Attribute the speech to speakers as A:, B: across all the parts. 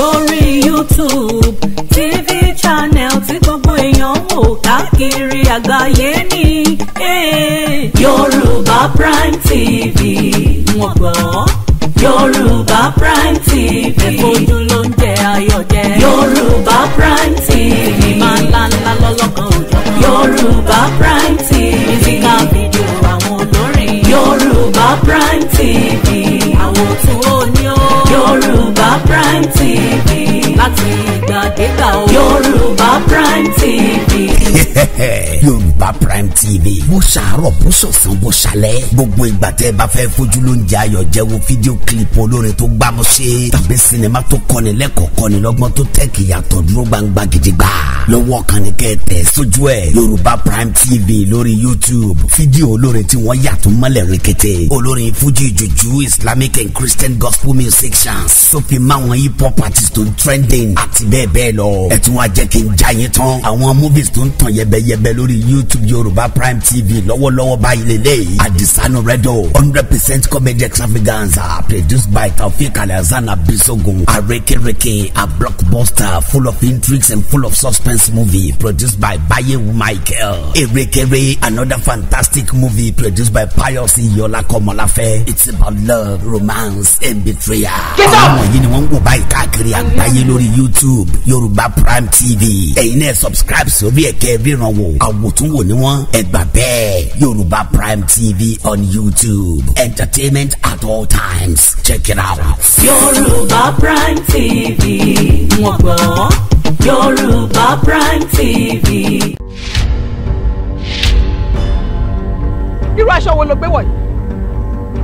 A: lórí YouTube TV channel tí gbogbo èèyàn ń wò káàkiri àgbáyé ni eh. Yorùbá Prime TV wọ́n gbọ́. Yorùbá Prime TV ẹ̀fọ́jú ló ń jẹ ayọ̀ Yorùbá Prime TV máa ń la ńlá lọ́lọ́kan òjò. Yorùbá Prime TV mísíkà fídíò àwọn olórin. Yorùbá Prime TV àwọn tó ní. Prime TV. láti ìgbàdégbà o. Yorùbá Prime TV.
B: Yorùbá Prime TV bó ṣàárọ̀ bó ṣọ̀sán bó ṣalẹ̀ gbogbo ìgbà tẹ́ ẹ bá fẹ́ fojú ló ń jẹ ayọ̀ jẹ́wọ́ fídíò kílípù olórin tó gbámúṣé tàbí sinimá tó kọ́ni lẹ́kọ̀ọ́ kọ́ni lọ́gbọ́n tó tẹ̀ kíyàtọ̀ dúró gbangba gidigba lọ́wọ́ kan ní sójú ẹ̀ Yorùbá Prime TV lórí YouTube fídíò olórin tí wọ́n yàtọ̀ mọ́lẹ̀ rẹ̀kẹ̀tẹ̀ olórin fújì juju Islamic and Christian gospel music chants tó fi máwọn hip hop trend Aladdin àti bẹ́ẹ̀ bẹ́ẹ̀ lọ. ẹ tún wá jẹ́ kí n já yín tán. àwọn movies tó ń tàn yẹbẹyẹbẹ lórí YouTube Yorùbá Prime TV lọ́wọ́lọ́wọ́ báyìí lélẹ́yìí. Adisanu Redo hundred percent comedy extravaganza produced by Taofeek Alhassan Abisogun arekereke a blockbuster full of intrigues and full of suspense movie produced by Bayewu Michael. Erekere another fantastic movie produced by Pius Iyola Komolafe. It's about love, romance and betrayal. àwọn wọ̀nyí ni wọ́n ń wò báyìí káàkiri àgbáyé lórí lórí youtube yorùbá prime tv ẹ̀yin náà subscribe sórí ẹ̀kẹ́ ríran wò àwòtúnwò ni wọ́n ẹ gbà bẹ́ẹ̀ yorùbá prime tv on youtube entertainment at all times check it out.
C: yorùbá prime tv wọ́n gbọ́ yorùbá prime tv.
D: irú aṣọ wo ló gbé wọ̀nyí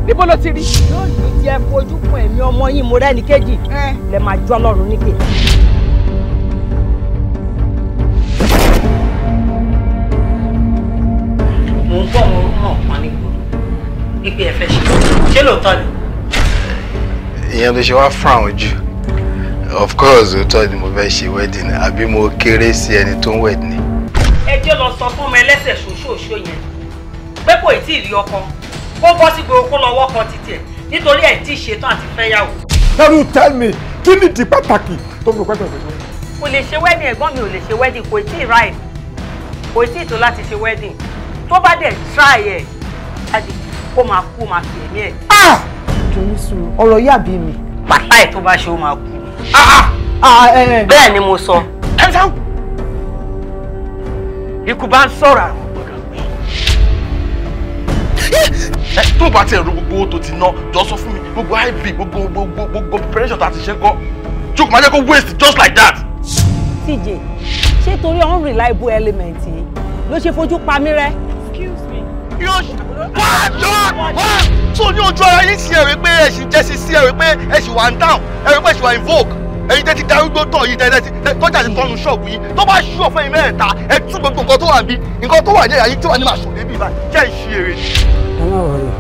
D: níbo ló ti rí. yóò ní jẹ fojú kun ẹ̀mí ọmọ yín mo rẹ́ni kejì lè máa jọ́ ọlọ́run níkè. mò ń bọ̀ mo mọ̀ pọ́n ní gbòòrò wípé ẹ fẹ́ ṣe ṣé lóòótọ́ ni.
E: ìyẹn ló ṣe wá fún àwọn jù
F: of course òótọ́ ni mo fẹ́ ṣe wedding àbí mo kéré sí ẹni tó ń wed ni.
D: ẹ jẹ́ lọ sọ fún ọmọ ẹlẹ́sẹ̀ ṣoṣooṣo yẹn pé kò tí ì rí ọkọ kó bọ́ sí gbòòrò lọ́wọ́ kan títí ẹ̀ nítorí ẹ̀ tí ṣetán àti fẹ́yàwó.
F: can you tell me kí ni di pàtàkì tó ń lo pẹ́pẹ́ pẹ̀lú.
D: kò lè ṣe wedding ẹ̀gbọ́n mi ò lè ṣe wedding kò tí ì ráì kò tí ì tó láti ṣe wedding tó bá dẹ̀ try ẹ̀ jáde kó máa kú máa fi ẹ̀mí ẹ̀.
G: Ah! jòní sùúrù ọ̀rọ̀ yà bí mi.
D: pàtà ẹ̀ tó bá ṣe ó máa kú. Ah, ah! Eh, eh. bẹ́ẹ̀ ni mo sọ.
F: ikú bá ń sọ̀rọ̀ àrùn ẹ tó bá tiẹ̀ ro gbogbo owó tó ti ná jọ sọ fún mi gbogbo iv gbogbo gbogbo gbogbo preparation tá a ti ṣe kọ́ jókòó máa jẹ́ kó waste just like that.
D: TJ ṣé torí unreliable element yìí
F: ló ṣe fojú pa mí rẹ́. excuse
C: me. yóò wá jọ wá
F: tó ní ojú ara yín sí ẹ̀rí pé ẹ̀sìn jẹ́ sí sí ẹ̀rí pé ẹ̀sìn wà ń dáhùn ẹ̀rí pé ẹ̀sìn wà ń vogue èyí tẹ́ ti darúgbó tọ̀ yìí tẹ́ ti tọ́jà ti tọ́nu ṣọ́ọ̀bù yìí tó bá ṣú ọ̀fẹ́ yìí mẹ́rẹ̀ẹ́ta ẹ̀ tú gbogbo nǹkan tó wà bí nǹkan tó wà ní ẹ̀yà yìí tí wà ní màṣọ́ débi báyìí jẹ́ ìṣeré ni
C: má wọlé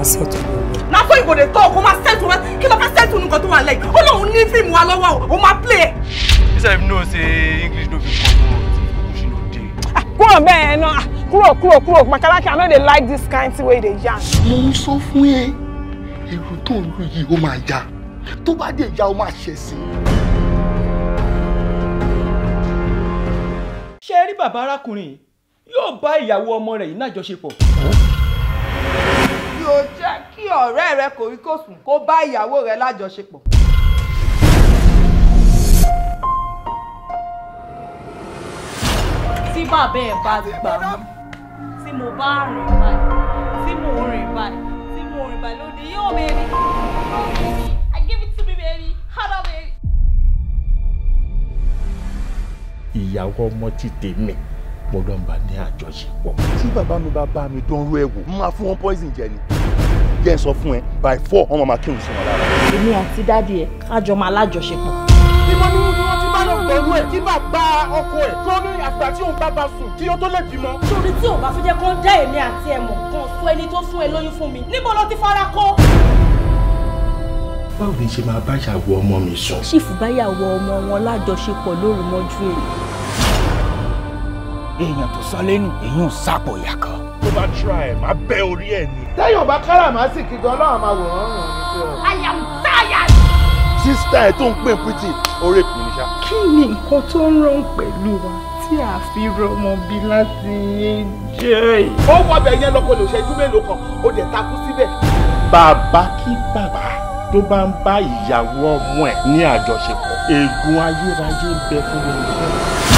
D: àṣetò lọ́wọ́. to ìbò lè tọ́ ọkọ máa ṣètò rẹ kí ló fẹ́ ṣètò nǹkan tó wà lẹ́yìn ó lóun ní fíìmù
F: wa lọ́wọ́ o máa play ẹ̀. bísẹ̀ mi náà ṣe english no be common
D: ṣì ló dé. Ah, kúrò bẹ́ẹ̀ náà ah, kúrò kúrò kúrò makalaki i no dey like this kind thing wey they dey yarn. mo ń
F: sọ fún ẹ èrò tó ń lu yìí ó máa ya tó bá dé ya ó máa ṣẹ̀ sí i. ṣé rí bàbá arákùnrin yóò bá ìyàwó ọmọ rẹ̀ yìí náà jọṣepọ̀
G: ò jẹ́ kí ọ̀rẹ́ rẹ kòríkòsùn kó bá ìyàwó rẹ lájọṣepọ̀.
A: tí bàbá ẹ̀ bá gbà mí tí mo bá rìn báyìí tí mo rìn báyìí tí mo rìn báyìí lóde yóò bẹ̀rẹ̀ I give it to me baby hada baby.
F: ìyàwó ọmọ ti tèmi gbọ́dọ̀ ń bá ní àjọṣepọ̀. tí bàbá mi bá bá mi dánrú ẹ̀wò máa fún wọn poison jẹ ni jẹ́ sọ fún ẹ by four wọ́n máa kírun sí wọn lára.
D: èmi àti dáàdi ẹ kájọ máa lájọṣepọ̀.
F: ìmọ̀ ni wọ́n ti bá lọ pẹ̀lú ẹ̀ tí bàbá ọkọ ẹ̀ tó ní àgbà tí òun bá bá sùn kí ó tó lè bímọ. torí tí òun bá fi jẹ́ kó dá èmi àti ẹ̀ mọ̀
A: kan sọ ẹni tó fún ẹ lóyún fún mi níbo lo ti fara kó
F: báwo ni ṣe máa bá ìyàwó ọmọ mi sùn.
A: ṣìfù báyàwó ọmọ wọn lájọṣepọ̀ lóru mọ́jú èyí.
F: èèyàn tó sọ lẹ́nu èèyàn ń sápò ìyá kan tó bá try ẹ̀ má bẹ́ orí ẹ̀ ni. téèyàn bá káràmásìkì gan ọlọ́run máa wòrán
G: rùn ní pé ọ. I am tired.
F: sísítà ẹ̀ tó ń pè
G: pretty orí èpè ní sá. kí ni nǹkan tó ń rán pẹ̀lú wa tí a fi rọmọ bí láti
F: jẹ́. ó wọbẹ̀ yẹn lọ kó lè ṣẹ́jú mélòó kan ó dẹ̀ takú síbẹ̀. bàbá kí bàbá tó bá ń bá ìyàwó ọmọ ẹ̀ ní àjọṣepọ̀ ègún ayérayé ń bẹ fún mi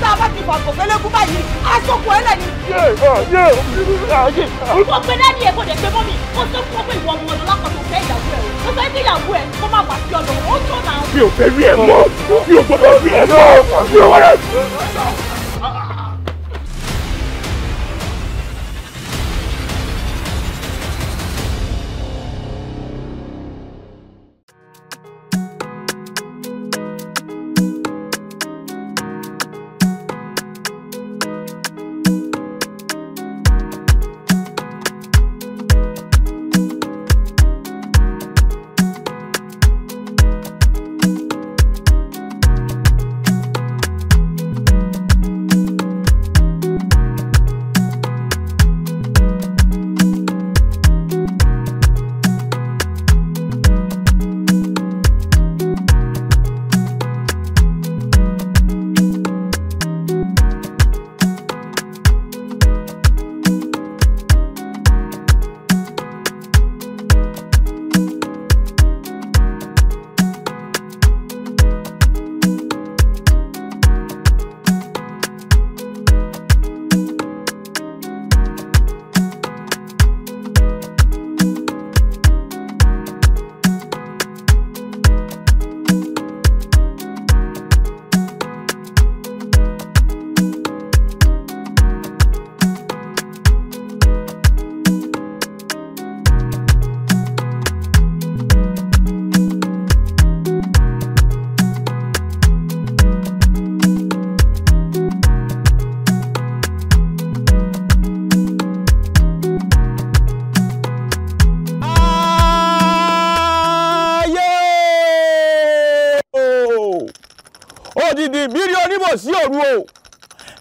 A: tá a bá ti
D: fàgbọ̀ fẹ́lẹ́kú báyìí aṣọ́kù ẹ̀lẹ̀ ni. olùkọ́ pé dáàdi ẹ̀ kò dé pé mọ́mì ó sọ fún ọ pé ìwọ ọmọ ọdún lápapọ̀ fẹ́ ìyàwó ẹ̀ ó fẹ́ kí ìyàwó ẹ̀ kó má wà sí ọ̀dọ̀ ó tọ̀nà.
F: mi ò fẹ́ rí ẹ mọ́ mi ò gbọ́dọ̀ rí ẹ mọ́ mi ò wọ́n rẹ̀.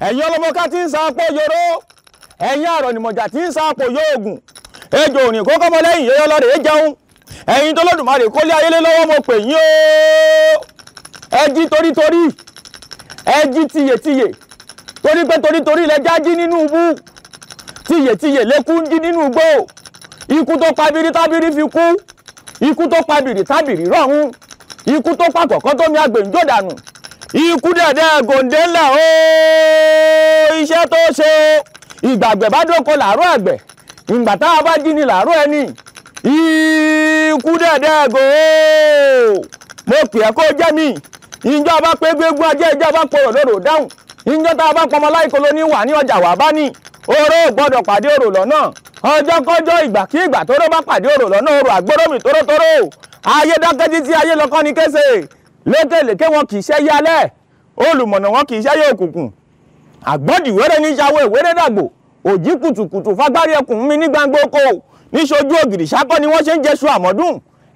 F: ẹ̀yin ọlọ́mọká tí ń sanpó yoró ẹ̀yin àrọ̀nìmọ̀jà tí ń sanpó yóògùn ejò òrìn kó kọ́mọ lẹ́yìn yẹ́yọ́ lọ́rẹ̀ é jẹun ẹ̀yin tó lọ́dùmarè kó lé ayélé lọ́wọ́ mo pè yín o ẹ jí torítorí ẹ jí tiyètiyè torí pé torítorí lẹ já jí nínú ibú tiyètiyè lékún jí nínú igbó ikú tó pa biri tábìrì fi kú ikú tó pa biri tábìrì rọ̀hún ikú tó pa kọ̀kọ́ tó mi dànù ikú dada gondela ó iṣẹ́ tó ṣe o ìgbàgbẹ́ bá dóko làárọ̀ àgbẹ̀ ìgbà tá bá jí ni làárọ̀ ẹni ikú dada go, ó mo pè é kó jẹ́ mi ìjọ bá pé gbégun ajé ìjọ bá pòrò lóró dáhùn ìjọ tá a bá pọmọ láìkó ló ní wà ní ọjà wà bá ní oró gbọ́dọ̀ pàdé orò lọ́nà ọjọ́ kọjọ́ ìgbà kí ìgbà tóró bá pàdé orò lọ́nà orò àgbóròmì tórótóró ayé dákẹ́jì tí ayé lọ́kọ́ ni kése lékèlékè wọn kì í ṣẹ́yẹ alẹ́ olùmọ̀nà wọn kì í ṣẹ́yẹ òkùnkùn àgbọ́dìwéré ní ṣàwọ̀ ìwéré dàgbò òjì kùtùkùtù fagbárí ẹkùn mi ní gbangba oko níṣojú ògìrì ṣákọ́ ni wọ́n ṣe ń jẹṣu àmọ́dún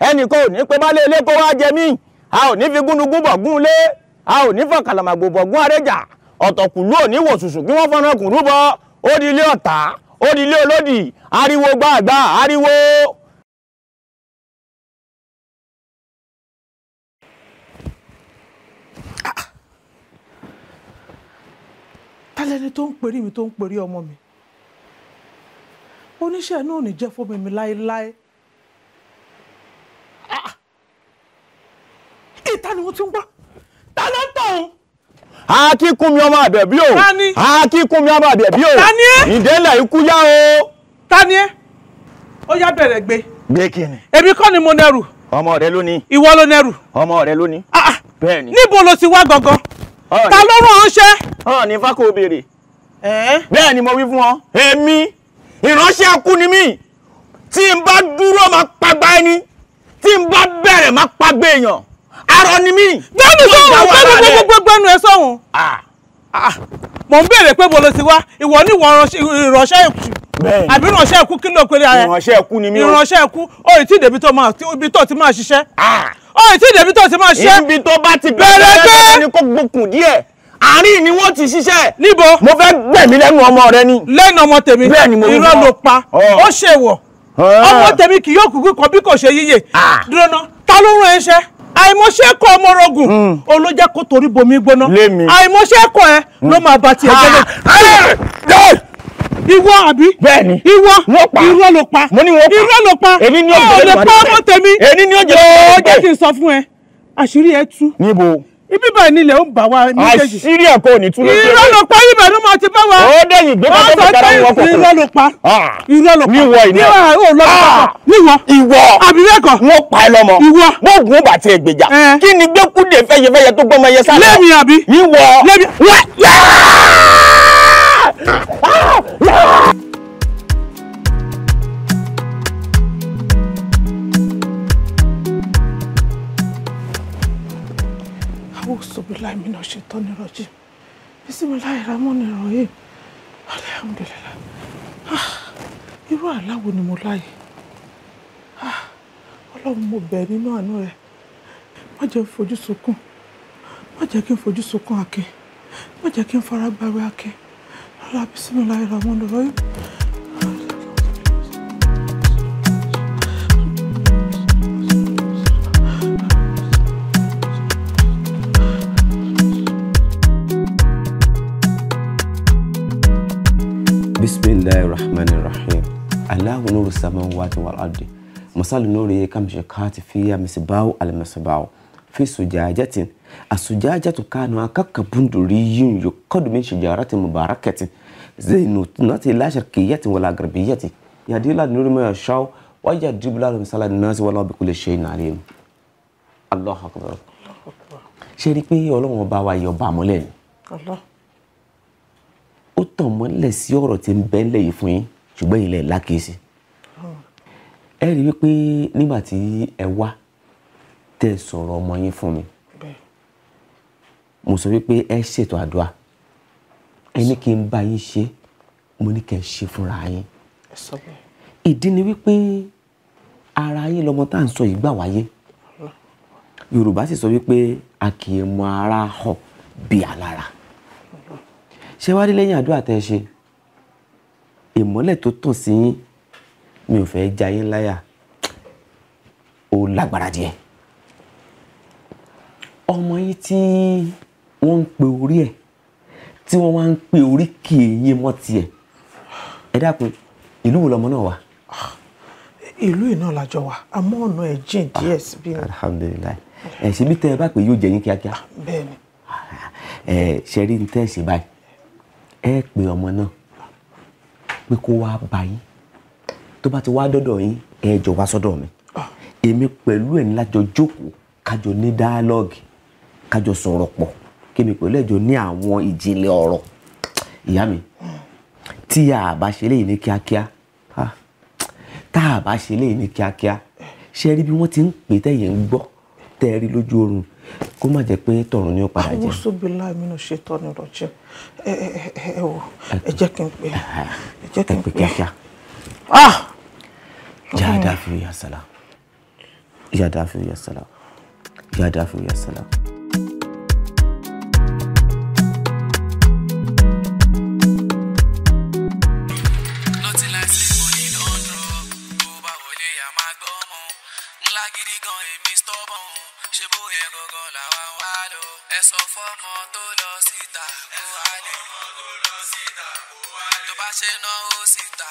F: ẹnìkan ò ní pé bálé ilé kó wá jẹ mí a ò ní fi gúnugún bọ̀gún lé a ò ní fọ̀kàlàmàgbò bọ̀gún àrẹ́jà ọ̀tọ̀kùlú ò ní
C: wòṣùṣù kí wọ́n fọ́nrán kùn rúbọ ó di ilé ọ̀tá ó di ilé olódì ariwo gbàgbà ariwo
F: tálẹ́ni tó ń perí mi tó ń perí ọmọ mi oníṣẹ́ inú ò ní jẹ́ fómi mi láéláé ah! ìta ni mo ti ń gbọ́ ta ló ń tọ̀ ọ́n. akíkunmi ọmọ àbẹ̀bí o akíkunmi ọmọ àbẹ̀bí o ìdẹ́lẹ̀ ikú yá o. ta ni ẹ ó yá bẹ̀rẹ̀ gbé. gbé kí ni. èmi kọ́ ni mo nẹrù. ọmọ rẹ ló ìwọ ló nẹrù. ọmọ rẹ ló ah, ah. bẹ́ẹ̀ ni. níbo lo ti wá gangan ta ló mọ̀ ọ́n ṣe. hàn ní fákò béèrè. bẹ́ẹ̀ ni mo wí fún ọ. èmi ìránṣẹ́ akú ni mí tí n bá dúró máa pagba ẹni tí n bá bẹ̀rẹ̀ máa pagba èèyàn arọ ni mí. bẹ́ẹ̀ni sọ̀rọ̀ gbẹ́gbẹ́ gbogbo ẹnu ẹ sọ̀hún. Ah, mo ń béèrè pé mo lọ sí wa ìwọ ni ìwọ ìránṣẹ́ èkú àbí ìránṣẹ́ èkú kí ló pe ara ẹ ìránṣẹ́ èkú ni mí o ìránṣẹ́ èkú o ì tí ì débi tó máa ti máa ṣiṣẹ́ ó ì tí ìdẹ̀bí tó ti máa ṣe. ibi tó bá ti bẹ̀rẹ̀ pé ni kò gbókùn díẹ̀ àárín ni wọ́n ti ṣiṣẹ́. níbo mo fẹ́ gbẹ̀mí lẹ́nu ọmọ rẹ ni. lẹ́nu ọmọ tèmi irọ́ ló pa ó ṣèwọ̀ ọmọ tèmi kì yóò kúkú kan bí kò ṣe yíyè dúró ná ta ló rán ẹ ṣẹ́ àìmọ̀ṣẹ́ kọ́ ọmọrogùn òun hmm. ló kó torí bomi gbóná àìmọ̀ṣẹ́ kọ́ ẹ ló hmm. máa bá tiẹ̀ jẹ́ lé ìwọ àbí. bẹ́ẹ̀ni ìwọ wọn pa irọ́ ló pa mo ní wọn pa irọ́ ló pa èmi ní ọjọ́ lè pa ọmọ tèmi èmi ní ọjọ́ lè pa ọmọ tèmi. jẹ́ kí n sọ fún ẹ àṣírí ẹ tú. níbo ibi báyìí nílẹ̀ ó ń bà wá méjèèjì. àṣírí ẹ̀ kò ní túlọ̀ tẹ́lẹ̀. irọ́ ló pa ibẹ̀ ló máa ti bá wa. ó dẹ̀yìn gbé bá bẹ́ẹ̀ kára wọn kò tó. irọ́ ló pa ah. irọ́ ló pa níwọ ìní. níwọ ò lọ bá ah. níwọ. ìwọ àbílẹ̀kọ. wọ́n pa ẹ lọ́mọ. ìwọ. wọ́n gun bàtí ẹgbẹ̀jà. kí ni gbẹ́kúndé fẹ́yẹfẹ́yẹ tó gbọ́mọ yẹ sálọ. lẹ́mi àbí. níwọ. lẹ́mi. wọ́n yáa billahi mina shaitani rajim bisimilahi rahmani rahim alhamdulillah ah, irú àláwo ni mo láyè ah, ọlọ́run mo bẹ̀ nínú àánú rẹ má jẹ́ fojú sunkún má jẹ́ kí n fojú sunkún akin má jẹ́ kí n fara gbáwé akin
C: Allah bismillahirrahmanirrahim.
F: Bismillahirrahmanirrahim. Allahu nuru samawati wal ardi. Masal nuri kamshikati fiya misbahu al misbahu fi sujajatin. As-sujajatu kanu akakabunduriyin yuqadu min shijaratin mubarakatin زينة لا شرقية ولا غربية يهدي الله نور ما يشاء ويجرب الله مثل الناس والله بكل شيء عليم الله أكبر ṣe rí i pé ọlọ́run ọba wa yọba àmọ́lẹ̀
C: ni
F: ó tàn mọ́lẹ̀ sí ọ̀rọ̀ tí ń bẹ ńlẹ̀ yìí fún yín ṣùgbọ́n ilẹ̀ lákèésí ẹ rí i pé nígbà tí ẹ wá tẹ́ sọ̀rọ̀ ọmọ yín fún mi mo sọ wípé ẹ ṣètò àdúrà ẹni kí n bá yín ṣe mo ní kẹ́ ẹ ṣe fúnra yín ìdí ni wípé ara yín lọmọ tá à ń sọ yìí gbà wáyé yorùbá sì sọ wípé a kì í mọ ara họ bí alára ṣé wá rí lẹ́yìn àdúrà tẹ́ ẹ ṣe ìmọ́lẹ̀ tó tàn sí yín mi ò fẹ́ já yín láyà ó lágbára díẹ̀ ọmọ yín tí wọ́n ń pe orí ẹ̀ tí wọ́n wá ń pe oríkì eyín mọ́ tiẹ̀ ẹ dákun ìlú wo lọmọ náà wà. ìlú iná làjọ wà àmọ́ ọ̀nà ẹ̀ jìn díẹ̀ ah, síbí. alhamdulilayi ẹ ṣe bí tẹ ẹ bá pè yóò jẹ yín kíákíá. bẹ́ẹ̀ni. ẹ ṣe rí ní tẹ ẹ ṣe báyìí ẹ pe ọmọ náà pé kó wá bá yín tó bá ti wá dọ́dọ̀ yín ẹ jọ wá sọ́dọ̀ mi ah. èmi pẹ̀lú ẹ̀ ńlá jọ jókòó kájọ ní dáálọ́ọ̀gì kájọ sọ̀rọ̀ pọ̀ kémi pẹ̀lú ẹ̀jọ̀ ní àwọn ìjìnlẹ̀ ọ̀rọ̀
B: ìyá mi tí a bá ṣe léyìn ní kíákíá tá a bá ṣe léyìn ní kíákíá ṣe rí bí wọ́n ti ń pè tẹ̀yìn ń gbọ́ tẹ́ ẹ rí lójú oorun
F: kó má jẹ́ pé tọ̀run ni ó padà jẹ́. àwọn sóbìlà mi ò ṣe tọ́ ni rọ̀jẹ́ ẹ o ẹ jẹ́ kí n pè ẹ jẹ́ kí n pè kíákíá. Ah! yàda fi yasala yàda fi yasala yàda fi
C: yasala.
B: ẹ sọ fọ́mọ tó lọ síta kó wálé
F: tó bá ṣe náwó síta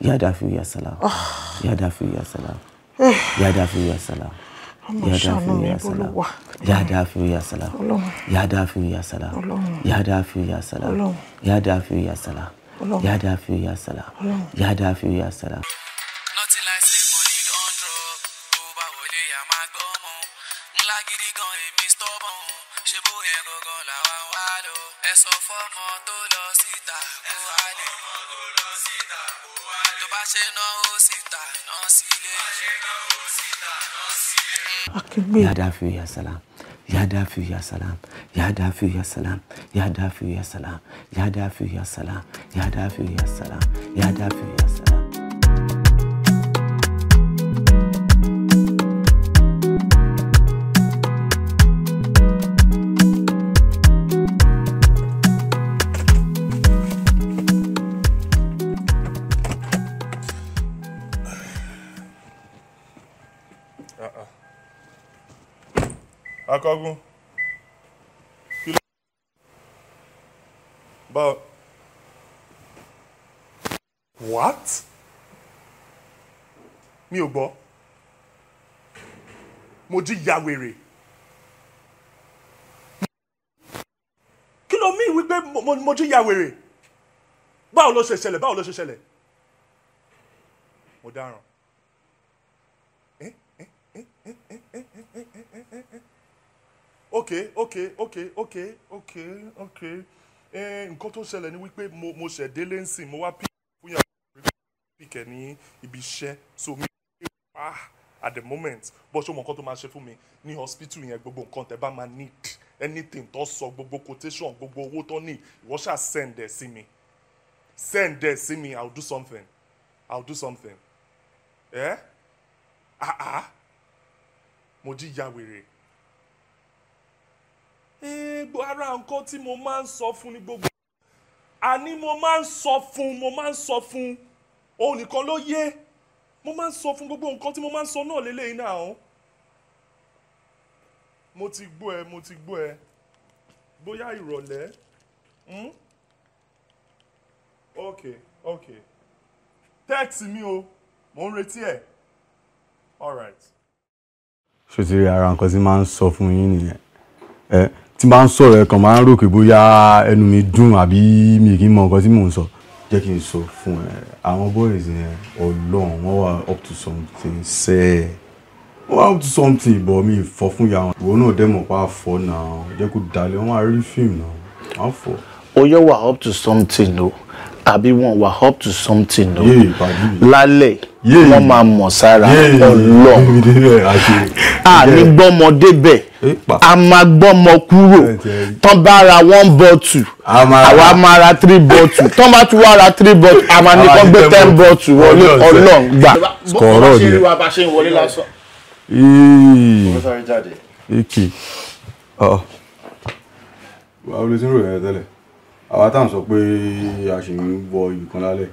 F: Ya dafi ya salam. Ah. Ya dafi ya sala. Ya dafi ya salam.
C: Eh. Ya dafi ya salam. Ya
F: dafi ya sala. Ya dafi ya salam. Ya dafi ya salam. Ya dafi ya sala. Ya
B: dafi ya salam. Ya dafi ya salam. ẹ sọ fọmọ tó lọ síta yada
F: fi tó bá ṣe náwó síta náà sílé. yàdáfi yasalam yàdáfi yasalam yàdáfi yasalam yàdáfi yasalam yàdáfi yasalam yàdáfi
B: yasalam yàdáfi yasalam.
F: akọ́gún kí ló bọ́ what mi o gbọ́ mo jí ya wèrè kí ló mí wípé mo jí ya wèrè báwo ló se sele. báwo ló se sele. mo dáràn. Okay, okay, okay, okay, okay, okay. nǹkan tó ṣẹlẹ̀ ni wípé mo mo ṣẹ̀ délé ń sìn mo wá pí fún yàrá píkẹ́ ní ibi iṣẹ́ so mi ah at the moment bó ṣe mọ nǹkan tó máa ṣe fún mi ní hospital yẹn gbogbo nǹkan tẹ bá máa need anything tó sọ gbogbo quotation gbogbo owó tó ní ìwọ ṣáà send ẹ sí mi send ẹ sí mi I'll do something I'll do something ẹ ah ah mo jí ya wèrè gbogbo ara nǹkan tí mo máa ń sọ fún ní gbogbo àní mo máa ń sọ fún mo máa ń sọ fún òun nìkan ló yé mo máa ń sọ fún gbogbo nǹkan tí mo máa ń sọ náà lélẹ́yìn náà o mo ti gbọ́ ẹ mo ti gbọ́ ẹ bóyá ìrọ̀lẹ́ hmm? ok ok text mi o mo ń retí ẹ alright. ṣòtìrì ara nǹkan tí máa ń sọ fún yín nìyẹn tí n bá ń sọ̀rọ̀ ẹ̀kan máa ń rò pé bóyá ẹnu mi dùn àbí mi kì í mọ nǹkan tí mò ń sọ jẹ́ kí n sọ fún ẹ àwọn boys yẹn ọlọ́run wọ́n wà up to something sẹ́ ẹ̀ wọ́n wà up to something bọ̀ mi fọ́ fún ya wọn ìwọ náà dẹ́ mọ̀ pa fọ́ náà jẹ́ kó dalẹ̀ wọ́n wà rí fíìmù náà wọ́n á fọ́. ó yẹ wà up to something o. No? àbí wọn wà up to something o lálẹ́ wọ́n máa mọ̀ sára ọlọ àní gbọ́mọdé bẹ̀ a máa gbọ́mọ kúrò tán bá ra one bottle àwa máa ra three bottle tán bá tún wá ra three bottle a máa gbé ten bottle wọlé ọlọ́run gbà. kọ̀ọ̀rọ̀ ni ẹ. ìkì. báwo ló ti tẹ́lẹ̀ àwa táwọn sọ pé a ṣì ń wọ ìkan
E: lálẹ́.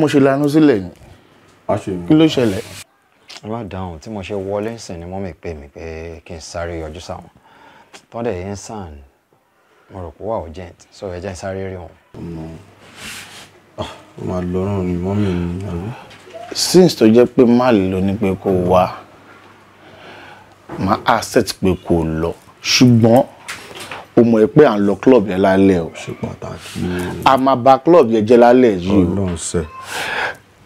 E: mo ṣe lanú sílẹ̀ ni kí ló ṣẹlẹ̀. wá dáhùn tí mo ṣe wọlé ńsìn ni mọ́mì pè mí pé kí n sáré yọjú sáwọn tọ́dẹ̀ yẹn ń sàn mo rò pé wà ó jẹ́ sọ ẹ jẹ́ sáré rí wọn.
F: ó máa lọ ni mọ́mì ni àbí. since tó jẹ́ pé má lè lọ ní pé kó wá máa accept pé kó lọ ṣùgbọ́n o mọ̀ pé à ń lọ club yẹn lálẹ́ o. ṣe pàtàkì. a máa bà club yẹn jẹ́ lálẹ́ yìí o. Ọlọ́run sẹ.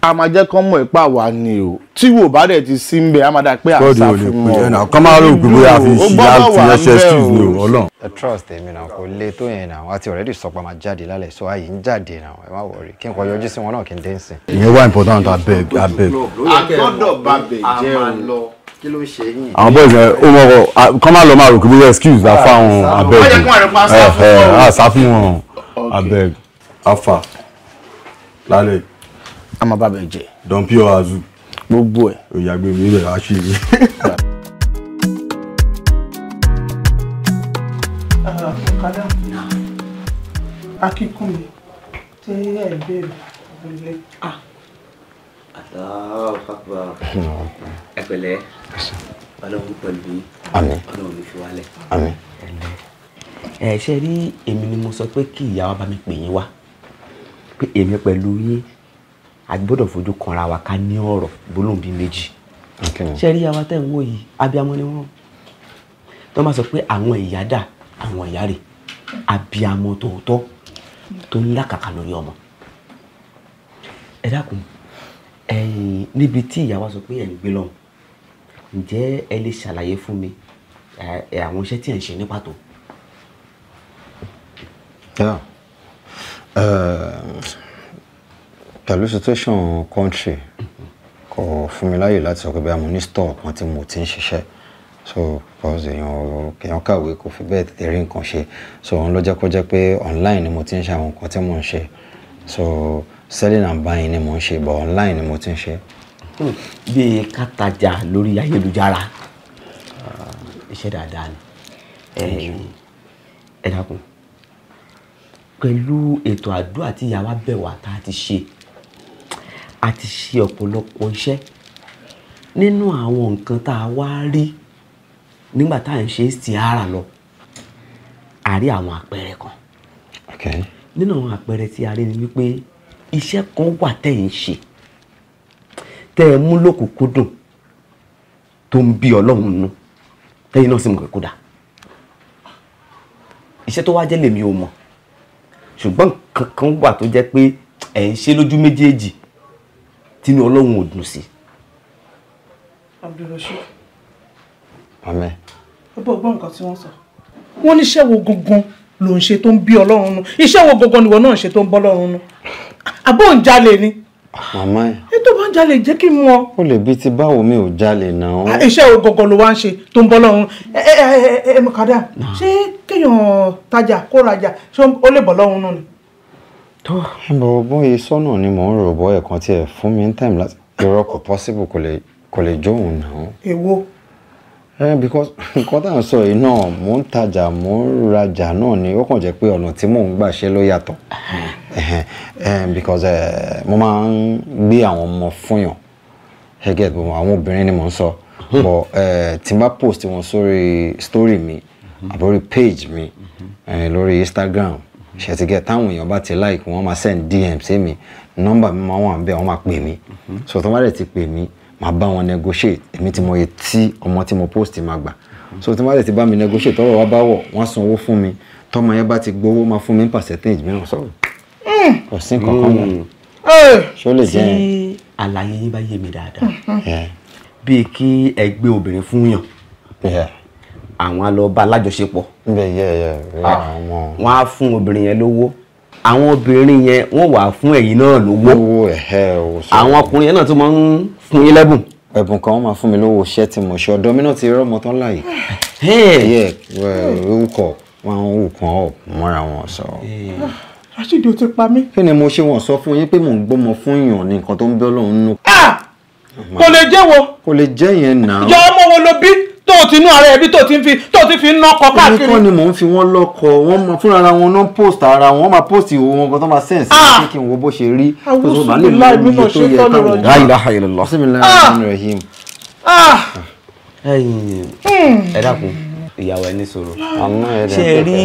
F: a máa jẹ́ kán mọ̀ pé àwa ni o tí wò bá dẹ̀ ti sí ń bẹ a máa dà pé à ń ṣàfihàn o. ẹnà kan máa rò pé bóyá fi ṣìyà fi ẹsẹ̀ steve ni o Ọlọ́run.
E: ẹ trust èmi náà kò lè tó yẹn náà wá ti already sọ pé a máa jáde lálẹ́ so àyè ń jáde náà ẹ má wọrí kí n kọ yọjú sí wọn náà kí n dé ń sìn. ìyẹn
F: wá important abeg abeg.
E: àgbọ̀dọ̀ bàbẹ̀ jẹ́ o kí ló ṣe yín. àwọn boys ẹ ó mọ ọ kọ́ máa lọ máa rò kí bí excuse la fáwọn ah, abeg ẹ ẹ eh, eh, fún wọn abeg afa
F: lálẹ́. a máa bá bẹ jẹ. don pure azu. gbogbo ẹ. òyà gbé mi bẹ̀rẹ̀ aṣọ èmi. ọ̀kadà akíkúnmi tẹ́ ẹ̀ bẹ̀rẹ̀
C: ọ̀lẹ́.
G: Ah.
B: Allahu Akbar. ẹ pẹ̀lẹ́ ọlọ́run pẹ̀lú yín ọlọ́run mi fi wálẹ̀.
F: ẹ ṣe rí èmi ni mo sọ pé kí ìyá wa bá mi pè yín wá pé èmi pẹ̀lú yín a gbọ́dọ̀ fojú kanra wa ká ní ọ̀rọ̀ gbólóhùn bíi méjì ṣe rí àwa tẹ̀ ń wò yìí abiyamọ ni wọ́n tó máa sọ pé àwọn ìyá dà àwọn ìyá rè abiyamọ tòótọ́ tó ń làkàkà lórí ọmọ ẹ dákun ẹ̀yin níbi tí ìyá wa sọ pé ẹ̀ ń gbé lọ ǹjẹ́ ẹ lè ṣàlàyé fún mi àwọn iṣẹ́ tí ẹ̀ ń ṣe ní pàtó.
E: Uh, pẹ̀lú situation country kò fún mi láyè láti sọ pé bí a mo ní store kan tí mo ti ń ṣiṣẹ́ so pause èèyàn èèyàn kàwé kò fi bẹ́ẹ̀ tètè rí nǹkan ṣe so òun ló jẹ́ kó jẹ́ pé online ni mo ti ń ṣe àwọn nǹkan tí mò ń ṣe so. Uh, selling and buying ni mo ń ṣe but online ni mo ti ń ṣe. Hmm, bí kátajà lórí ayélujára iṣẹ́ dáadáa ni
F: ẹ dákun pẹ̀lú ètò àdúrà tí ìyá wa bẹ̀ wá tá a ti ṣe a ti ṣe ọ̀pọ̀lọpọ̀ iṣẹ́ nínú àwọn nǹkan tá a wá rí nígbà tá à ń ṣe stiara lọ a rí àwọn àpẹẹrẹ kan nínú àwọn àpẹẹrẹ tí a rí ni wípé iṣẹ́ kan wà tẹ̀ ń ṣe tẹ́ ẹ mú lókùnkúndùn tó ń bí ọlọ́run nú tẹ́yìn náà sì mọ̀ kó dà iṣẹ́ tó wá jẹ́ lèmi ò mọ̀ ṣùgbọ́n kankan wà tó jẹ́ pé ẹ̀ ń ṣe lójú méjèèjì tínú ọlọ́run ò dùn sí.
C: Abdulrasheed.
E: Màmẹ́.
F: Ó bọ̀ gbọ́ nǹkan tí wọ́n sọ. Wọ́n níṣẹ́ wo gangan ló ń ṣe tó ń bí ọlọ́run nú? Iṣẹ́ wo gangan nìwọ náà ń ṣe tó ń bọ́ ọlọ́run nú? àbó ń jalè
E: ni. màmá ẹ. ẹ
F: tó bá ń jalè jẹ́ kí n mú ọ.
E: ó lè bíi ti báwo mi ò jalè náà. Ah,
F: iṣẹ́ o gangan ló wá ń ṣe tó ń bọ́ lọ́run ẹ ẹ ẹ ẹ mọ̀kadà ṣé kéèyàn tajà kó rajà ṣé ó lè bọ́ lọ́run náà ni.
E: tó bọ̀ bóyá sọ́nà ni mò ń rò bọ́ ẹ̀kan tí ẹ fún mi ń tẹ̀m láti irọ́ kò possible kò lè jóun náà. èwo ẹ eh, because nǹkan tá à ń sọ yìí náà mò ń tajà mò ń rajà náà ni ó kàn jẹ́ pé ọ̀nà tí mò ń gbà ṣe ló yàtọ̀ eh, eh, because mo máa ń gbé àwọn ọmọ fún yàn ẹgẹ àwọn obìnrin ni mò ń sọ hmm. but tí n bá post wọn sórí story mi hmm. àbórí page mi hmm. lórí Instagram ṣètìgẹ táwọn èèyàn bá ti like wọn máa send DM sí mi nọ́mbà mi máa wà ń bẹ wọn máa pè mí so tó bá dẹ̀ ti pè mí màá bá wọn negotiate èmi tí mo yẹ tí ọmọ tí mo post máa gbà so tí wọ́n ti bá mi negotiate tọ́rọ̀ wá bá wọ̀ wọ́n san owó fún mi tọ́mọ yẹn bá ti gbowó máa fún mi percentage mìíràn
C: sọ̀rọ̀
E: kò sí nǹkan kan mọ́ ṣó lè jẹ́ tí àlàyé yín bá yé mi
C: dáadáa
E: bíi kí
F: ẹ gbé obìnrin fún yàn àwọn á lọ bá alájọṣepọ̀
E: ah, wọ́n á fún obìnrin yẹn lówó àwọn obìnrin yẹn wọ́n wà fún ẹ̀yin náà lówó àwọn ọkùnrin yẹn náà tó máa ń fún yín lẹ́bùn. ẹ̀bùn kan wọ́n máa fún mi lówó iṣẹ́ tí mo ṣe ọ̀dọ́ mi náà ti rí ọmọ tán láàyè. ẹ̀ẹ́dẹ̀ orúkọ wọn ń wù kàn ọ́ mọ́ra wọn sọ. Rashidi o ti pa mí. kí ni mo ṣe wọn sọ fún yín pé mò ń gbọ́mọ fún yàn ní nǹkan tó ń bẹ́ ọlọ́run nù. Ah! kò lè jẹ́ wo. kò lè jẹ́ yẹn náà. jọ ọmọ
F: wo lo bí
E: tó o ti nú ara ẹbí tó o ti fi tó o ti fi nọkọ káàkiri. oníkan ni mò ń fi wọn lọkọ wọn fúnra ara wọn náà post ara wọn máa post ìwo wọn kan tó máa sẹ́ǹsì ah! kí kí n wo bó ṣe rí tó tó bá lè mú oúnjẹ tó yẹ káwọn ọ̀gá ìlàhà ìlọ̀lọ́ sí mi lára nínú ẹ̀hìn. ẹ dákun ìyàwó ẹni sọ̀rọ̀ ṣe rí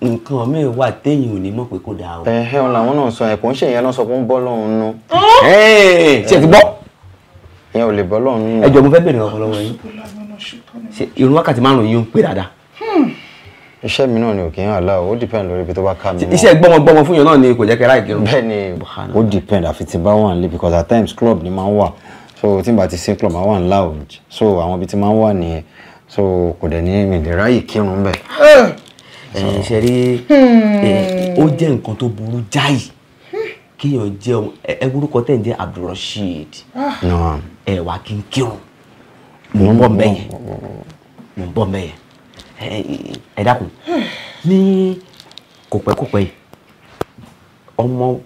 E: nǹkan míì wà téèyàn ò ní mọ̀ pé kò dáa o. ẹ̀hẹ́ ọ̀la àwọn náà sọ ẹ̀ kò ń ṣe ìyẹn lọ́sọ fún bọ́ lọ́hún nú. Oh! ṣe ti gbọ́. ìyẹn ò lè bọ́ lọ́hún nú. ẹ jọ̀ọ́ mo fẹ́ bèrè ọ̀pọ̀lọpọ̀ yín ṣe irun wákàtí márùn-ún yín ń pè dáadáa. Hmm. iṣẹ́ mi náà ni ò kí ń hàn láwọ̀ ó depend lórí ibi tó bá ká mi mọ́. iṣẹ́ gbọ́mọgbọ́mọ fún yàn náà ni kò jẹ́ kẹ́ láìkí irun. bẹ́ẹ̀ni ó depend àfi tí n bá wà nílé because at times club ni máa ń wà so tí n bá ti sí club máa wà ní lounge so àwọn ibi tí máa ń wà nìyẹn so kò dẹ̀ ní mi lè ráyè kírun bẹ́ẹ̀. ẹ̀yin eh. eh, ṣe rí
C: hmm. eh, ó
E: jẹ́ nǹkan tó burú jáì hmm. kéèyàn jẹ́
F: ẹ orúkọ tẹ̀ ń jẹ́ Abdulrasheed
C: ah.
F: ẹ̀ kí n kírun mò ń bọ̀ mbẹ́ yẹn mò ń bọ̀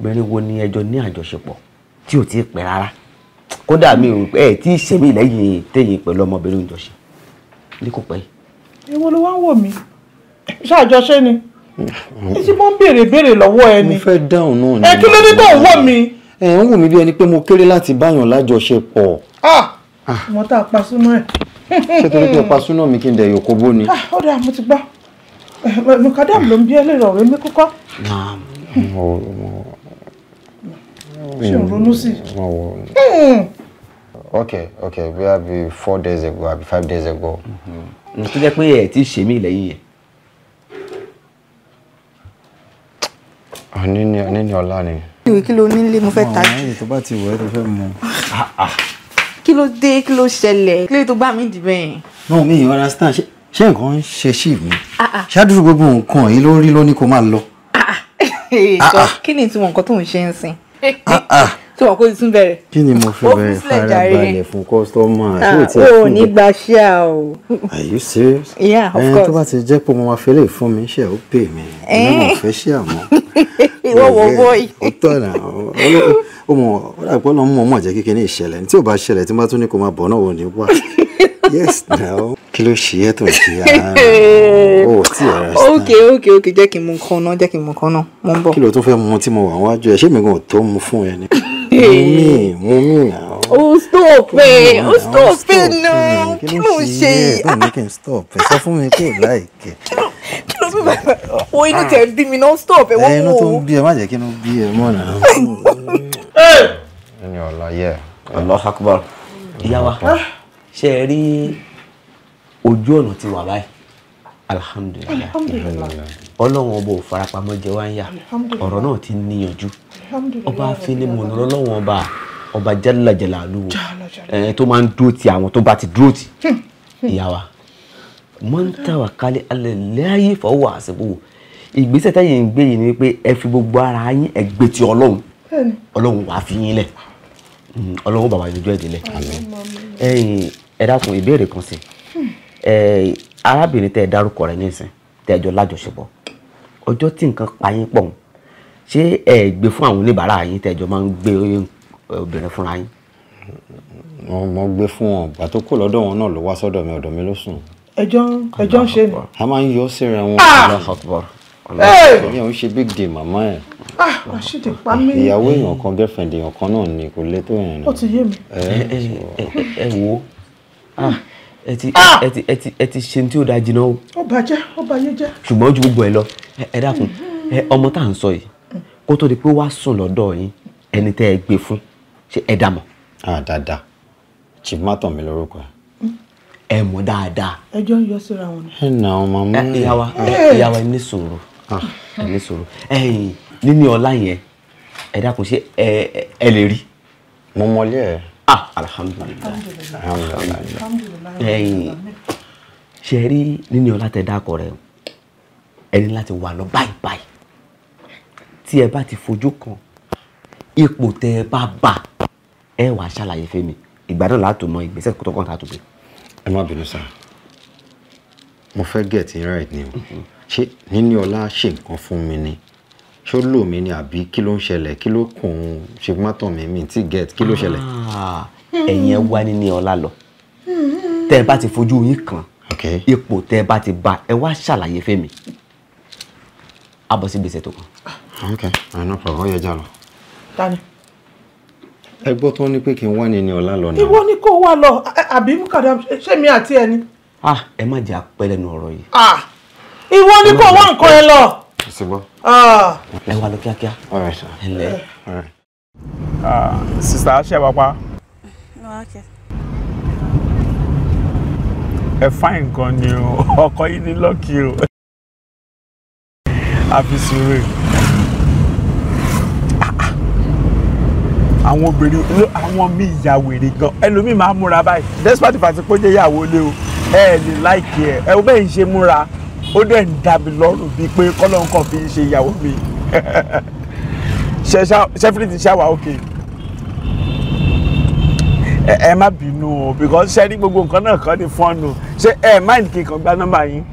F: mbẹ́ yẹn wo ni ẹjọ́ ní àjọṣepọ̀ tí ò tí ì pẹ́ kódà mi ò ẹ tí ì ṣe mí lẹ́yìn téyìn pẹ̀lú ọmọbìnrin ìjọṣe ní kò pẹ́ yìí. wò mí ṣàjọṣe ni
E: èsì mo ń béèrè béèrè lọ́wọ́ ẹ ni ẹ kí ló dé tó ń wò mí. ẹ ń wù mí bí ẹni pé mo kéré láti báyàn lájọṣepọ̀. ah
F: Ah. ọmọ tá a pa súnú ẹ̀. ṣé torí pé o pa
E: súnú mi kí n dẹ̀ yòókó bó ni.
F: Ah, ó dáa mo ti gbọ́ eh, eh,
G: mukadam ló ń bí ẹlẹ́rìí ọ̀rẹ́ mi kúkọ́.
E: ṣé n ronú sí hmm. okay okay bí a bí four days ago àbí five days ago.
C: Mm-hmm.
E: tó jẹ́ pé ẹ̀ ti ṣe mí lẹ́yìn yẹn. àní ni àní ni ọ̀la ni.
G: kí ló nílé mo fẹ́ tajú. àwọn
E: ẹ̀yìn tó ti wọ̀ ẹ́ tó fẹ́ mu
G: kí ló dé kí ló ṣẹlẹ̀ kí ló tó gbà mí dì bẹ́ẹ̀.
E: náà mi ìyọ̀n understand ṣé nǹkan ń ṣe sí mi ah, ah. ṣáàdúró gbogbo nǹkan yìí ló ń rí lóní kó máa lọ.
G: Ah, kí ni ìtumọ̀ nǹkan tó ń ṣe ń sìn tí wọn kò ti tún bẹ̀rẹ̀.
E: kí ni mo fi bẹ̀rẹ̀ farabalẹ̀ fún kọ́sítọ́mà yóò ti fún mi. o ní
G: gba ṣíà o.
E: are you serious. yeah of eh, course. ẹni tó bá ti jẹ́ pé mo máa fẹ́ lè fún mi ṣe ó pè mí ẹni mo eh. fẹ́ ṣíà mọ́.
D: ìwọ
E: wọ wọ ó mọ̀ ó dà pé ọlọ́run mọ̀ mọ̀ jẹ́ kékeré ní ìṣẹ̀lẹ̀ tí ò bá ṣẹlẹ̀ tí má tún ní kó máa bọ̀ náà wò ní wà yes now kí ló ṣe é tó ń ṣe ara ó tí ẹ rẹ sí. ok ok ok jẹ́ kí n mú nǹkan náà jẹ́ kí n mú nǹkan náà mo ń bọ̀. kí ló tún fẹ́ mu tí mo wà wájú ẹ ṣé mi gan tó mu fún ẹ ni. mo mí mo mí àwọn.
G: o stop ẹ o stop ẹ náà kí ló ń ṣe yìí. bẹ́ẹ̀
E: ni kí n stop ẹ sọ fún mi pé ò láìkẹ́. kí ló tún bàbá o inú
G: tẹ̀ bí mi náà stop ẹ wọ́n mú o. ẹ inú tó ń
E: bí ẹ má jẹ́ kí inú bí ẹ mọ́ náà ẹni ọ̀la yẹ. Allahu ìyá wa ah! ṣe é rí ojú ọ̀nà ti wà báyìí alhamdulilayi
F: ọlọ́run ọba ò farapamọ́ jẹ wá ń yà ọ̀rọ̀ náà ti níyànjú
C: ọba afinimunú
F: ọlọ́run ọba ọba jálàjálà lúwo ẹ tó máa ń dúró ti àwọn tó bá ti dúró ti
G: hmm.
C: Hmm.
F: ìyá wa mọ́ ń tà wá kálí alẹ́ láàyè fọwọ́ àsìkò ìgbésẹ̀ tẹ́yìn ń gbé yìí ni wípé ẹ fi gbogbo ara yín ẹ ti ọlọ́run ọlọ́run wàá fi yín lẹ̀ mm, ọlọ́run bàbá ìjọjọ́ ìdílé ẹ dákun ìbéèrè kan sí hmm. arábìnrin tẹ ẹ dárúkọ rẹ nísìn tẹ ẹ jọ lájọṣepọ̀ ọjọ́ tí nǹkan pa yín pọ̀ ṣé ẹ gbé fún àwọn oníbàárà yín tẹ ẹ jọ máa ń
E: gbé obìnrin fúnra yín. wọn mọ gbé fún wọn ìgbà tó kó lọ́dọ̀ wọn náà ló wá sọ́dọ̀ mi ọ̀dọ̀ mi ló sùn. ẹjọ́ ẹjọ́ ń ṣe ni. a máa ń yọ síra wọn. ọlọ́pàá ọlọ́pàá mi ò ń ṣe big day màmá ẹ
F: ah wàá ṣètè pa mí. ìyàwó
E: èèyàn kan girlfriend èèyàn kan náà ni kò lè tó yẹn náà. ó ti yé mi. ẹ wo ah,
F: ẹ ti ah! ẹ ti ẹ ti ẹ ti ṣe ní tí ó da jìnnà o. ó bàjẹ́ ó bàyé jẹ́. ṣùgbọ́n ju gbogbo ẹ lọ ẹ dákun ọmọ tá à ń sọ yìí kó tó di pé wàá sùn lọ́dọ̀ yín ẹni
E: tẹ́ ẹ gbé fún ṣé ẹ dà mọ̀. ah dáadáa chief mátàn mi lórúkọ ẹ
B: ẹ mọ̀ dáadáa.
F: ẹjọ́ ń yọ síra wọn.
B: ẹ nà ọmọ mú. ìyá wa ìyá wa ẹ ní sùúrù ah. ẹ ní sùúrù ẹ̀yin níní ọlá yẹn ẹ dákun ṣe ẹ
F: ẹ lè rí. mo mọlé ẹ. ah alhamdulilayi alhamdulilayi ẹyin ṣe rí níní ọlá tẹ dákọ rẹ ẹni láti wà lọ báyìí báyìí tí ẹ bá ti fojú kan ipò tẹ ẹ bá bà
E: ẹ wà á ṣàlàyé fẹmi ìgbà náà látò mọ ìgbésẹ̀ tó kàn látò gbé. ẹ má bínú sáà mo fẹ́ get right ni o mm-hmm. ṣé níní ọlá ṣe nǹkan fún mi ni ṣó lò mí ni àbí kí ló ń ṣẹlẹ̀ kí ló kùn ún ṣe mọ́tàn mi mi tí get kí ló ah. ṣẹlẹ̀. ẹ̀yin ẹ wá níní ọlá lọ
F: tẹ́ ẹ bá ti fojú yín kan ipò tẹ́ ẹ bá ti bá ẹ wá ṣàlàyé fẹ́mi
E: a bọ̀ sí gbèsè tó kàn. ok àná pàrọ̀ ọ̀yẹ́ já lọ. ta ni. ẹ gbọ́ tó ní pé kí n wá níní ọlá lọ náà. ìwọ
F: ni kò wá lọ àbí mukada ṣé mi àti ẹ
B: ah ẹ má jẹ́ apẹ́lẹ́nu ọ̀rọ̀ yìí.
F: ah ìwọ ni kò wá nǹkan ẹ
B: lọ. Ah, All right. ẹ wà lọ kíákíá. ẹ lẹ.
F: sista ṣe wá pa. ẹ fáìn gan ni you. ọkọ yìí ní lọ́kì o àfi sùúrù àwọn obìnrin àwọn míì ya wèrè gan ẹlòmíì máa múra báyìí despite the fact pé ó jẹ́ ìyàwó lé o ẹ ẹ lè láìkí ẹ ẹ bẹ́ẹ̀ ń ṣe múra ó dẹ̀ ń dá mi lọ́rùn bíi pé kọ́lọ́ nǹkan fi ń ṣe ìyàwó mi ṣẹ́fìlì ti ṣàwà òkè ẹ má bínú o because ṣe ní gbogbo nǹkan náà kọ́ ni fọ́ọ̀nù ṣé ẹ má ní kí n kàn gba nọ́mbà yín.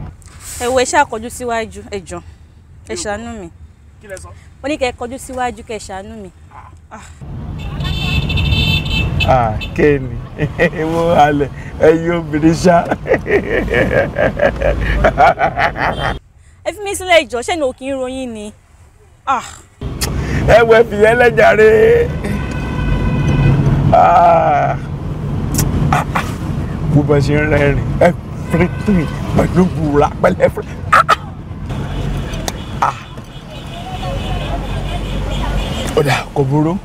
A: ẹ̀wọ̀ ẹ ṣàkọjú síwájú ẹ jọ̀ọ́ ẹ ṣàánú mi mo ní kẹ́ ẹ kọjú síwájú kẹ́ ẹ ṣàánú mi. Ah. Ah
F: kéènì ewo alẹ ẹyin obìnrin ṣá.
A: ẹ fi mí sílẹ̀ ìjọ ṣẹ́ni ò kí ń ròyìn ni. Ah.
F: ẹ wẹ fìyẹn lẹ́jàre ah. bó bá ṣe ń rẹ́rìn ẹ everything pẹ̀lú gbùrà pẹ̀lú every. ó dà kò burú.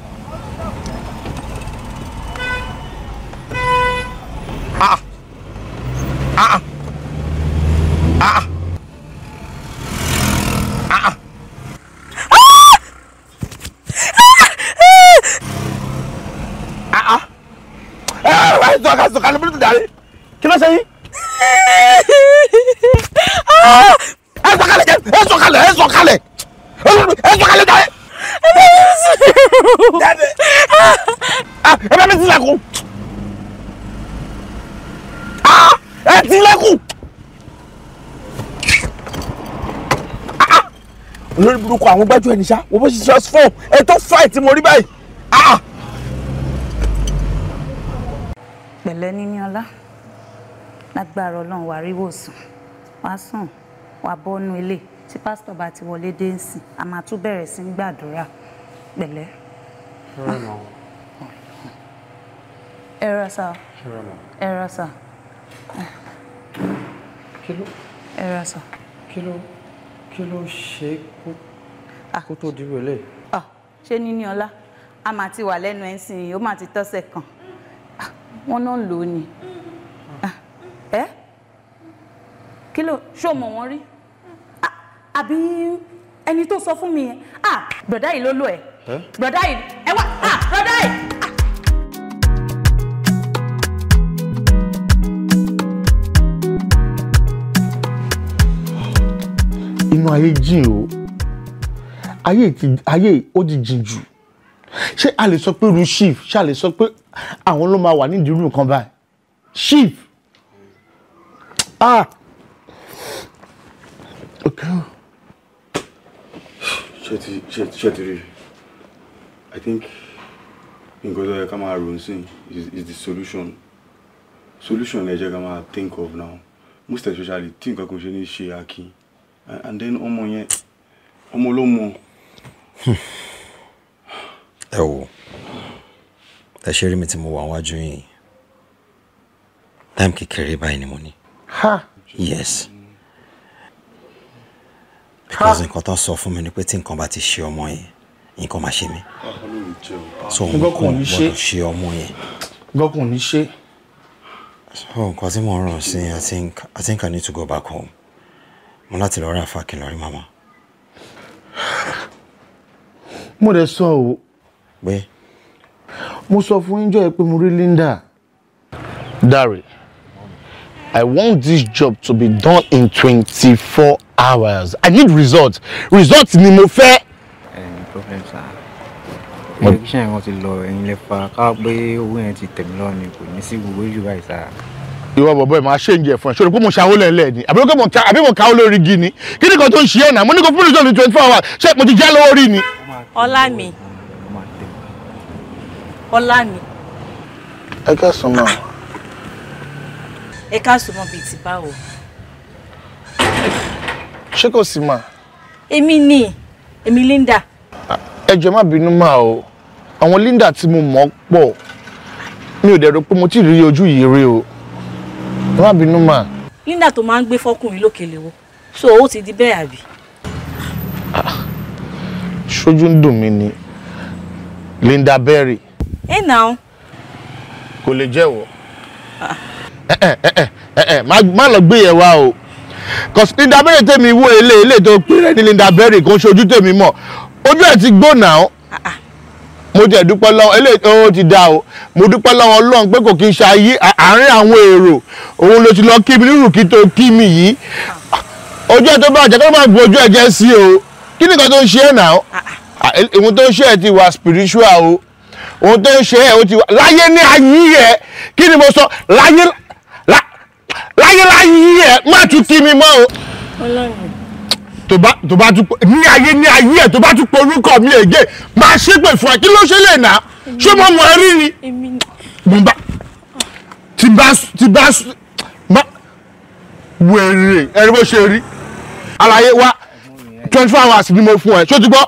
F: lóko àwọn gbájú ẹni ṣá wo bó ṣe transform ẹ tó fight tí mo rí báyìí.
A: Ah! pẹ̀lẹ́ níní ọlá lágbára ọlọ́run wà rí wòsàn wàá sàn wàá bọ́nú ilé tí pásítọ̀ bá ti wọlé dé ń a máa tún bẹ̀rẹ̀ sí í gbàdúrà pẹ̀lẹ́. ẹ rà sá ẹ rà sá
E: ẹ rà sá. kí ló kí ló ṣe kó Ah. kó tó dirú ẹ lẹ́yìn. Ah,
A: ṣé níní ọlá a máa ti wà lẹ́nu ẹ̀ ń sìn yìí ó máa ti tọ́sẹ̀ kan ah, wọ́n náà ń lò ó ni ẹ́ kí ló ṣó mọ̀ wọ́n rí àbí ẹni tó sọ fún mi yẹn bọ̀dá yìí ló lò ẹ̀ bọ̀dá yìí ẹ wá bọ̀dá yìí.
F: inú ayé jìn o ayé ti ayé ó ti jìn jù ṣé a lè sọ pé ru chief ṣé a lè sọ pé àwọn ló máa wà nídìí irú nǹkan báyìí chief ah ok. ṣé ti ṣé ṣé ti rí i think nǹkan tó yẹ ká máa rò sí is the solution solution lè jẹ́ ká máa think of now most especially tí nǹkan kan ṣe ní ṣe akin and then ọmọ yẹn ọmọ ló mọ. Hm.
E: ẹ wò ẹ ṣe rí mi tí mo wà wájú yìí táìmù kékeré báyìí ni mo ní. ha yes because nǹkan tó sọ fún mi ni pé tí nǹkan bá ti ṣe ọmọ yẹn nǹkan máa ṣe mí
F: so nǹkan gbọ́dọ̀
E: ṣe ọmọ yẹn. gbọ́kùn ní ṣe. so nǹkan tí mo ń sí i think i think i need to go back home mo láti lọ rí àfa rí màmá
F: mo dẹ̀ sọ o. pé. mo sọ fún yín jọ́ pé mo rí Linda. Dare, I want this job to be done in twenty-four hours. I need result. Result ni mo fẹ́.
E: ẹ ní problem sá election yẹn wọ́n ti lọ ẹ̀yin lẹ fa ká pé owó yẹn ti tẹ̀mí lọ́wọ́ ni kò ní sí gbogbo ìjù báyìí sá. ìwọ
F: bọ̀bọ̀ ẹ̀ máa ṣe ń jẹ fún ẹ ṣòro pé mo ṣàwó lẹ́lẹ́ ni àbí mo ká olórí gí ni kí ni kan tó ń ṣe ẹ̀ náà mo ní kó fún result ní twenty four hours ṣé mo ti já lọ́wọ́ rí ni
A: ọlá mi ọlá mi. ẹ káàsán máa. ẹ káàsán mọ bíi ti báwo.
F: ṣé kò sí mà.
A: èmi ni èmi Linda.
F: ẹ jọ̀ọ́ má bínú máa o àwọn Linda tí mo mọ̀ pọ̀ mi ò dẹ̀ rò pé mo ti rí ojú yìí rí o ẹ má bínú máa.
A: Linda tó máa ń gbé fọkùnrin lókèlè wo so ó ti di bẹ́ẹ̀ àbí.
F: Ah ṣojú ń dùn mí ni Linda Berry. ẹ nà ó. kò lè jẹ́wọ́. Ah. má lọ gbé yẹn wá o cause Linda Berry tèmi wó ilé ilé tó pé rẹ Linda Berry kò ṣojú tèmi mọ̀ ojú ẹ̀ ti gbóná o ah, ah. mo jẹ́ dúpẹ́ lọ́wọ́ eléyìí ó ti dá o mo dúpẹ́ lọ́wọ́ Ọlọ́run pé kò kí n ṣe ayé àárín àwọn èrò òun ló ti lọ kí mi nírù kí tó kí mi yìí ojú ẹ̀ tó bàjẹ́ kó má bu ojú ẹ̀ jẹ́ sí o kí ni nǹkan tó ń ṣe ẹ̀ náà ah, ah. ohun tó ń ṣe ẹ̀ ti wà spiritual o ohun tó ń ṣe ẹ̀ ó ti wà láyé ní ayé ẹ̀ kí ni mo sọ láyé láyé láyé ẹ̀ má tún kí mi mọ́ o. tó bá tó bá tún ní ayé ní ayé ẹ̀ tó bá tún porúkọ mi ègé máa ṣépè fún ẹ kí ló ṣe lè nà ṣé mo mọ̀ ẹ́ ni. tí bá tí bá wẹ̀rẹ̀ ẹ̀rí bó ṣe rí àlàyé wa twenty four hours ni mo fún ẹ ṣó ti gbọ́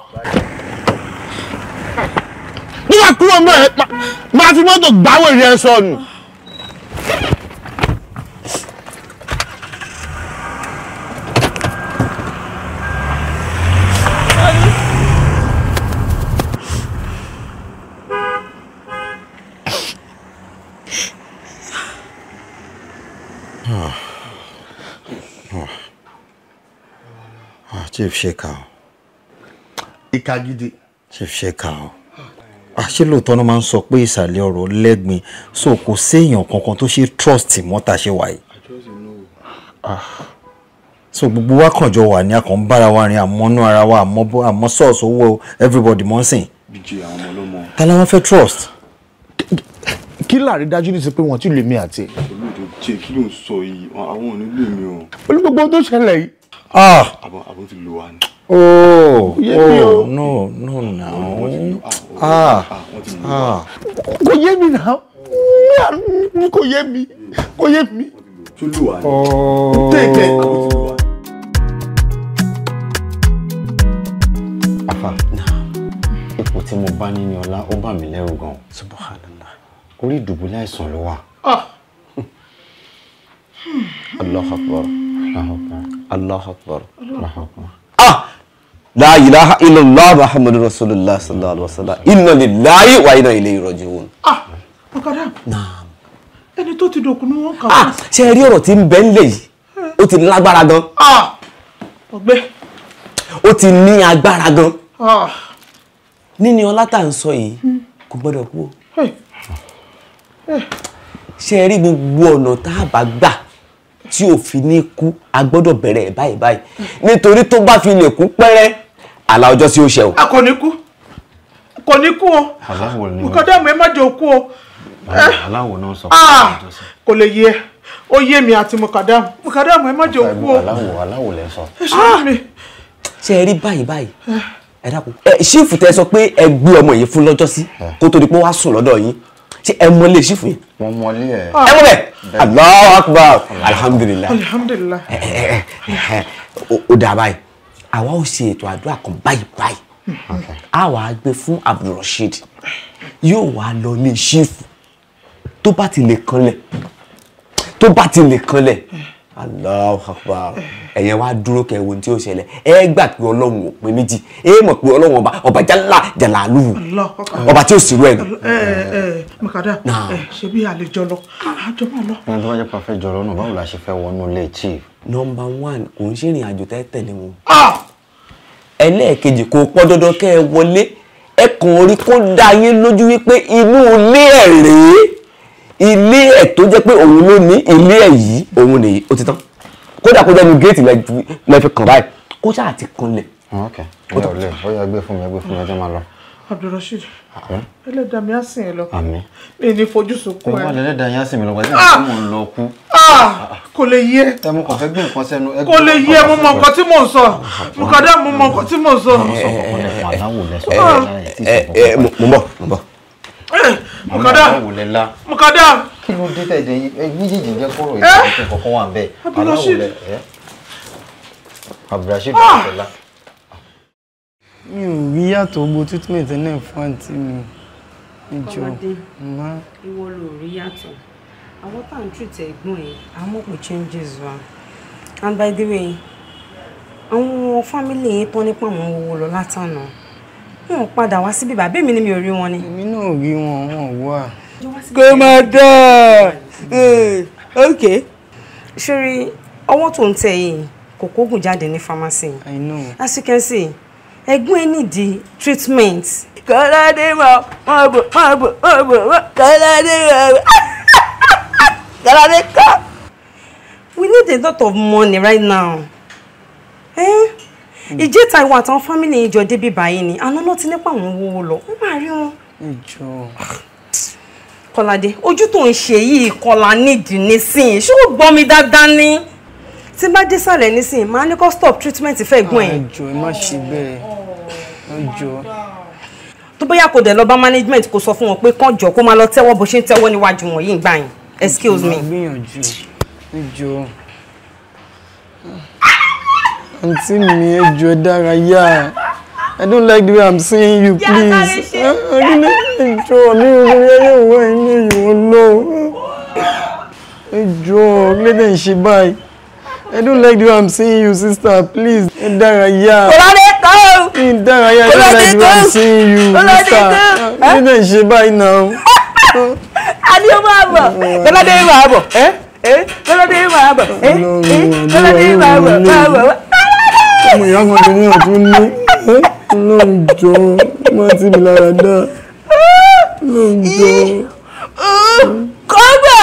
F: nígbà kúrò mọ́ ẹ máa fi mọ́tò gbáwèrè ẹ sọnù.
E: chief ṣèkà o. ìka gidi. chief ṣèkà o. àṣé ah, lóòótọ́ ló máa ń sọ pé ìsàlẹ̀ ọ̀rọ̀ lẹ́gbin so kò séèyàn kankan tó ṣe trust mọ́ta ṣe wáyé. Ah. so gbogbo wa kàn jọ wà ní akàn bára wa rin àmọ́nú ara wa àmọ́ sọ́ọ̀sì owó everybody mọ́ sìn. ta la wọn fẹ́
F: trust. kí láàrin dájú ní ti pé wọn ti lè mi àti. olùdó jẹ kí ló ń sọ yìí àwọn ò ní lè mi o. olú gbogbo tó ṣẹlẹ̀ yìí Ah, àbọ̀ ti lo wa ni.
E: oh oh no no now ah ah. ah, ah.
F: kò yé mi náà kò yé mi kò yé mi. tó lù wá ni tẹ́ẹ̀kẹ́ àbọ̀ ti lù
E: wá. Oh. afa ipò tí mo bá nínú ọlá ó bà mí lẹ́rù gan-an subhanallah orí ìdùbúlẹ̀ àìsàn ló wà. Ah. allah akbar. Allahu Akbar. ah
F: la ilaha illallah muhammadu الله sallallahu alaihi wa sallam inna lillahi wa inna ilayhi raji'un. ah ọ̀kadà ẹni tó ti dòkun ni wọ́n kà á. Ah! ṣe rí ọ̀rọ̀ tí ń bẹ nílẹ̀ yìí eh. ó ti lágbára gan. Ah! ọ̀gbẹ́. ó ti ní agbára gan. Ah! níní ọlá tá à ń sọ yìí hmm. kò gbọ́dọ̀
B: kú
C: eh. eh.
B: ṣe rí gbogbo ọ̀nà tá a bá gbà tí ò fi ní kú a gbọ́dọ̀ bẹ̀rẹ̀ ẹ̀ báyìí báyìí nítorí tó bá fi lè kú
F: pẹ́rẹ́ àlà ọjọ́ sí ó ṣe o. a kò ní kú kò ní kú o nǹkan dẹ́mu ẹ má jẹ́ òkú o.
E: aláwo eh? náà sọ
F: fún mi jọ́sìn. kò lè yẹ ó yé mi àti mukadamu mukadamu ẹ má jẹ́ òkú o. aláwo
E: aláwo lẹ sọ.
F: ẹ ṣe ah! mi. ṣe é rí báyìí báyìí eh. ẹ dákun. Eh, ṣífù tẹ sọ pé ẹ gbé ọmọ yìí fún lọ́jọ́ sí kó tó di pé wàá sùn lọ́dọ̀ yín Ti ẹ mọ ilé ṣífù yẹn. wọn ẹ. ẹ mọ bẹ́ẹ̀ Allahu Akbar alhamdulillah alhamdulillah eh, eh, eh, O dà báyìí àwa ó ṣe ètò àdúrà kan báyìí báyìí a wàá gbé fún Abdulrasheed yóò wá lọ ilé ṣífù tó bá ti lè kanlẹ̀ tó bá ti lè kanlẹ̀. Allahu Akbar ẹ̀yẹn wá dúró kẹwọn tí ó ṣẹlẹ̀ ẹ gbà pé ọlọ́run ò pé méjì ẹ mọ̀ pé ọlọ́run ọba ọba jálá jàlálù ọba tí ó sì rú ẹ̀ nù. ẹ ẹ mọ̀kadà ẹ ṣe bí àlejò lọ àjọ máa lọ.
E: ẹni tó bá jẹ́ pé fẹ́ jọrọ nù báwo la ṣe fẹ́ wọnú ilé chief. nọmba one kò ń ṣèrìn àjò tẹ́ tẹ̀lé wọn.
F: ẹlẹ́ẹ̀kejì kò pọ́ dandan kẹ́ ẹ wọlé ẹ kàn orí kó dá yín lójú wípé inú ilé ẹ̀ rèé ilé ẹ̀ tó jẹ́ pé òun ló ní ilé ẹ̀ yìí òun nìyí ó ti tán kódà kó jẹ́nu géètì lẹ́ fi kàn báyìí kó ṣáà ti kanlẹ̀.
E: ok ọ̀yà ọ̀lẹ́ ọ̀yà gbé fún mi gbé fún mi ẹjẹ́ máa lọ.
F: Abdulrasheed ẹlẹ́dàá mi á sìn ẹ lọ mi ní fojú sunkún ẹ. ìwọ
E: ẹlẹ́dàá yẹn á sìn mi lọ pàṣẹ àti mò ń lọ kú. kò lè yé. ẹ mo kàn gbé nǹkan sẹ́nu. kò lè yé mo mọ nǹkan tí mò ń sọ mo kàn dá mọ nǹkan tí mò ń sọ. mo bọ̀ mo bọ̀.
F: Eh, mukada
E: mukada. kí ló dé tẹ̀dẹ̀ méjèèjì jẹ́ kóró ìdílé eh? kọ̀ọ̀kan wà bẹ́ẹ̀ abdulrasheed abdulrasheed ah! ọ̀fẹ́lá.
F: mi ò rí yàtọ̀ gbogbo treatment náà fún àǹtí mi
D: ìjọ má. ìwọ ló rí yàtọ̀ àwọn tá à ń treat ẹ̀gbọ́n ẹ̀ àwọn kò changes wa and by the way àwọn family yẹn tán nípa àwọn owó lọ látànà wọn ò padà wá síbí bàbá èmi ni mi ò rí wọn ni. èmi náà rí wọn wọn ò wá. kò má
G: dáa ok.
D: sori ọwọ́ tó ń tẹ yìí kò kógùn jáde ní pharmacy. i know. as you can see ẹ̀gbọ́n ẹ nídìí treatment. kọ́ládé mọ̀ mọ̀ bò mọ̀ bò mọ̀ bò kọ́ládé mọ̀ kọ́ládé kọ́. we need a lot of money right now. Eh? Hmm. ìjẹta ìwà àtàwọn fámìlì yìí jọ débi báyìí ni àná náà ti nípa àwọn owó lọ wọn
C: máa rí wọn. ìjọ.
D: Kọ́ládé ojú tó ń ṣe yìí kọlá nídìí nísìnyí ṣé ó gbọ́ mi dáadáa ni tí bá dé sàlẹ̀ nísìnyí máa ní kó stop treatment fẹ́ gún ẹ̀. ìjọ ẹ má ṣe bẹ́ẹ̀ ìjọ. tó bóyá kò dẹ̀ lọ bá management kó sọ fún wọn pé kán jọ kó máa lọ tẹ́wọ́ bó ṣe ń tẹ́wọ́ níwájú wọn yìí ń excuse me. ìjọ
H: gbìyànjú ìjọ. Auntie mi
F: ẹ jọ̀ọ́ dárayá. I don't like the way I'm seeing you, please. Ah, I don't mi ò rí ẹyẹ òwò You ìwọ̀n lọ. Ẹjọ́ lédè ń ṣe I don't like the way I'm seeing you, sister. Please, ẹ dárayá. Kòlọ́dé tó. Ẹ dárayá, I don't like the way I'm seeing you, sister. Ah, lédè ń ṣe báyìí
G: náà.
C: Adé máa bọ̀. Kòlọ́dé eh. bọ̀.
G: Kòlọ́dé máa bọ̀. eh. máa bọ̀. Máa bọ̀ ọmọ ìyá ọmọbìnrin náà tún ní lóòjọ́ má ti mi lára dá
A: lóòjọ́. kọ́gbà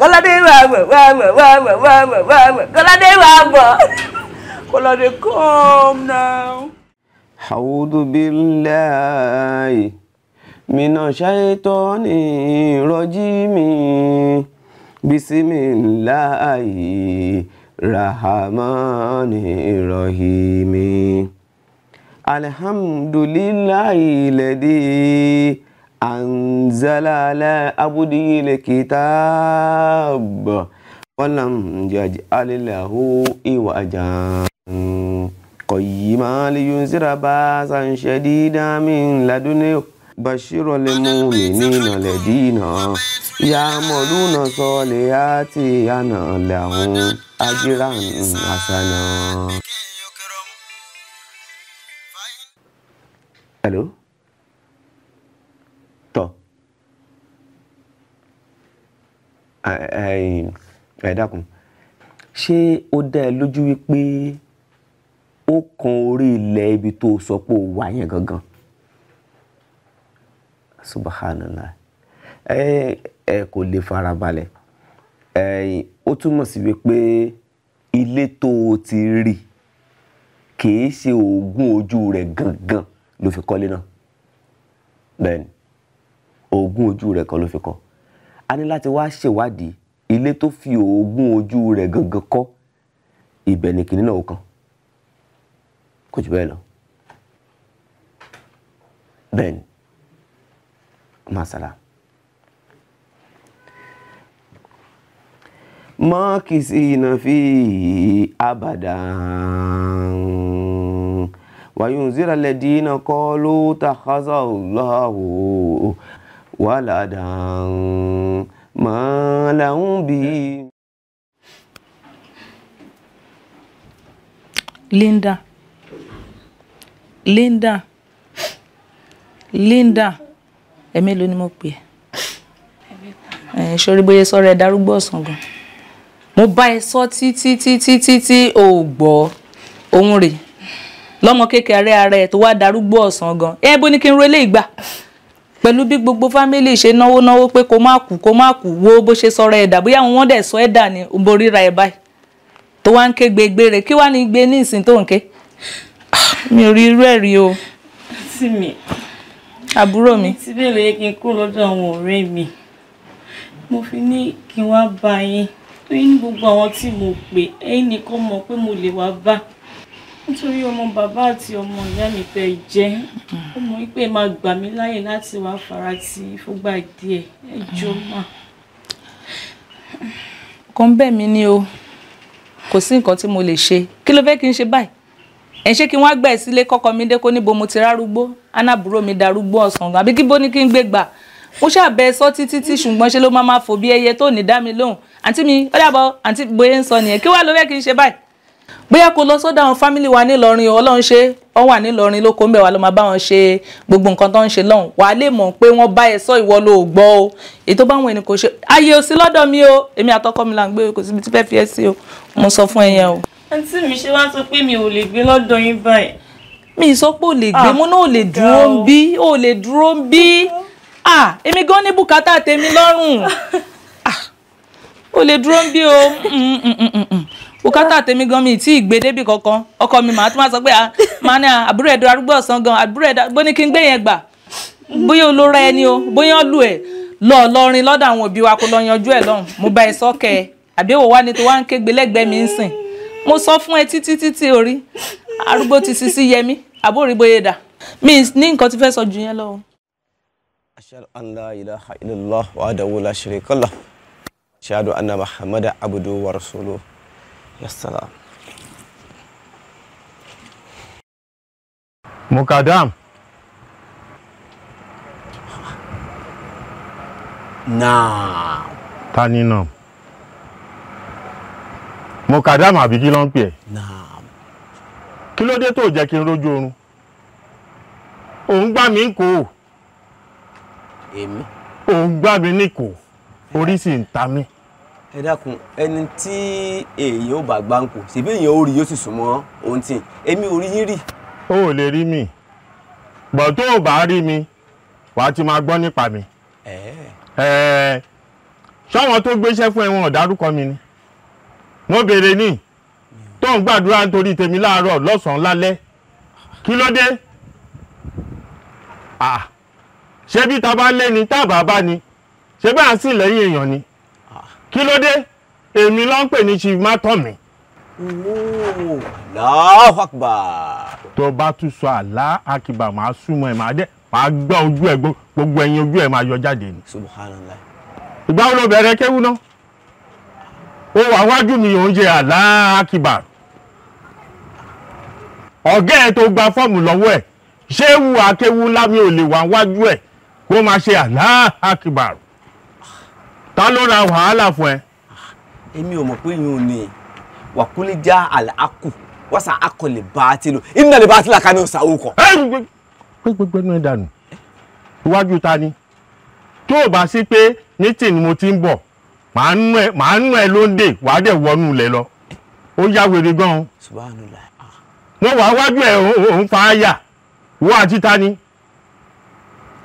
A: kọ́ládé wà bọ̀ wà bọ̀ wà bọ̀ wà bọ̀ wà bọ̀ kọ́ládé wà bọ̀ kọ́ládé come now.
F: أعوذ بالله من الشيطان الرجيم بسم الله rahamani rahimi alhamdulillahi lẹ́dí anzalala abudiyile kitab walam jaji alilahu iwajan qayyima liyunzira ba'san shadida min ladunhu بشر المؤمنين الذين يعملون صالحات أنا لهم
C: ajiran mm,
F: asana. Mm. hello tọ ẹ dákun ṣé ó dá ẹ lójú wípé ó kan orí ilẹ̀ ibi tó sọ pé ó wà yẹn gangan subhanallah ẹ ẹ kò lè fara ó túmọ̀ sí wípé ilé tó o ti rí kì í ṣe oògùn ojú rẹ̀ gangan ló fi kọ́lé náà bẹ́ẹ̀ni
B: oògùn ojú rẹ̀ kan ló fi kọ́
F: a ní láti wá ṣèwádìí
B: ilé tó fi oògùn ojú rẹ̀ gangan kọ́ ibẹ̀ ni kìnìún náà kan kò jù bẹ́ẹ̀ lọ bẹ́ẹ̀ni
F: masala. ماكسين فيه أبدا وينذر الذين قالوا اتخذ الله ولدا ما لهم به
A: Linda Linda Linda ẹ̀mélòó ni mo pè é ṣorí bóyá sọ̀rọ̀ ẹ̀ darúgbó ọ̀sán gan-an mo bá ẹ sọ títí títí títí o ò gbọ́ òun rè lọ́mọ kékeré ara ẹ̀ tó wá darúgbó ọ̀sán gan ẹ bó ní kí n ro eléyìí gbà pẹ̀lú bí gbogbo fámílì ṣe náwó náwó pé kó má kú kó má kú wo bó ṣe sọ̀rọ̀ ẹ̀dà bóyá wọn dẹ̀ sọ ẹ̀dà ni borí ra ẹ̀ báyìí tó wá ń ké gbégbé rẹ̀ kí wá ní gbé ní ìsìn tó ń ké ah, mi ò rí irú ẹ̀ rí o. àbúrò mi.
H: ti bẹ̀rẹ̀ kí n kó
A: lọ́dọ̀ àwọn ọ̀rẹ́ mi mo fi ní kí n bá yín pé ní gbogbo àwọn tí mo pè ẹ̀yin nìkan mọ̀ pé mo lè wá bá nítorí ọmọ bàbá àti ọmọ ìyá mi fẹ́ jẹ́ ọmọ wípé máa gbà mí láyè láti wá fara ti fúgbà díẹ̀ ẹ jọ mà. kò ń bẹ̀ mí ni o kò sí nǹkan tí mo lè ṣe kí ló fẹ́ kí n ṣe báyìí ẹ̀ ṣé kí wọ́n á gbà ẹ̀ sílé kọ́kọ́ mi dé kó níbo mo ti rárúgbó anábùrò mi darúgbó ọ̀sán àbí kí bó ní kí n gbé gbà mo ṣàbẹ sọ títí tí ṣùgbọ́n ṣe ló máa máa fò bí ẹyẹ tó ní dá mi lóhùn àǹtí mi ó dàbọ̀ àǹtí bóyá ń sọ nìyẹn kí wàá lórí ẹ̀ kì í ṣe báyìí bóyá kò lọ sọ́dọ̀ àwọn fámìlì wa nílọrin ọlọ́run ṣe wọ́n wà nílọrin lóko ń bẹ̀ wá ló máa bá wọn ṣe gbogbo nǹkan tó ń ṣe lọ́hùn wàá lè mọ̀ pé wọ́n bá ẹ sọ ìwọ ló gbọ́ o èyí tó bá wọn ẹni kò ṣe ayé o sí lọ́dọ̀ mi o èmi àtọkọ mi là ń gbé kò síbi tí fẹ́ fi ẹ́ sí o mo sọ fún ẹ o. àǹtí mi ṣe wá sọ pé mi ò lè gbé lọ́dọ̀ yín báyìí. mi sọ ò lè gbé ah, mo náà ò lè dúró ń bí ò lè dúró ń bí ah emi gan ní bùkátà tèmi lọ́rùn ah o le dúró bí o mm, mm, mm, bùkátà tèmi gan mi tí ìgbé débi kankan ọkọ mi màá tún máa sọ pé màá ní àbúrò ẹ̀dọ́ arúgbó ọ̀sán gan àbúrò ẹ̀dọ́ bó ní kí n gbé yẹn gbà bóyá o ló ra ẹni o bóyá ọ lù ẹ lọ lọrin lọ́dọ̀ àwọn òbí wa kó lọ yanjú ẹ lọ́hùn mo bá ẹ sọkẹ àbí èwo wá ni tó wá ń kégbe lẹ́gbẹ̀ẹ́ mi ń sìn mo sọ fún ẹ títí títí orí arúgbó ti sisi yẹmi àbórí bóyá dà mi ní nǹkan ti fẹ́ sọ ju yẹn lọ
F: أشهد أن لا إله إلا الله وحده لا شريك له أشهد أن محمدا عبده ورسوله يا سلام مقدم نعم تاني نعم مقدام àbí kí ló ń pè ẹ́ kí ló dé tó jẹ́ kí n rójú oorun òun gbà mí kó o èmi. ò ń gbá mi níkò orí sì ń ta mí. ẹ dákun ẹni tí èèyàn ò bá gbá ń kò ṣèbí èèyàn ò rí yóò sì sùn mọ́ ohun tí èmi ò rí yín rí. o ò lè rí mi bọ̀ tó o bá rí mi wàá ti máa gbọ́ nípa mi. ṣáwọn tó gbéṣẹ́ fún ẹ̀wọ̀n ọ̀dárúkọ mi ni mo béèrè ní tó ń gbàdúrà nítorí tèmi láàárọ̀ lọ́sàn-án lálẹ́ kí ló dé? Ah ṣé bí ta bá lẹ́ni tá bá bá ni ṣé bá ń sìn lẹ́yìn èèyàn ni kí ló dé èmi ló ń pè ní chief mátọ̀mí.
B: Allahu Akbar. tó
F: bá tún sọ Allah Akbar máa súnmọ́ ẹ̀ máa dẹ́ máa gbá ojú ẹ̀ gbogbo ẹ̀yìn ojú ẹ̀ máa yọ jáde ni. Subhanallah. ìgbà wo ló bẹ̀rẹ̀ kéwú náà ó wà wájú mi ò ń jẹ Allah Akbar ọ̀gá ẹ̀ tó gba fọ́ọ̀mù lọ́wọ́ ẹ̀ ṣé wù akéwú lámì ò lè wà wájú ẹ̀ kó máa ṣe Allah Akbar ta ló ra wàhálà fún ẹ. èmi ò mọ̀ pé yín ò ní wàkúlé já àlàákù wọ́n sàn akọlẹ̀ bá a ti lò iná lè bá a ti là ká ní ọ̀sà òkò. pé gbogbo ẹnu ẹ dànù iwájú ta ni tó o bá sí pé nítì ni mo ti ń bọ̀ màá nú ẹ ló ń dè wàá dẹ̀ wọnú ilẹ̀ lọ ó yá wèrè gan-an wọ́n wàá wájú ẹ̀ òun fa áyà wọ́n àti ta ni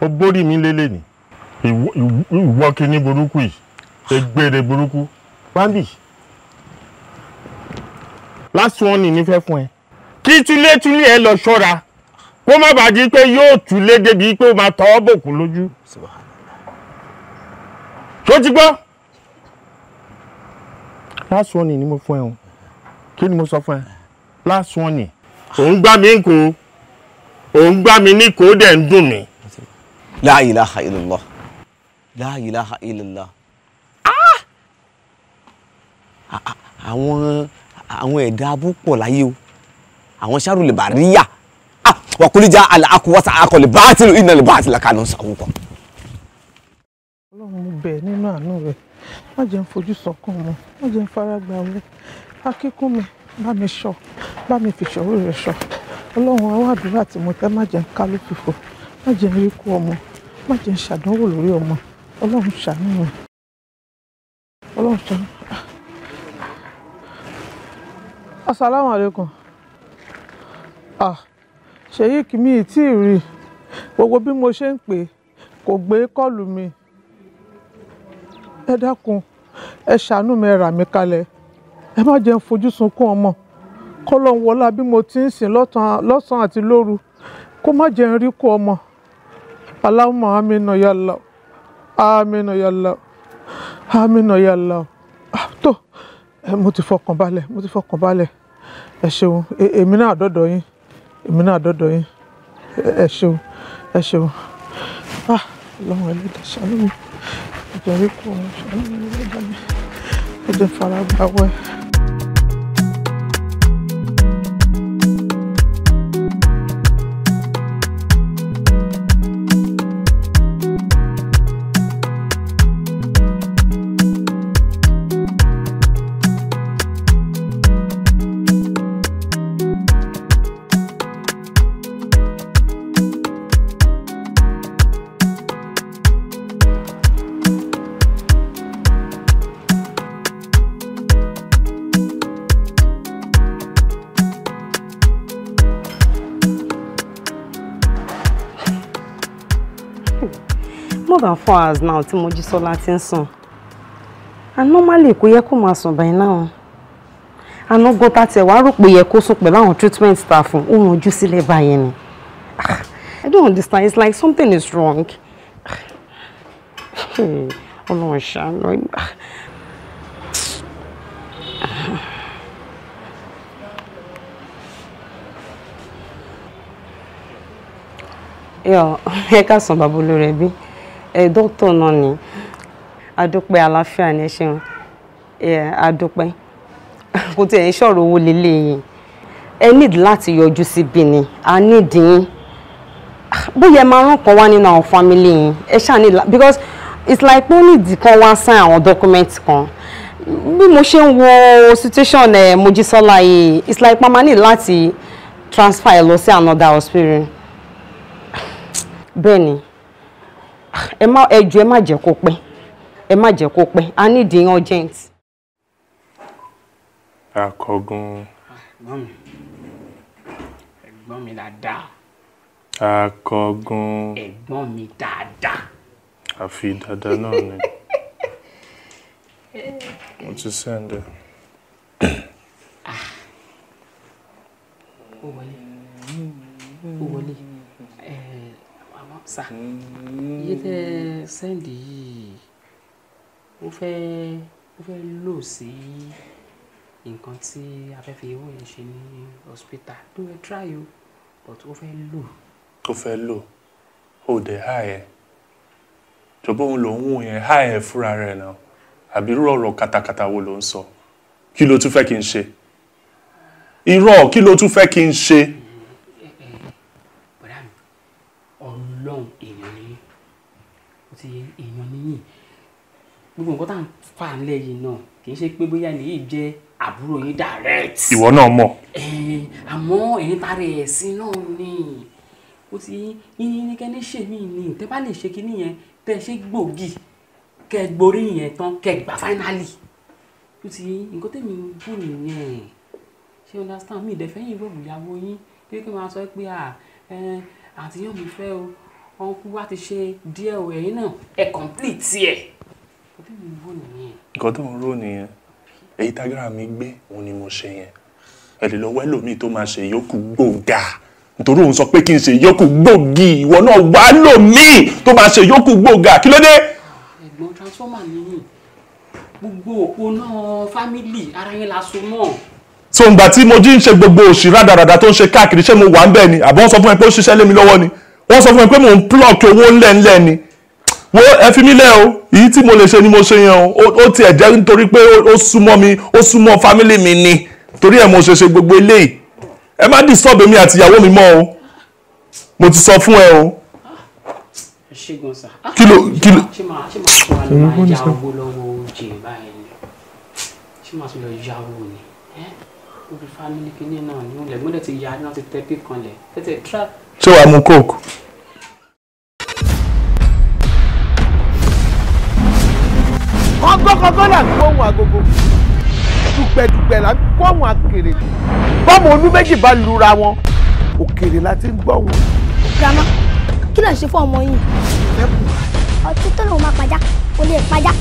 F: ó borí mi lélẹ̀ ni ìwọ kíní burúkú yìí egbére burúkú bambi last one ní fẹ́ fún ẹ kí túlétúlé ẹ lọ ṣọ́ra kó má bàa di pé yóò túlé débi pé ó máa tọ́ bòkú lójú tó ti gbọ́ last one ni mo fún ẹ o kí ni mo sọ fún ẹ last one ni òun gbá mi ń kó òun gbá mi ní kó dẹ̀ ń dùn mí la ilaha illallah
B: la ilaha illallah ah!
F: àwọn àwọn ẹ̀dá púpọ̀ láyé o àwọn sárùlẹ̀ bá rí yà wà kúlí já àkúwàsá akọlẹ̀ bá ti lù iná lè bá ti là kánú sàwùkọ. ọlọ́run mo bẹ̀ nínú àánú rẹ̀ má jẹ́ ń fojú sọkàn mọ́ má jẹ́ ń fara gbà wẹ́ akíkún mi bá mi sọ bá mi fìṣòro rẹ̀ sọ ọlọ́run àwọn àdúrà tí mo tẹ́ má jẹ́ ń ká ló fìfò má jẹ́ n rí kú ọmọ má jẹ́ n ṣàdánwò lórí ọmọ ọlọ́run ṣàánú mi ọlọ́run ṣàánú. asalaamu ah. aleykum ah ṣèyí kìmí tí ì rí gbogbo bí mo ṣe ń pè kò gbé kọ́ọ̀lù mi ẹ dákun ẹ ṣàánú mi ẹ rà mí kalẹ̀ ẹ má jẹ́ n fojú sunkún ọmọ kọ́ lọ́n wọlá bí mo ti ń sìn lọ́sàn-án àti lóru kó má jẹ́ n rí kú ọmọ. Allahumma aminu ya Allah aminu ya Allah aminu ya Allah ah, tó mo ti fọkàn balẹ̀ mo ti fọkàn balẹ̀ ẹ ṣeun e, èmi náà dọ́dọ̀ yín èmi náà dọ́dọ̀ yín ẹ ṣeun ẹ ah lọ́wọ́ ẹlẹ́dàá
C: ṣàlùmí ìjọba ikú ọ̀rọ̀ ṣàlùmí ẹlẹ́dàá mi
D: four hours now tí Mojísọ́lá so ń sùn and normally kò yẹ kó máa sùn by now àná gan ta tiẹ̀ wá rò pé yẹ kó sùn pẹ̀lú àwọn treatment staff fún ó ràn ojú sílẹ̀ ni I don't understand it's like something is wrong Oh no, ọlọ́run ṣàánú ẹ ká sàn bàbá olórẹ bíi ẹ dókítà náà ni adúpẹ́ aláfíà ni ẹ ṣeun ẹ adúpẹ́ kò tiẹ̀ ń ṣọ̀rọ̀ owó lélẹ̀ yìí ẹ need láti yọjú síbi ni a need yín bóyá ẹ máa rán kan wá nínú àwọn family yín ẹ ṣáà need because it's like mo need kan wá sign àwọn document kan bí mo ṣe ń wo situation ẹ Mojísọ́lá yìí it's like mama need láti transfer ẹ lọ sí another hospital bẹ́ẹ̀ ni ẹ má ẹ jọ̀ọ́ ẹ má jẹ́ kó pẹ́ ẹ má jẹ́ kó pẹ́ a need in urgent.
C: akọgun. ẹ̀gbọ́n mi
H: ẹ̀gbọ́n mi dáadáa.
F: akọgun.
H: ẹ̀gbọ́n mi dáadáa.
F: àfi dáadáa náà ni mo ti sẹ́ndẹ̀. Ah.
H: ó wọlé ó wọlé. Sa, hmm. iye tẹ́ sẹ́ǹdì yìí ó fẹ́ ó fẹ́ lò sí nǹkan tí a fẹ́ fi owó yẹn ṣe ní hospital Do yẹ try o but ó fẹ́
C: lò.
F: ó fẹ́ lò ó dẹ̀ há ẹ̀ tó bóun lòún wù yẹn há ẹ̀ fúnra rẹ̀ náà àbí irú ọ̀rọ̀ katakata wo ló ń sọ kí ló tún fẹ́ kí n ṣe irọ́ kí ló tún fẹ́ kí n ṣe. Mm.
H: àti èèyàn níyìn gbogbo nǹkan tá à ń fà nílẹ̀ yìí náà kì í ṣe pé bóyá nìyí jẹ́ àbúrò yín direct. ìwọ náà mọ̀. àmọ́ ẹ̀yin tarẹ̀ ẹ̀sìn náà ni ó ti yín yínkẹ́ni ṣe mí ni tẹ́ bá lè ṣe kinní yẹn tẹ́ ṣe gbòógì kẹ́ gborí yẹn tán kẹ́ gbà finally ó ti nǹkan tẹ̀mí bù nìyẹn ṣé understand mi ìdẹ́fẹ́ yìí rògbòyàwó yín pé kí n máa sọ pé àtìyàn mi fẹ́ o ọ̀nkú wa ti ṣe díẹ̀ o ẹ̀yin náà ẹ̀ complete ẹ̀.
F: nǹkan tó ń rò nìyẹn èyí tágbára mi gbé òun ni mo ṣe yẹn ẹ lè lọ wá ẹlòmíì tó máa ṣe yòókù gbòógà nítorí òun sọ pé kí n ṣe yòókù gbòógì ìwọ náà wá lòmíì tó máa ṣe yòókù gbòógà kí ló dé.
H: ẹ̀gbọ́n transformer ni. gbogbo òpó náà family. ara yẹn la so mọ́
F: so ǹgbà tí mo jí ń ṣe gbogbo òṣì rádaràda tó ń ṣe káàkiri ṣé mo wà ń bẹ́ẹ̀ ni àbọ̀ ń sọ fún ẹ pé ó ṣiṣẹ́ lé mi lọ́wọ́ ni wọ́n sọ fún mi pé mò ń pluck owó ńlẹ̀ńlẹ̀ ni wo ẹ fi mí lẹ̀ o èyí tí mo lè ṣe ni mo ṣe yẹn o ó tiẹ̀ jẹ́ nítorí pé ó súnmọ́ mi ó súnmọ́ fámílì mi ni torí ẹ̀ mo ṣe ṣe gbogbo eléyìí ẹ má disturb èmi àti ìyàwó mi mọ́ o mo ti sọ fún ẹ o.
H: Ah, kí ló kí ló. ṣé máa ṣe máa tún àlọ́ máa ya owó lọ́wọ́ jìn báyìí ni ṣé máa tún lọ ya owó ni ó fi fámílì kínní náà ní ìlẹ̀ gbọ́dọ̀ ti ya náà ti tẹ́ bí kanlẹ̀ tẹ́tẹ́ tíráàpù
F: ṣé wàá mu coke. kọ́ńgọ́kọ́ńgọ́ là ń kóhun àgógó dùgbẹ̀dùgbẹ̀ là ń kóhun àkèrè bọ́mọ olú méjì bá lura wọn òkèrè la ti ń gbọ́ wọn.
D: grandma kí ló ń ṣe fún ọmọ yìí. ọtí tó lòun máa pàjá kò lè pàjá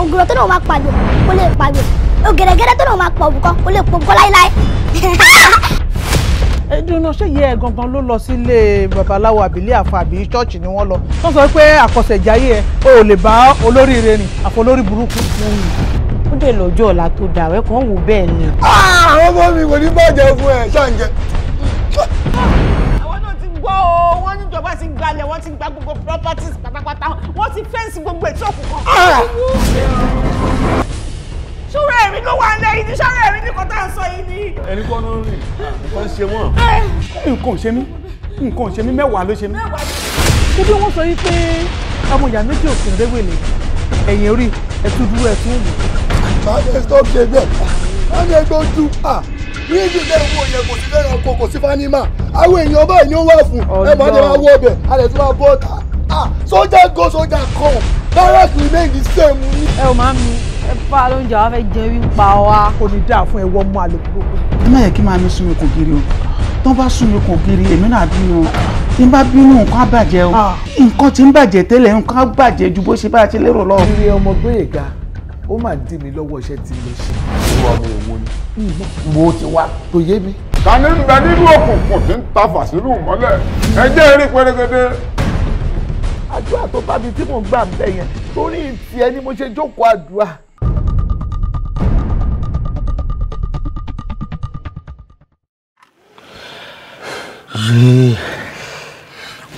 D: ògùrọ̀ tó lòun máa pàjọ kò lè pàjọ ògèrègèrè tó lòun máa
F: pọ̀ òbúkọ kò lè pọ̀ òbúkọ ẹ dúró ṣé ìyá ẹ gangan ló
G: lọ sílé babaláwo àbílẹ àfa àbí ṣọ́ọ̀ṣì ni wọ́n lọ
F: wọ́n sọ pé àkọsẹ̀jáyé ẹ o lè bá olóríire rìn àfọlórí burúkú. ó dè lọ́jọ́ ọ̀la tó dà ẹ kàn wò bẹ́ẹ̀ ni. Ah, àwọn ọmọ mi kò ní bàjẹ́ fún ẹ ṣáǹjẹ.
D: àwọn náà ti gbọ́ o wọ́n níjọba ti gbalẹ̀ wọ́n ti gba gbogbo properties pátápátá wọ́n ti fẹ́ǹsì
F: gbogbo ètò òkùnkùn. Ah! ṣúra
C: ẹ̀rí ló wà lẹ́yìn ní
F: ṣúra ẹ̀rí ní kọ́tà ń sọ yìí ni. ẹni kọ́ ló ń rìn ah, nǹkan ṣe wọ́n. nǹkan ò ṣe mí nǹkan ò ṣe mí mẹ́wàá ló ṣe mí. ṣé bí wọ́n sọ yìí pé ọmọ ìyá méjì ò sìn rẹ́wẹ̀lẹ̀ ẹ̀yìn orí ẹ̀tún dúró ẹ̀tún wò. báyọ̀ stop ṣe bẹ́ẹ̀ báyọ̀ gbójú à níbi ilé ìwò yẹn kò sí lẹ́yìn ọkọ̀ kò sí fanima àwọn èèyàn báyìí ni ó wà fún ẹ máa ní máa wọ ọbẹ̀ alẹ̀ tí máa bọ́ ọ̀tá ah, sójà go sójà come direct remain the same. ẹ ò máa ń mi ẹ fa ló ń jà wá fẹ́ jẹ wí pa wá. ní dáa fún ẹwọ mú alẹ gbogbo. iná yẹ kí máa mi sún kò giri o tó bá sún kò giri èmi náà bínú tí n bá bínú nǹkan á o ah. nǹkan tí ń bàjẹ́ tẹ́lẹ̀ nǹkan á ju bó ṣe bá a ṣe lérò lọ. ìrè ọmọ gbóyèga ó máa dì mí lọ́wọ́ iṣẹ́ tí mo ṣe. ìwọ ọmọ òwò ni mo ti wá tó yé mi. ta ni ń bẹ nínú òkùnkùn tí ń ta fàṣírù mọ́lẹ̀ ẹ jẹ́ eré pẹ́rẹ́gẹ́dẹ́ àdúrà tó bá mi tí mò ń gbà ń bẹ torí tiẹ̀ ni mo ṣe jókòó àdúrà
C: yéé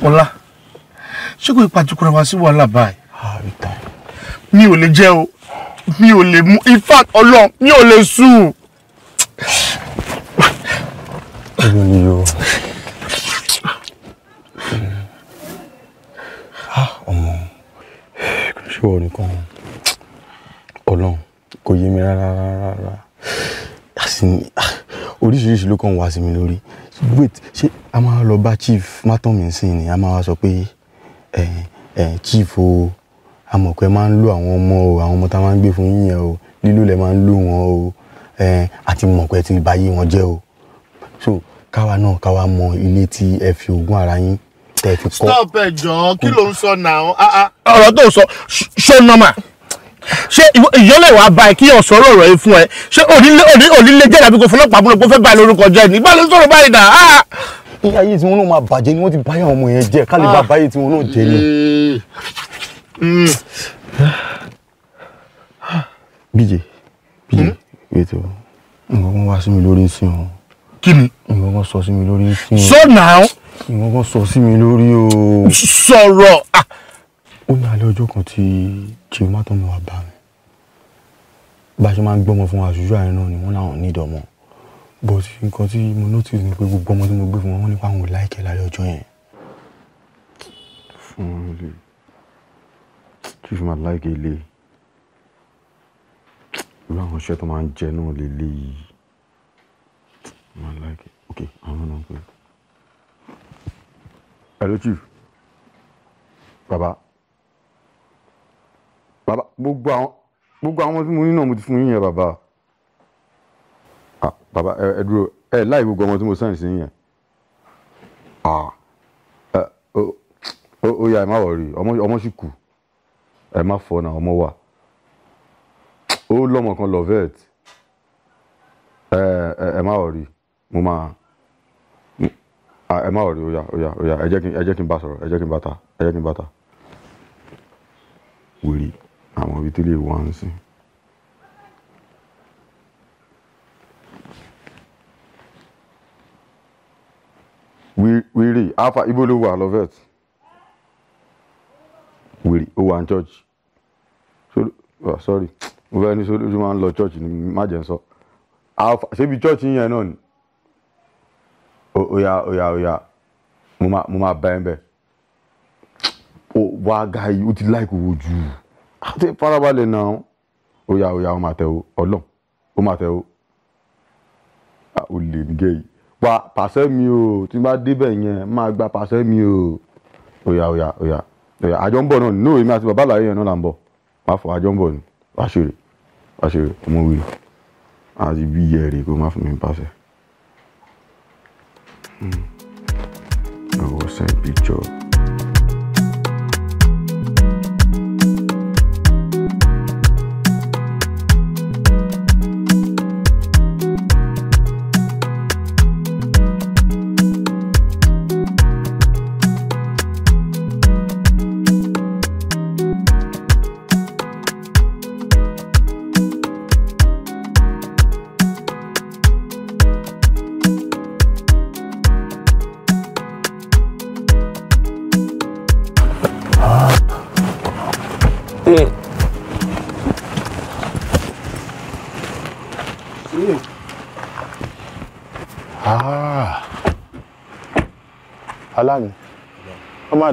F: ọlá ṣé kò ìpàjùkúra wá sí wàhálà báyìí. Ah, mi ò lè jẹ́ o mi ò lè mú in fact ọlọ́run mi ò lè sùn.
C: ẹ̀rọ ni o
E: ah, ọmọ
F: kò ṣe wọ nìkan ọlọ́run kò yé mi rárá rárá rárá ah, oríṣiríṣi ló kàn wá sí mi lórí wait ṣé a máa lọ bá chief mátọ̀mí sí ni a máa wá sọ pé chief o amọ̀pẹ́ máa ń lo àwọn ọmọ o àwọn ọmọ tá a máa ń gbé fún yín o lílo lẹ̀ máa ń lò wọ́n o àti mọ̀pẹ́ ti bá yé wọn jẹ́ o so káwa náà káwa mọ ilé tí ẹ fi oògùn ara yín tẹ fi kọ́. stop ẹ jọ̀ọ́ kí ló ń sọ náà. Ah, ah. ọ̀rọ̀ tó sọ ṣó ṣé ìyọ́lẹ̀ wàá bá ẹ kí yàn sọ̀rọ̀ ọ̀rọ̀ yìí fún ẹ ṣé onílé jẹ́ tàbí kò fọlọ́pàá múlò kó fẹ́ bá ẹ lórúkọ jẹ́ ní báyìí sọ̀rọ̀ báyìí dà á. ní ayé tí wọn náà
E: máa bàjẹ́ ni wọ́n ti báyà ọmọ yẹn jẹ́ ká lè bá ah. báyìí tí wọn náà jẹ́ ni.
F: bíje bíje hmm? ètò nǹkan kan wá sí mi lórí sí wọn. kí ni. nǹkan kan sọ sí mi lórí sí wọn. so now. nǹkan kan sọ sí mi lórí o. sọ̀rọ̀ ah ó ní alẹ́ ọjọ́ kan tí chioma tó mọ̀ wá bá mi bá a ṣe máa ń gbọ́mọ fún wa àárín náà ni wọ́n láwọn ní ìdọ̀mọ́ but nǹkan tí mo notice ni pé gbogbo ọmọ tí mo gbé fún wọn wọ́n nípa àwọn láìkẹ́
E: lálẹ́ ọjọ́ yẹn. fún un lè chief máa láìkẹ́ ilé irú àwọn iṣẹ́ tó máa ń jẹ náà lè lé yìí máa láìkẹ́ ok àwọn náà pé. hello chief baba
F: bàbá gbogbo àwọn gbogbo àwọn tí mo ní náà mo ti fún yín yẹn bàbá ah, bàbá ẹ dúró ẹ láì gbogbo ọmọ tí mo sẹ́yìn sí yẹn ó ah, yá ẹ má wọrí ọmọ sì kù ẹ má fọ náà ọmọ wà ó lọ́mọ kan lovette ẹ ẹ má wọrí mo máa ẹ má wọrí ó yá ó yá ó yá ẹ jẹ́ kí n bá sọ̀rọ̀ ẹ jẹ́ kí n bá ta ẹ jẹ́ kí n bá ta
E: wèrè àwọn ibi tó lè wà ń sìn.
F: wèrè afa ibo ló wà lovet wèrè ó wà ní church ah, sorry mo fẹ́ ní sọ́dọ̀ máa ń lọ church ní májẹ̀sọ́ afa ṣébi church yẹn náà ni oya oya oya mo máa bá ẹ bẹ́ẹ̀ wàá ga yìí ó ti láìkò wojú. Like àti farabalẹ̀ náà ó yà ó yà ó máa tẹ o ọlọ́ ó o ò lè nìgẹ́ yìí pa pàṣẹ mi o tí n bá débẹ̀ yẹn máa gba pàṣẹ mi o ó yà ó yà ó yà ó yà àjọ ń bọ̀ náà nínú èmi àti bàbá àlàyé yẹn náà là ń bọ̀ máa fọ àjọ ń bọ̀ ni
E: àṣírí àṣírí ọmọ wíìlì àti bí iye rè kó má fún mi pàṣẹ. Mm. I will send picture.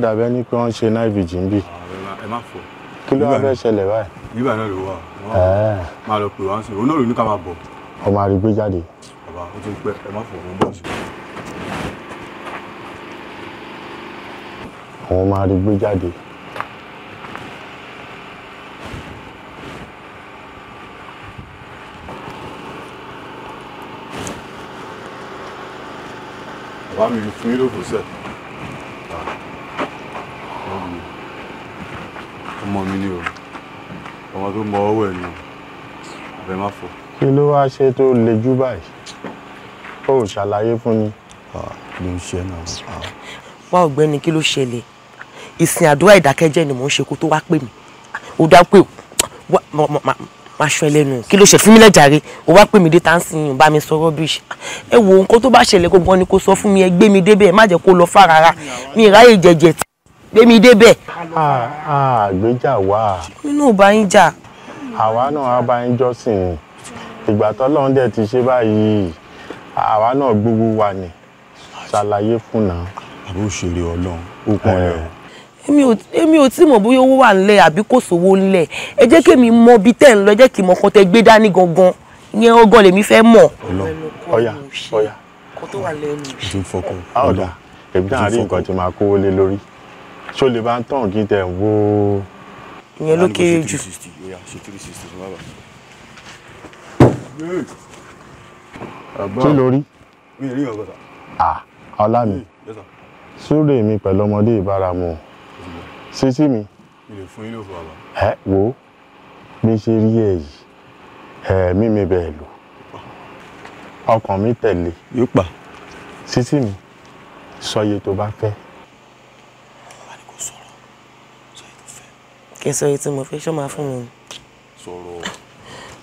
F: dàbí ẹni pé wọ́n ṣe náà ìbìjì ń bì. ẹ má fọ. kí ló wá fẹ́ ṣẹlẹ̀ báyìí. nígbà náà ló wà máa lọ pè wá sí i òun náà ló ní ká máa bọ̀. ọmọ àrígbé jáde. bàbá ó ti pẹ́ ẹ má fọ òun bọ̀ sí i. máa rí gbé jáde.
E: bàbá mi fún yín lóògùn sẹ́ẹ̀. ọmọ mi ni o ọmọ tó mọ ọwọ́ ẹ̀ ni àbẹ má fọ.
F: kí ló wáá ṣe tó le jù báyìí ó ò ṣàlàyé fún mi. ló ń ṣe náà. wá ọ̀gbẹ́ni kí ló ṣẹlẹ̀ ìsìn àdúrà ìdákẹ́jẹ́ ni mò ń ṣe kó tó wá pè mí
D: ó dá pé máa ṣọ ẹlẹ́nu kí ló ṣe fún mi lẹ́jàre ó wá pè mí dé táǹsì yìí bá mi sọ rubbish ẹ wo nǹkan tó bá ṣẹlẹ̀ gbọ́n ni kò sọ fún mi ẹ gbé mi débẹ̀ má jẹ́ kó lọ fà rárá mi ìráyè jẹ̀jẹ̀ tí gbé mi débẹ̀
F: àgbéjà ah, ah, wà.
H: inú ò bá yín jà.
F: àwa náà á bá yín jọ́sìn ni ìgbà tọ́lọ́run dẹ̀ ti ṣe báyìí àwa náà gbogbo wa ni ṣàlàyé fún náà. àbí òṣèré ọlọ́run ó pọn rẹ
D: o. èmi ò tí mọ̀ bóyá owó wà ńlẹ̀ àbí kò sówó ńlẹ̀ ẹ jẹ́ kémi mọ bíi tẹ́ ń lọ ẹ jẹ́ kí n mọ ọkọ tẹ gbé dání gangan ìyẹn ọgọ́ lèmi fẹ́
F: mọ̀. ọ̀yà ọ̀yà kó tó wà lẹ́nu. ìṣèfọkàn ah, ọ̀dà èmi náà rí nǹkan tí màá kówó lé lórí ṣó le bá ń tàn kí n tẹ̀ wo.
B: ìyẹn ló kéré jù.
F: kí ló rí. ọlá mi mm, súrè mi pẹ̀lú ọmọdé ìbáramu sétí mi. ẹ wo bí ṣe rí ẹ yìí ẹ̀mí mi bẹ́ẹ̀ lò ọkàn mi tẹ̀lé. yóò pa. sétí mi sọ iye tó bá fẹ́.
D: kí n sọ èyí tí mo fẹ́ ṣó máa fún mi ni.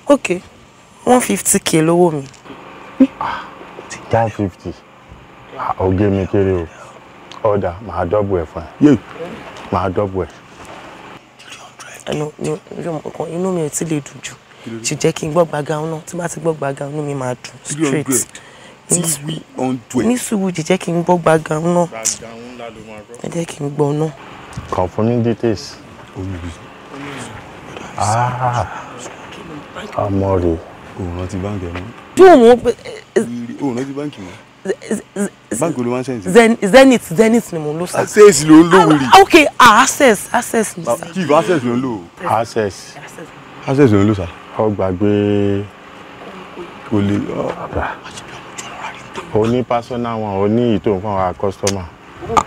D: ok one fifty k lówó
F: mi. one ah, fifty oge ah, mi kéré o ọ̀dà màá dọ́bù ẹ̀ fún ẹ yé màá dọ́bù ẹ̀.
D: ẹnu inú mi ò tí lè dùn jù ṣì jẹ́ kí n gbọ́ gbàgà ọ̀nà tí bá ti gbọ́ gbàgà ọ̀nà mi máa dùn straight ní sùúrù jẹ́ kí n gbọ́ gbàgà ọ̀nà
C: ẹ
F: jẹ́ kí n gbọ́ ọ̀nà. kàn details omi ọmọ rẹ̀ òun rántí báńkì ẹ̀ mọ́. yóò mú. òun eh, eh, rántí báńkì mọ́. Eh, báńkì olówó access. zenith zenith ni mo ń lò sá. access ló ń lò ah, wìrì. Ah, ok ah, access access ni sá. chief access ló ń lò. access access ló ń lò sá. ó gbàgbé kò lè. ó ní personal one ó ìtòun fún àwọn customer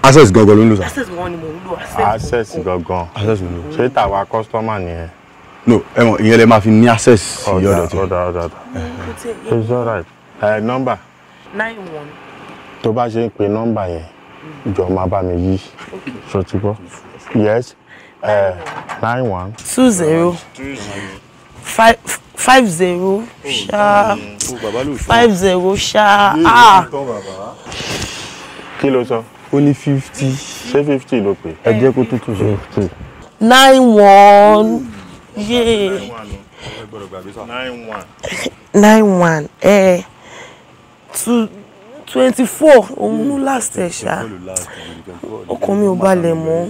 F: access gangan ló ń lò sa. access gangan ni mo ń lò access gangan. access ló ń lò. ṣé tàwa customer nìyẹn. no ẹwọn ìyẹn lè máa fi ní access sí ọ̀dọ̀ tí. ọ̀dà ọ̀dà ọ̀dà it's alright ẹ nọ́mbà. nine one. tó bá ṣe ń pe nọ́mbà yẹn jọ máa bá mi yí ṣó ti gbọ́ yes uh, nine one. two zero
D: five five zero
F: ṣá five zero ṣá. Ah. kí ló sọ ó ní fifty. ṣé fifty ló pé. ẹ jẹ́ kó tútù sí fifty. nine one yé. nine one ẹ two twenty four òun ló last ẹ ṣá ọkàn mi ò balẹ̀ mọ́.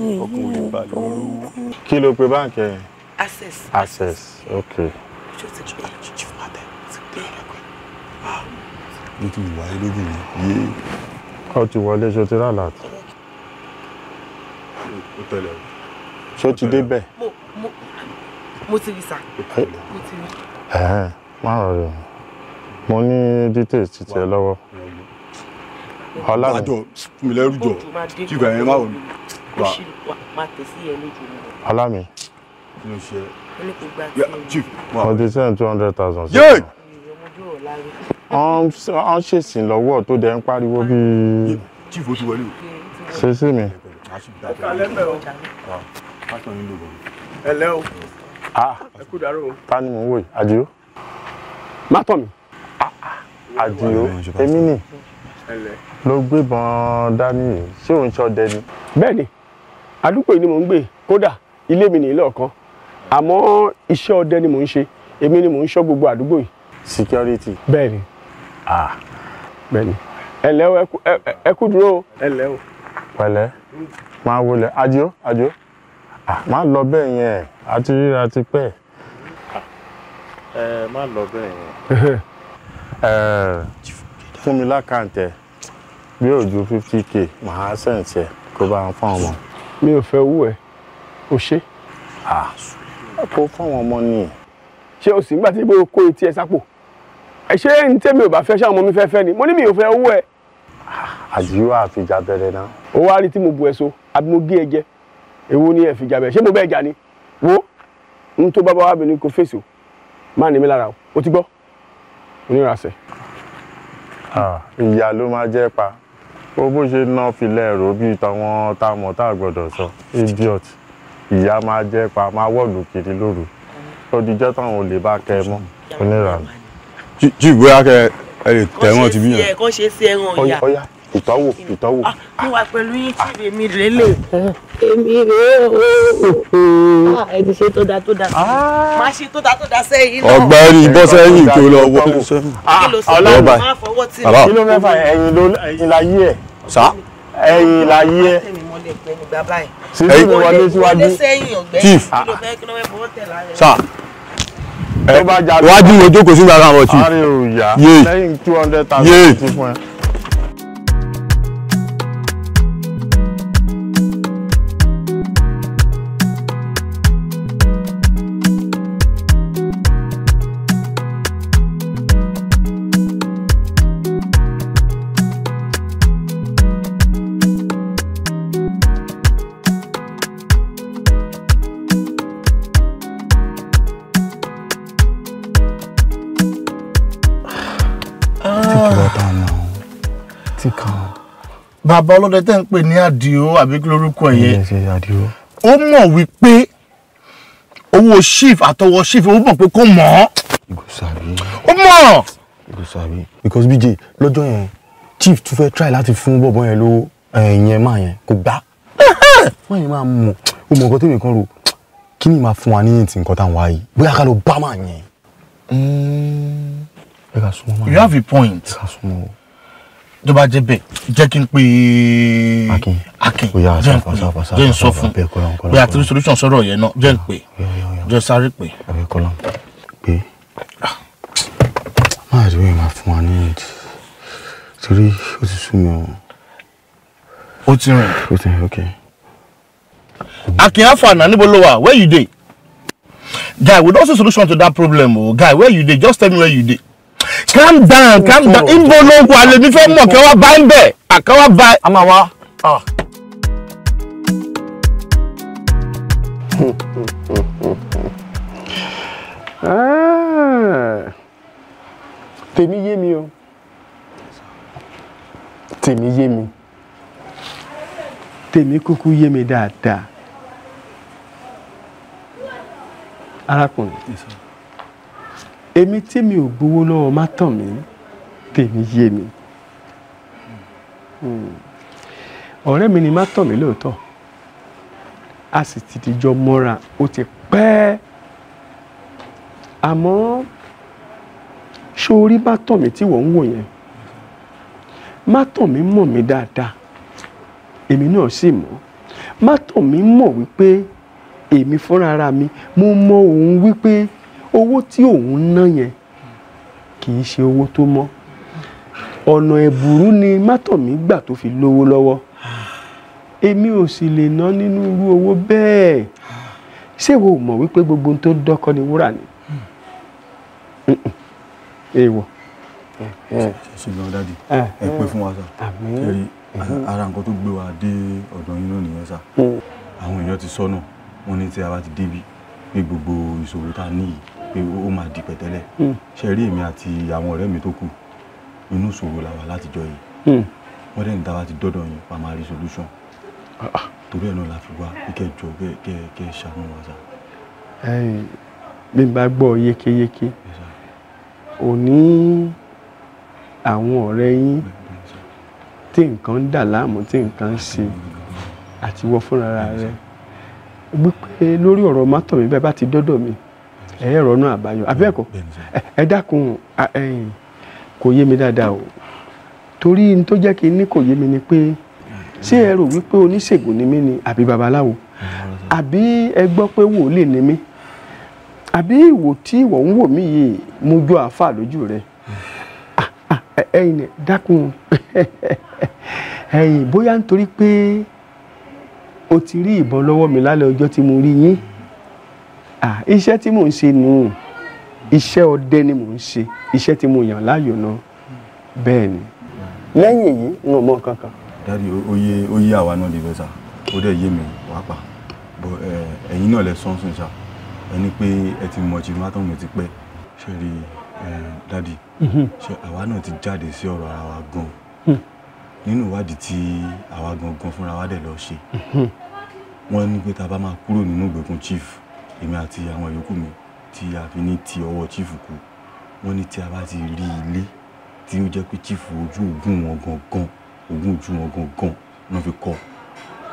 F: kí ló pe báńkì ẹ. access. access ok. ní tí ọ tu wọlé ṣo ti rálà tí. ṣó ti débẹ̀. mo ti rí sà. mo mo ní details ti tiẹ̀ lọ́wọ́. ọlá mi. àjọ mi lẹ́rù jọ kí ìgbà yẹn má wọ̀ mí. ọlá mi. kí ló ṣe é. chief. mo ti send two hundred thousand. yéé láyé. wọ́n lọ́wọ́ tó dẹ̀ ń pariwo bíi. ṣe sí mi. Ah, ah, ta ni mò ń wò yìí àdìo. má mi. Ah, àdìo èmi nì ló gbébọn dání yìí ṣé òun ṣe ọdẹ ni. bẹ́ẹ̀ àdúgbò ni mò ń gbé kódà ilé mi nìyí lọ́ọ̀kan àmọ́ iṣẹ́ ọdẹ ni mò ń ṣe èmi ni mò ń ṣọ́ gbogbo àdúgbò yìí security. bẹ́ẹ̀ni ah bẹ́ẹ̀ni ẹ lẹ́ o ẹ kú dúró o. ẹ lẹ́ o. pẹ̀lẹ́ máa wọlé adio adio ah má lọ bẹ́ẹ̀ yẹn a ti ríra ti pẹ́.
E: ẹ má lọ bẹ́ẹ̀
F: yẹn. ẹ fún mi lákàntẹ bí ò ju fifty k màá sẹ̀ǹtì ẹ kó bá ń fún ọmọ. mi ò fẹ́ owó ẹ o ṣe. ah ẹ kó fún àwọn ọmọ nìyí. ṣé o sì ń gbà tí ibo kó etí ẹ sápò ṣé n tẹ́mi ò bá fẹ́ ṣáà ọmọ mi fẹ́ fẹ́ ni mo ní mi ò fẹ́ owó ẹ. àdúrà àfijá bẹ̀rẹ̀ náà. ó wá rí tí mo bu ẹ̀so àbí mo gé ẹ jẹ èwo ni ẹ fìjà bẹ̀rẹ̀ ṣé mo bẹ́ẹ̀ jà ni wo n tó bábá wa bìnrin kò fèsì o má ní mi lára o o ti gbọ́ onírasẹ̀. ìyá ló máa jẹ́ pa ó bó ṣe ná filẹ̀ ẹ̀rọ bíi tàwọn táwọn tá a gbọ́dọ̀ sọ idiot ìyá máa jẹ́ pa máa wọ̀lù kiri lóru ó dijọ́ táwọn olè bá kẹ́ mọ́
E: onírànà jí ìgbóyà
F: kẹ ẹ lè tẹ wọn ti bí yàn. kọ́ ṣe sí ẹran ọ̀yà. ọ̀yà ìtọ́wò ìtọ́wò. mo wà pẹ̀lú yín tí ah. èmi rèé lè.
D: èmi rèé o. Ah, ẹ ti ṣe tó da tó da. Ah. máa ṣe tó da tó da sẹ́yìn náà. ọ̀gbẹ́ni bọ́ sẹ́yìn kí o lọ
F: wọ sẹ́yìn. ọlọ́run máa
C: fọwọ́ tì mí. kí ló
F: mẹ́fà ẹ̀yìn la yí ẹ̀. sá ẹ̀yìn la yí ẹ̀
C: sísè wọlé síwájú chief
F: sá tó bá wájú ìwé jókòó sí gbàgbà ọtí. àárẹ̀ òòyà lẹ́yìn two hundred thousand ti fún bàbá ọlọ́dẹ tẹ́ ń pè ní àdìo àbí kí lórúkọ ẹ̀yẹ ó mọ̀ wípé owó chief àtọwọ́ chief ó mọ̀ pé kó mọ̀
B: ó mọ̀.
F: because bj lọ́jọ́ yẹn chief tún fẹ́ try láti fún bọ̀bọ̀ yẹn lówó eh, ẹ̀yìn máa yẹn kò gbá wọ́n yẹn máa mọ̀ ó mọ̀ nǹkan tó yẹ kan rò kí ni máa fún wa níyìn tí nǹkan tá à bóyá ká lọ bá máa yẹn. Mm. you have a point tó bá jẹ́ bẹ́ẹ̀ jẹ́ kí n pè akin jẹ́ n pè jẹ́ n sọ fún pé àti solution sọ̀rọ̀ yẹn náà jẹ́ n pè ah. jẹ́ sáré pè. pé máa rí ìwà fún wa ní ìdí torí ó ti sú mi o. ó ti rìn. ó ti rìn ok. akin afana níbo ló wà where you dey. guy we don see solution to that problem o guy where you dey just tell me where you dey calm down calm down ibo ló wà lèmi fẹ́ mọ̀ kẹ́ wá bá ń bẹ̀ àkẹ́wà bá. a máa wá. Ah. Ah. tèmi yé mi o tèmi yé mi tèmi kúkú yé mi dáadáa arákùnrin. Yes, èmi tí mi ò gbowó lọ́wọ́ má tàn mí tèmi yé mi hmm. ọ̀rẹ́ mi ni má tàn mí lóòótọ́ a sì ti dìjọ mọ́ra ó ti pẹ́ àmọ́ sórí má tàn mí tí wọ́n ń wò yẹn má tàn mí mọ̀ mí dáadáa èmi náà sì mọ̀ má tàn mí mọ̀ wípé èmi fúnra ara mi mo mọ òun wípé owó tí òun ná yẹn kì í ṣe owó tó mọ́ ọ̀nà ẹ̀bùrú ni mátọ̀mí gbà tó fi lówó lọ́wọ́ èmi ò sì lè ná nínú irú owó bẹ́ẹ̀ ṣé wo mọ̀ wípé gbogbo ohun tó dọ́kọ́ ni wúrà ni èèwọ̀. ṣùgbọ́n dádì ẹ pé fún wa sá kiri ara nǹkan tó gbé wa dé ọ̀dọ̀ yín lónìí yẹn sá mm. àwọn èèyàn ti sọnù wọn ní tí a bá ti débi pé gbogbo ìṣòro tá a níyì o máa di pẹ̀tẹ́lẹ̀ hmm. ṣe rí èmi àti àwọn ọ̀rẹ́ mi tó kù inú ṣòro la wà látijọ́ yìí hmm. wọ́n dẹ̀ ń dáwà ti dọ́dọ̀ yín pa máa rí solution ah, ah. torí ẹ̀ náà la fi wá kẹ́ jọ kẹ́ kẹ́ ṣàánú wa sá. bí n bá gbọ́ yékéyéké òní àwọn ọ̀rẹ́ yín tí nǹkan ń dà láàmú tí nǹkan ń ṣe àti wọ́ fúnra rẹ̀ wípé lórí ọ̀rọ̀ mọ́tò mi bẹ́ẹ̀ bá ti dọ́dọ̀ mi ẹ rọnú àbáyọ abẹ́ẹ̀kọ́ ẹ dákun kò yé mi dáadáa o torí n tó jẹ́ kí n ní kò yé mi ni pé ṣé ẹ rò wípé oníṣègùn ni mí ni àbí babaláwo àbí ẹ gbọ́ pé wòlíì ni mí àbí ìwò tí ìwọ ń wò mí yìí mo jọ àáfà lójú rẹ ah, ah, ẹ̀yin dákun ẹ̀yin bóyá nítorí pé o ti rí ìbọn lọ́wọ́ mi lálẹ́ ọjọ́ tí mo rí yín. Mm -hmm ah iṣẹ́ tí mò ń ṣe nù iṣẹ́ ọdẹ ni mò ń ṣe iṣẹ́ tí mo yàn láàyò náà bẹ́ẹ̀ ni lẹ́yìn èyí n ò mọ kankan. dáàdi oyè oyè àwa náà dìbò sá ó dẹ̀ yé mi wá pa bọ ẹ̀yin náà lẹ sọ́n sùn sá ẹni pé ẹ ti mọ̀ jìnnà àtọ̀hún ti pẹ́ ṣe rí dáàdi mhm. ṣe àwa náà ti jáde sí ọ̀rọ̀ ara wa gan hmm. nínú ìwádìí tí àwa gangan fúnra wa dẹ̀ lọ ṣe mhm. wọ́n ní pé tá bá máa kúrò nínú ìgbèkùn chief èmi àti àwọn yòókù mi tí a fi ní ti ọwọ́ chiefu kù wọ́n ní tí a bá ti rí ilé tí ó jẹ́ pé chiefu ojú ògùn wọn gangan ògùn ojú wọn gangan wọ́n fi kọ́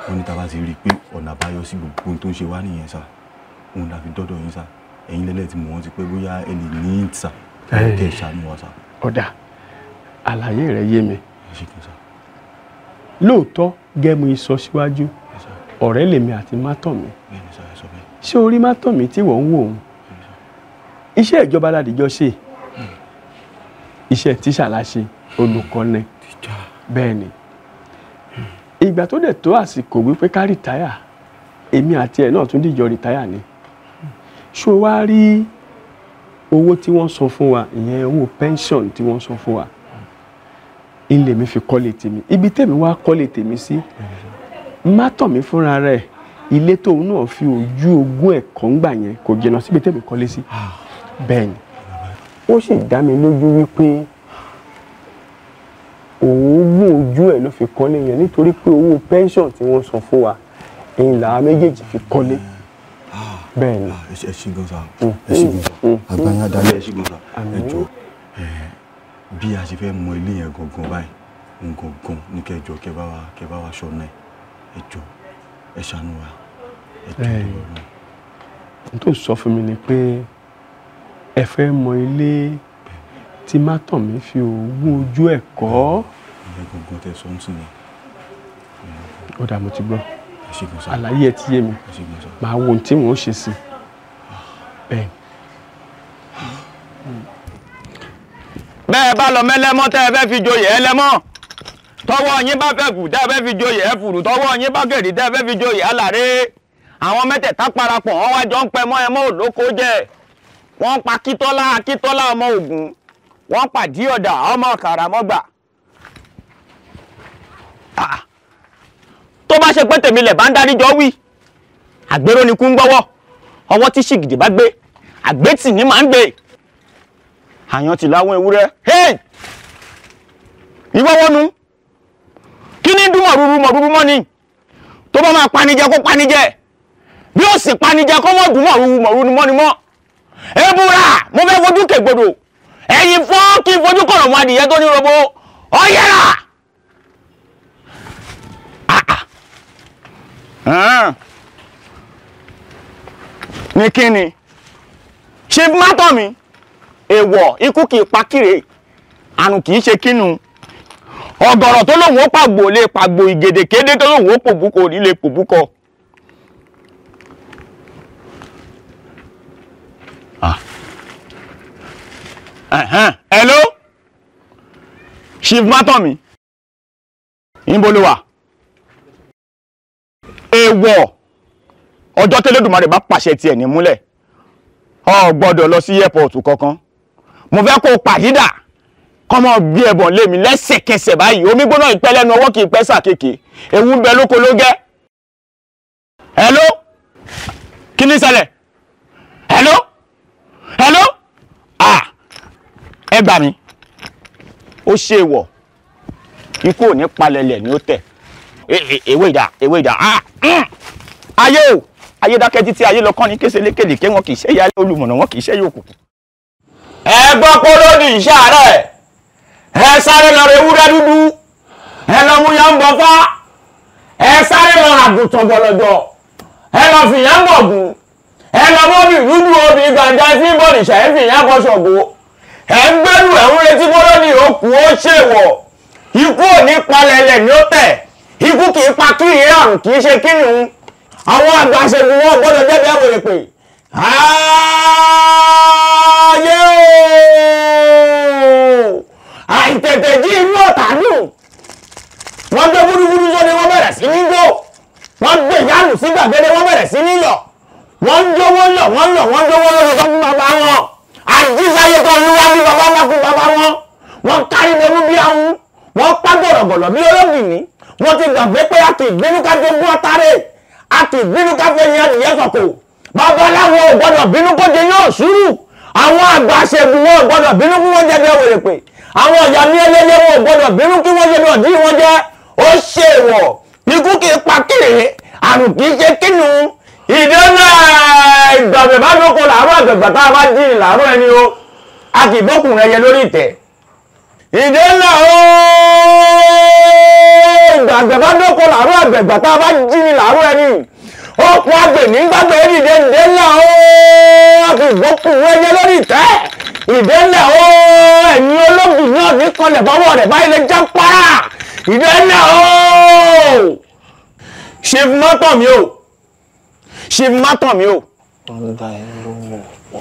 F: wọ́n ní tí a bá ti rí i pé ọ̀nà àbáyọ sí gbogbo ohun tó ń ṣe wá nìyẹn sá òun la fi dọ́dọ̀ yín sá ẹ̀yin lẹ́lẹ̀ tí mò ń ti pé bóyá ẹ lè ní ìtìsà kẹ́ ẹ ṣàánú wa sá. ọ̀dà àlàyé rẹ̀ yé mi lóòótọ́ gẹ́mu ìsọsíwájú ọ̀rẹ́ lèmi àti mátọ̀ mi ṣé orí má tàn mí tí wọ́n ń wò ó iṣẹ́ ìjọba aládìjọ ṣe iṣẹ́ tíṣà la ṣe olùkọ́ni bẹ́ẹ̀ ni ìgbà tó dẹ̀ tó àsìkò wípé ká rìtáyà èmi àti ẹ̀ náà tún dìjọ rìtáyà ni ṣó wá rí owó tí wọ́n san fún wa ìyẹn owó pension tí wọ́n san fún wa ilé mi fi kọ́lé tèmi ibi tèmi wá kọ́lé tèmi sí má tàn mí fúnra rẹ̀ ilé tóun náà fi ojú ogún ẹ̀kọ́ ń gbà yẹn kò jìnnà síbi tèmi kọ́lé sí ah. bẹ́ẹ̀ ni ó sì dá mi lójú wípé òun ojú ẹ̀ ló fi kọ́lé yẹn nítorí pé owó pension tí wọ́n san fún wa èyí làá méjèèjì fi kọ́lé ah. bẹ́ẹ̀ ni. Ah, ẹ ṣe gbọ́n sá mm. ẹ ṣe gbọ́n mm. mm. àgbáyé adalẹ ẹ ṣe gbọ́n ẹ jọ bí a ṣe fẹ́ mọ ilé yẹn gangan báyìí gangan ní kẹjọ kẹbá wa kẹbá wa ṣọ́nà ẹ jọ ẹ ṣàánú wa n tó sọ fún mi ni pé ẹ fẹ́ mọ ilé tí mátọ̀mí fi òògùn ojú ẹ̀ kọ́. ìyá gbọ̀ngàn tẹ sọ ń sìn ní. ó dà mo ti gbọ́ àlàyé ẹ ti yé mi màá wo ohun tí wọ́n ṣe sí
C: bẹ́ẹ̀. bẹ́ẹ̀ bá
F: lọ mẹ́lẹ́mọ́ tẹ́ ẹ fẹ́ fi joyè ẹlẹ́mọ́ tọwọ́ yín bá fẹ́ kù tẹ́ ẹ fẹ́ fi joyè ẹ̀fùrù tọwọ́ yín bá gèrè tẹ́ ẹ fẹ́ fi joyè aláré àwọn mẹ́tẹ̀ẹ̀ta parapọ̀ wọ́n wá jọ ń pẹ mọ́ ẹ mọ́ òlóko jẹ́ wọ́n pa Akíntọ́lá Akíntọ́lá ọmọ Ògùn wọ́n pa Díọ̀dà ọmọ Kàràmọ́gbà tó bá ṣe pé tèmi lẹ̀ bá ń dáríjọ wí àgbérò ni kú ń gbọ́wọ́ ọwọ́ tí ṣìgìdì bá gbé àgbétì ni màá ń gbé àyàn ti láwọn ewúrẹ́ ìwọ́wọ́nu kí ni dún mọ̀rúurú mọ́ ni tó bá máa panijẹ kó panijẹ bí ó sì panijẹ kó mọ̀ dùn mọ̀rú mọ̀rú ni mọ́nimọ́ ebúra mo fẹ́ fojú kègbodò ẹ̀yìn fọ́ kí n fojú kọ̀rọ̀ mọ́ adìyẹ tó ní robo ọ yẹra. ní kíni ṣe mátọ̀ mi èèwọ̀ ikú kì í pa kíre àrùn kì í ṣe kínú ọ̀gọ̀rọ̀ tó lòun ó pàgbò lè pàgbò ìgèdèkéde tó lòun ó pòbúkọ ò ní lè pòbúkọ. Ah. hello chief matomi ìboluwà èèwọ̀ ọjọ́ tẹ́lẹ̀dùmarè bá pàṣẹ tiẹ̀ ní múlẹ̀ o gbọ́dọ̀ lọ sí airport kankan mo fẹ́ kó pàdídà kọ́mọ bí ẹ̀bọ̀n lèmi lẹ́sẹ̀kẹsẹ̀ báyìí omi gbóná ìpẹ́ lẹ́nu ọwọ́ kì í pẹ́ sàkéèké ewu ń bẹ lóko ló gẹ́ hello Kini ni hello. hello ah ẹ gbà mí ó ṣe wọ̀ ikú ò ní palẹ̀lẹ̀ ni ó tẹ̀ e, e, ewé ìdá ewé ìdá ah mm. ayé o ayé dákẹ́ títí ayé lọ kán ní kése lékèlèké wọn kì í ṣe ìyálé olùmọ̀nà wọn kì í ṣe yòókùtù. ẹ gbọ́ pé lórí ìṣàárẹ̀ ẹ sáré lọ rẹ ewúrẹ́ dúdú ẹ lọ mú yá ń fá ẹ sáré lọ àgùntàn bọ̀lọ̀jọ̀ ẹ lọ fìyà ń bọ̀ gùn. ẹ lọ mọ́bì rúdú obì gàǹjà tí ń bọ̀dì ṣẹ́fì yá kan ṣọ̀gbọ́ ẹ ń gbẹ́rù ẹ̀ ń retí bọ́lọ́ ni òkú ó ṣèwọ̀ ikú ò ní palẹ̀lẹ̀ ni ó tẹ̀ ikú kì í pa kí ìyá àrùn kì í ṣe kínìún àwọn àgbàṣẹ́gun wọn gbọ́dọ̀ jẹ́bi àwòrè pé ààyè o àìtètè jí inú ọ̀tá nù wọ́n gbé wúrúwúrú sóni wọ́n bẹ̀rẹ̀ sí ní gbó wọ́n gbé ìyá àrùn sí gbàgede wọ́n bẹ̀rẹ̀ sí ní yọ̀ wọ́n dówó lọ wọ́n lọ wọ́n dówó lórí bá fún bàbá wọn àjíṣayé tó ń wá bí bàbá bá fún bàbá wọn wọ́n kárí lẹ́nu bí ahun wọ́n pa gọ̀rọ̀gọ̀rọ̀ bí olóbìnrin wọ́n ti gbàgbé pé a ti bínú ká jogún ọ̀tárẹ̀ a ti bínú ká fẹ́ yan ìyẹn sọ̀kò babaláwo ò gbọ́dọ̀ bínú kó jẹ yóò sùúrù àwọn àgbà àṣẹgun wọn ò gbọ́dọ̀ bínú kí wọ́n jẹbi òwèrè pé àwọn ọ̀yà ní ẹlẹ́lẹ́ wọn ò gbọ́dọ̀ bínú kí wọ́n jẹbi ọ̀dí wọn jẹ́ ó ṣe wọ̀ ikú kì í pa kìrì àrùn kì í ṣe kínú ìdáná ìgbàgbẹ́ bá lóko làárọ̀ àgbàgbà tá a bá jí ni làárọ̀ ẹni o a kì í bọ́kùnrin ẹyẹ lórí ìtẹ́ ìdáná o ìgbàgbẹ́ bá lóko làárọ̀ àgbàgbà tá a bá jí ni làárọ̀ ẹni ó pọ̀ àgbẹ̀ nígbàgbẹ́ ìdíje ìdáná o a kì í bọ́kùnrin ẹyẹ lórí ìtẹ́ ìdẹ́lẹ̀ o ẹ̀yin ológun náà ní kọlẹ̀ bọ́wọ́ rẹ̀ báyìí lè já para ìdẹ́lẹ̀ o ṣe mọ́tọ̀ mi o ṣe má tàn mí o.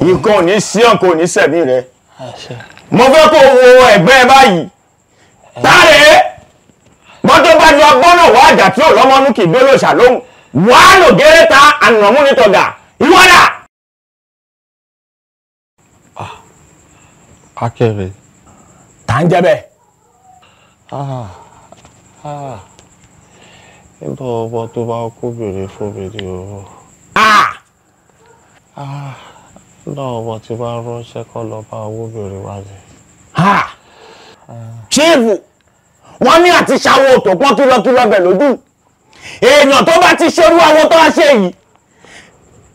F: nǹkan ò ní sí ọ̀nkò ní sẹ̀mí rẹ. mo fẹ́ kó wo ẹ̀gbẹ́ ẹ báyìí. táre
C: mọ́tò bá lọ gbọ́nà wá àjà tí ò lọ́mọ́nú
F: kì í gbé lòṣà lóhùn wàá lò gẹ́rẹ́ ta ànàmúnitọ̀gà ìwọ́dà.
E: akẹ́rẹ́. tà ń
F: jẹ́
C: bẹ́ẹ̀. ah ah
F: níbo
E: ọmọ tó bá kó bèrè
F: fún mi ni o. Ah,
C: ah,
E: lọ́wọ́ bọ̀ tí bá ránṣẹ́ kọ́ lọ bá owó bèrè wá jẹ. Ah!
F: Ah. ṣéèfù wọn ní àti ṣàwọn òtò pọ́n kìlọ̀kìlọ̀ bẹ̀ lójú èèyàn tó bá ti ṣerú àwọn tó wá ṣe yìí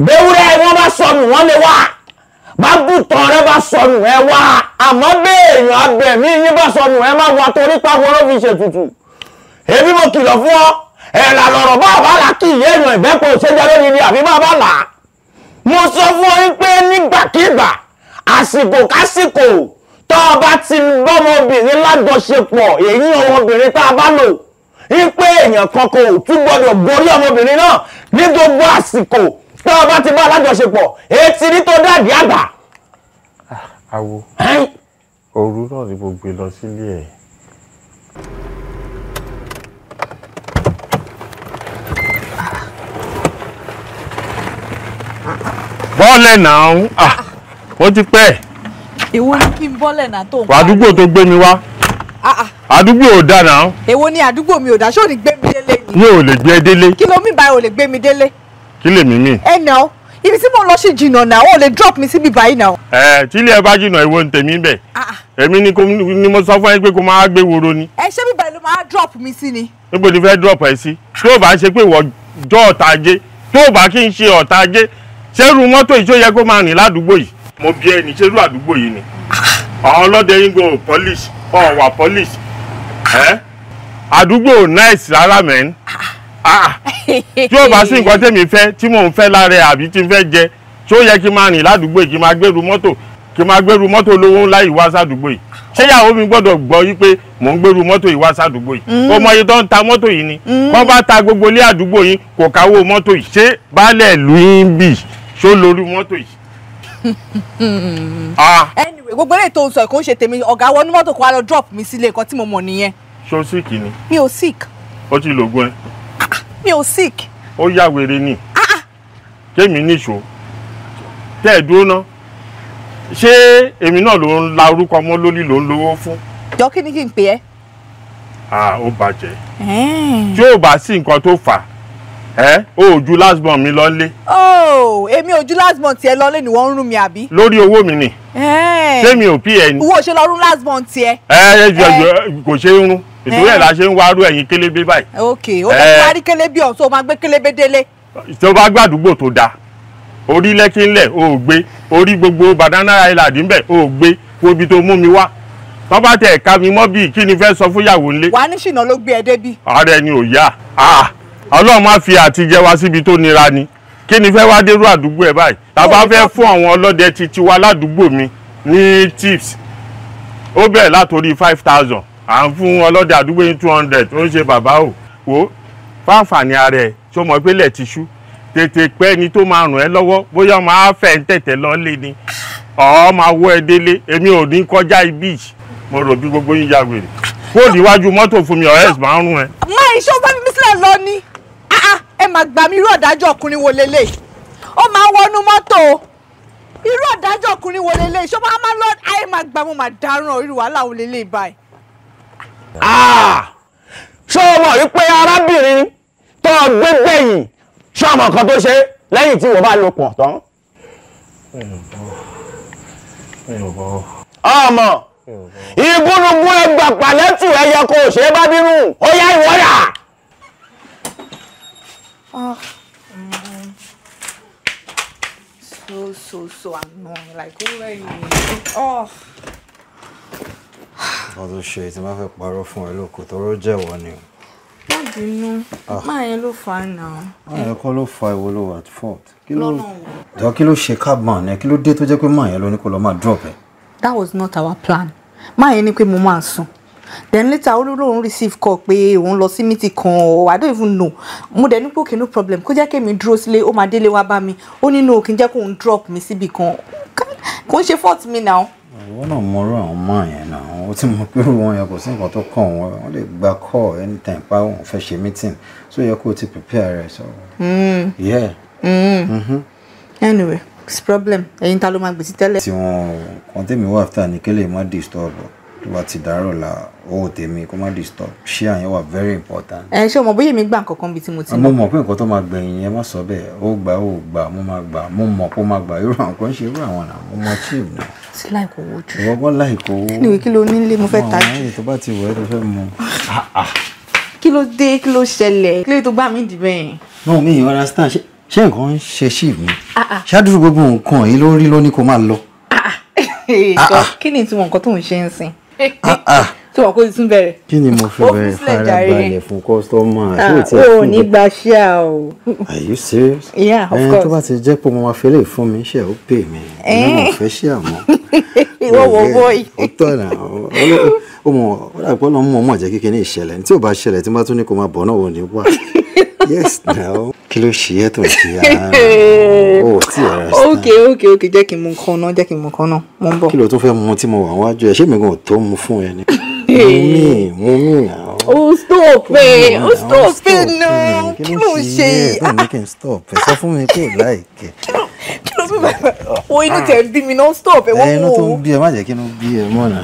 F: bẹ́wúrẹ́ wọn bá sọnù wọn lè wá bá bùtàn rẹ bá sọnù ẹ wá àmọ́ béèyàn abẹ̀mí yín bá sọnù ẹ má wá torí pàwọn ló fi ṣètùtù èmi mo kìlọ̀ fún ọ ẹ̀là lọ̀rọ̀ bá bá là kí ìyé èèyàn ìbẹ́pọ̀ òṣèjẹ́ lórí ni àbí bá bá là á mo sọ fún ọ pé nígbàkigbà àsìkò kásìkò tó o bá ti bọ́mọbìnrin lájọṣepọ̀ èyí ọmọbìnrin tá a bá lò wípé èèyàn kankan ò tún gbọdọ̀ borí ọmọbìnrin náà ní gbogbo àsìkò tó o bá ti bá alájọṣepọ̀ etí ní
B: tó dàbí àgbà.
E: àwo ah, òru náà ni mo gbé lọ sílé ẹ̀.
F: bọ́ọ̀lẹ̀ náà ah wọ́n ti pẹ́.
G: èwo ni kí n bọ́ọ̀lẹ̀ náà tó ń
F: pa. àdúgbò tó gbé mi wá. Ah, ah. àdúgbò ò dà náà.
G: èwo ni àdúgbò mi ò dà ṣó ni gbé mi délé
F: ni. mi ò lè gbé délé.
G: kí ló mi bá ò lè gbé mi délé. kí lè mí mi. ẹ nà ó ibi tí mo lọ ṣe jìnnà náà ó lè drop mi síbi báyìí náà.
F: ẹ tí ilé ẹ bá jìnnà ìwo ń tèmi bẹ ah, èmi ni mo sọ fún yín pé kó máa gbé woro ni.
G: ẹ ṣé bíbá ló máa drop mi sí ni.
F: níbo ni fẹ́ drop ẹ sí tí ó bá ṣe pé ìwọ jọ ọ̀tá ajé tí ó bá kí n ṣe ọ̀tá ajé ṣerú mọ́tò yìí tó yẹ kó máa rìn ládùúgbò yìí mo bí ẹni ṣerú àdúgbò yìí ni àwọn ọlọ́dẹ yín go polish ọ̀wà polish ẹ́ àdúgbò nice rárá mẹ́rin ah,
C: tí ó bá sí nǹkan
F: tẹ̀mí fẹ́ tí mò ń fẹ́ lára ẹ̀ àbí tí n fẹ́ jẹ tí ó yẹ kí n máa rìn ládùúgbò yìí kí n máa gbèrú mọ́tò kí n máa gbèrú mọ́tò olówó ńlá yìí wá sádùúgbò yìí ṣé ìyàwó mi gbọ́dọ̀ gbọ́ yí pé mò ń gbèrú mọ́tò yìí wá sádùúgbò yìí ó mm. mọ iye tó ń ta mọ́tò yìí ni kọ́ mm. bá ta gbogbo ilé àdúgbò yìí kò káwó mọ́tò yìí ṣé baálẹ̀ ìlú yín bì ṣó lórí mọ́tò yìí.
G: Ah. anyway gbogbo eléyìí tó ń sọ ìkó ń ṣe tèmi ọ̀gá wọnú mọ́tò kó wá lọ drop mi sílé nǹkan tí mo mọ̀ nìyẹn.
F: ṣó sick ni. mi ò sick. ó ti lògùn ẹ. mi ò sick. ó yà wèrè ni. Ah, ah. kémi níṣó tẹ́ ẹ̀ dúró ná ṣé èmi náà ló ń la orúkọ ọmọ lórí ló ń lówó fún.
G: jọ kí ni kí n pè ẹ́.
F: ó bàjẹ́ tí ó bá sí nǹkan tó fà á ẹ o ju last born mi lọ lé.
G: ooo oh, èmi ò ju last born tiẹ̀ lọ lé ni wọ́n ń rún mi àbí. lórí owó mi ni. ṣé mi ò pí ẹ ni. wo ṣe lọ rún last born tiẹ̀.
F: ẹ ẹ kò ṣe é rún ìdúró ẹ̀ la ṣe ń wá rú ẹ̀yìn kélébé báyìí. ok ó fẹ́ parí
G: kélébé ọ̀hún tó o máa gbé kélébé délé.
F: tó bá gbàdúgbò tó dáa orí lẹ́kí ńlẹ̀ o ò gbé orí gbogbo banana island ńbẹ̀ o ò gbé fobi tó mú mi wá wọ́n bá tẹ̀ ẹ̀ka mi mọ́ bíi kí ni fẹ́ sọ fún ìyàwó ńlé. wàá ní ṣìnà ló gbé ẹ débi. ààrẹ ni ò yá. Ah ọlọ́run má fi àtijẹ wa síbi tó nira ni kí ni fẹ́ wá dérú àdúgbò ẹ̀ báyìí tàbá fẹ́ fún àwọn ọlọ́dẹ titi wa ládùúgbò mi ní tips ó bẹ̀rẹ̀ látòrí five thousand à ń fún ọlọ́dẹ àdúgbò yín two hundred ó ń ṣe bàbá o wò fáǹfààní ara ẹ̀ tí ó mọ̀ pé lẹ̀ ti ṣú tètè pẹ́ ni tó máa ràn ẹ́ lọ́wọ́ bóyá máa fẹ́ ń tẹ̀tẹ̀ lọ́lé ni ọ̀ọ́ máa wọ́ ẹ délé èmi ò ní kọjá ibi mo rò bí gbogbo yín jagbèrè kóòdù iwájú mọ́tò fún mi ọ̀rẹ́ máa ń rún ẹ.
G: máa ìṣọ́ bá mi sílẹ̀ lọ ni ẹ máa gbà mí irú ọ̀dájú ọkùnrin wo lélẹ̀ ó máa wọnú mọ́tò irú ọ̀dájú ọkùnrin wo lélẹ̀ ṣó máa máa lọ ayé máa gbà mo máa dáràn irú wàhálà wo lélẹ̀ báyìí.
F: Ah! ṣé o mọ̀ wípé arábìnrin tó o gbé gbẹ̀yìn ṣé ọmọ kan tó ṣe lẹ́yìn tí wọ́n bá lò pọ̀ tán. ọmọ ìbúrúbú
C: ẹgbàpá lẹ́tù ẹyẹ kò ṣe é bá bínú ó yá ìwọ́yà oh, um, so,
G: so, so annoying. Like, who are you? Oh.
E: Ah. ọdún ṣe tí máa fẹ́ parọ́ fún ẹ lóko tọrọ jẹ́wọ́ ni o.
G: má bínú ah. máa yẹn ló fà á nà. máa yẹn
E: kọ́ ló fa ìwo ló wà at fault. lọ́nà wo. jọ kí ló ṣe cabman ẹ kí ló dé tó jẹ́ pé máa yẹn ló ní máa drop ẹ.
G: that was not our plan máa yẹn ni pé mo máa sùn then later ó lóun receive call pé òun lọ sí mítì kan o i don't even know mo dẹ̀ ní pé okay no problem kó jẹ́ kémi dúró sílé ó máa délé wá bá mi ó nínú kí n jẹ́ kóun drop mi síbì kan kò ń ṣe fault mi now.
E: ìwọ náà mọ orú àwọn ọmọ yẹn náà ó ti mọ pé wọn yẹn kò sí nǹkan tó kàn wọn wọn lè gba call anytime pa wọn fẹ́ ṣe meeting so yẹ kó o ti prepare rẹ so. Hmm. yeah. Mm. mm
G: anyway it's problem
E: ẹ̀yin ta ló máa gbèsè tẹ́lẹ̀. tí wọn kàn tèmi wà fún ta ni kí lè má disturb tó bá ti dárọ̀ la owó tèmi kó má disturb ṣé àyẹn wà very important.
G: ẹ ṣé o bóyá èmi gbà kankan bíi tí mo ti. Ah, mo mọ̀
E: pé nǹkan tó máa gbẹ̀yìn yẹn má sọ bẹ́ẹ̀ ó gbà ó gbà mo máa gbà mo mọ̀ pé máa gbà irú àwọn kan ṣe irú àwọn náà mo máa chief náà. ti láìkó owó jù. ìwọ bọ́ láìkó owó. kí ni kí
G: ló ní ilé mo fẹ́ ta jù. ọmọ
E: ayé tó bá ti wọ̀ ẹ́ tó fẹ́ mu. Ah, ah.
G: kí ló dé kí ló ṣẹlẹ̀ kí ló tó gbà mí dì bẹ́ẹ̀. kí ni ìtumọ̀ nǹkan tó ń ṣe ń sìn. Ah ah, tí wọn kò tún bẹ̀rẹ̀.
E: kí ni mo fi bẹ̀rẹ̀ farabalẹ̀ fún kọ́sítọ́mà àti òtí ẹ̀fún mi. o ah, ní
G: gba ṣíà o.
E: are you serious. yeah of course. Eh, ẹni tó bá ti jẹ́ pé mo máa fẹ́lẹ̀ fún mi ṣe ó pè mí ẹni mo eh. fẹ́ ṣe àmọ́.
G: ìwọ wọ bọ́ọ̀ì.
E: ó tọ̀nà ó mọ̀ ó dàgbọ́n lọ́mọ́ mọ̀ jẹ́ kékeré ìṣẹ̀lẹ̀ tí ò bá ṣẹlẹ̀ tí wọ́n bá tún ní kó máa bọ̀ náà wò ní wà.
G: yes now
E: kí ló ṣe é tó ń ṣe ara
G: ah. oh, o tí ò rẹ sàn. ok ok ok jẹ́ kí n mú nǹkan náà jẹ́ kí n mú nǹkan náà
E: mo ń bọ̀. kí ló tó fẹ́ mu tí mo wà wájú ẹ ṣé mi gan tó mu fún ẹ ni. mo mì mo mì àwọn.
G: o stop ẹ o oh, stop ẹ náà kí ló ń ṣe yìí. bẹ́ẹ̀ ni
E: kí n stop ẹ sọ fún mi pé ò láìkẹ́.
G: kí ló bí bàbá o inú tẹ̀ ah. bí mi náà stop ẹ wọ́n mú o. ẹnu tó ń
E: bí ẹ má jẹ́ kí inú bí ẹ mọ́ náà.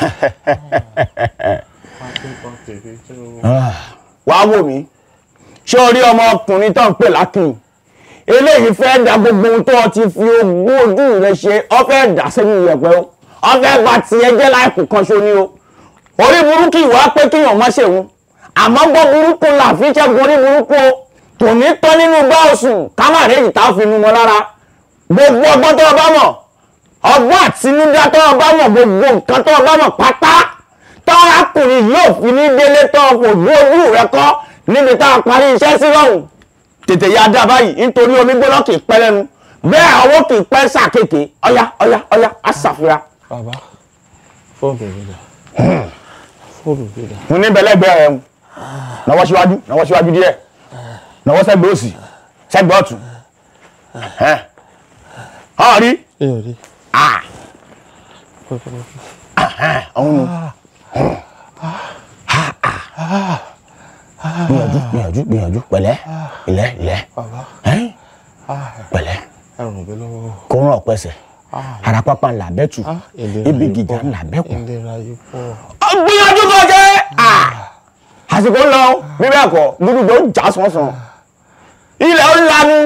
F: wàá wò mí ṣé o rí ọmọ ọkùnrin tó ń pè lákìn eléyìí fẹ́ da gbogbo ohun tó ti fi ogún ojú rẹ ṣe ọ fẹ́ dà sẹ́yìn ìyẹ̀pẹ̀ o ọ fẹ́ ba tiẹ̀ jẹ́ láìpù kan ṣo ni o orí burúkú ìwà pé kéèyàn má ṣèwọ̀n àmọ́ gbọ́ burúkú là ṣẹ́gun orí burúkú o tòní tán nínú gbá òsùn kámàrè ìta fi nu wọn lára gbogbo ọgbọ́n tó o bá mọ̀ ọgbọ́n àtinúdá tó o bá mọ̀ gbogbo nǹkan tó o bá mọ̀ pátá tárákùnrin yóò fi ní délé tán kò gbó ojú rẹ kọ́ níbi tá a parí iṣẹ́ sí lọ́hùn tètè ya dá báyìí nítorí omi gbóná kì í pẹ́ lẹ́nu bẹ́ẹ̀ ọwọ́ kì í pẹ́ sàkéèké ọ̀yá ọ̀yá ọ̀yá á ṣàfura.
E: bàbá
C: fóònù ìgbéga fóònù ìgbéga.
E: mo
F: ní bẹ̀lẹ́gbẹ̀ ẹ̀ nawọ́ síwájú nawọ́ síwájú díẹ̀ nawọ́ sẹ́gbẹ̀ òsì sẹ́gbẹ̀ ọ̀tún ọ̀rí ọ̀hún nù
C: gbìyànjú
F: gbìyànjú gbìyànjú pẹ̀lẹ́ ilẹ̀ ilẹ̀ ah. pẹ̀lẹ́ ah. ah, kó ràn ọ́ pẹ̀sẹ̀ ara pápá ńlá bẹ́tù ibi gíga ńlá bẹ́kù gbìyànjú
C: kọ́ jẹ́ àsìkò
F: ńlọ bíbí ẹ̀kọ́ gbúdúgbò ń jà sánsan ilẹ̀ ń lanu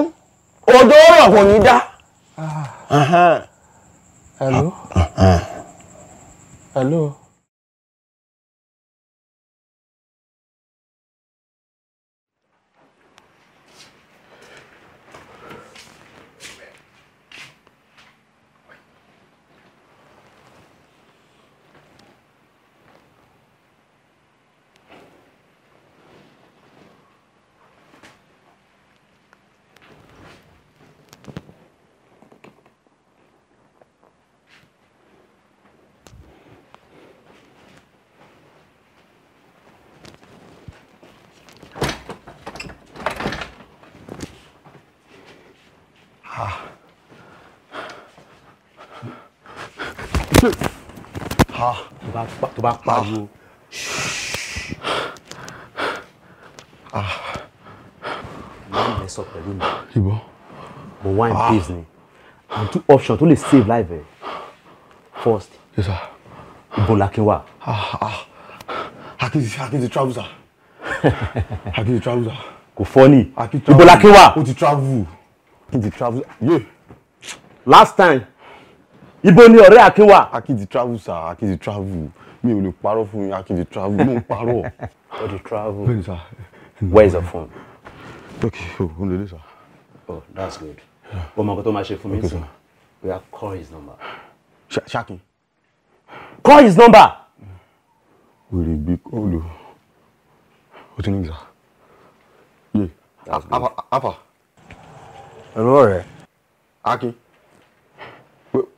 F: òjò rọ̀ kò ní dá.
C: hello hello.
F: tó bá pariwo. Ah. ìwọ́n mi sọ pẹ̀lú mi. ìbọn. mo wá in peace ni and two options tó lè save life ẹ first. yes sir. ibo lakin wa. akin akin ti travel sir. akin ti travel sir. kò fọ́ ni ibo lakin wa. o ti travel. akin ti travel. yé. last time ibo ni ọ̀rẹ́ akin wà. akin travel sir akin travel mi ò lè parọ́ fún yín akin travel mo ń parọ́. o ti travel bẹ́ẹ̀ni sir. where is the phone. ok o n lè lè oh that's good o mọ nǹkan tó máa ṣe fún mi sir we are call his number. ṣakin. call his number. wèrè gbé kóòlù
E: o ti ní gbèsà. yé afa. ẹ̀rọ rẹ̀ akin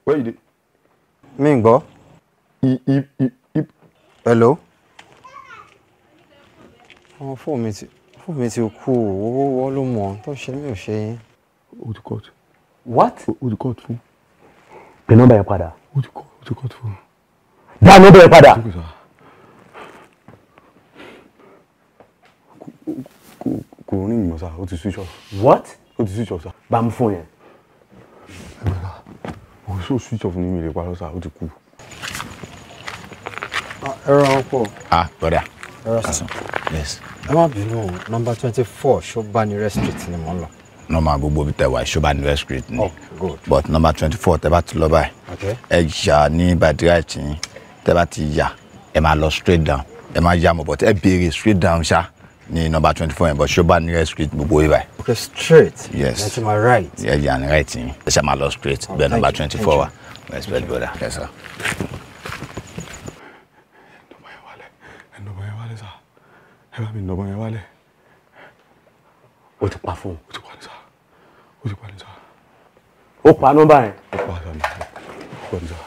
E: where you dey. mi ń gbọ́. i i i i. hello. ọmọ fóònù mi ti fóònù mi ti kú o owó wọ́n ló mọ̀ tó ṣe mí ò ṣe yín. o ti kọ́ọ̀tù. what. o ti kọ́ọ̀tù fún.
F: pè nọ́mbà yẹn padà. o ti kọ́ọ̀tù o ti kọ́ọ̀tù fún. dá nọ́mbà yẹn padà. kò kò kò rìn ìmọ̀ sá o ti switch off. what. o ti switch off sá. bá a mú fóònù yẹn ṣó switch off ní mi lè parọ́ sá ó ti kú.
E: Ah, ẹ̀rọ àwọn pọ̀. ah bọ́dà kásán yes. ẹ má bínú nọmba twenty four ṣọ́bánirẹ́ street ni mò ń lọ. nọmba gbogbo bí tẹ wá
F: ṣọ́bánirẹ́ street ni oh, good. but number twenty four tẹ bá ti lọ báyìí ẹ yà ní bàdíra ìtìyín tẹ bá ti yà ẹ máa lọ straight down ẹ máa yà mọ̀ bọ̀ tẹ béèrè straight down ṣáá ní nọmba twenty four yẹn bọ̀ ṣọba ní street gbogbo yìí
E: ok straight. yes that's my right.
B: yes yan right yín eh? ẹ ṣe máa lọ straight oh, bẹ́ẹ̀ nọmba twenty four wa respect brother. yes sir.
C: nọmba yẹn wálẹ̀ ẹ nọmba yẹn wálẹ̀ sá ẹ bá
F: mi nọmba yẹn wálẹ̀. o ti pa fóun. o ti pa ni sá o ti pa ni sá. o pa nọmba yẹn. o pa nọmba yẹn o pa ni sá.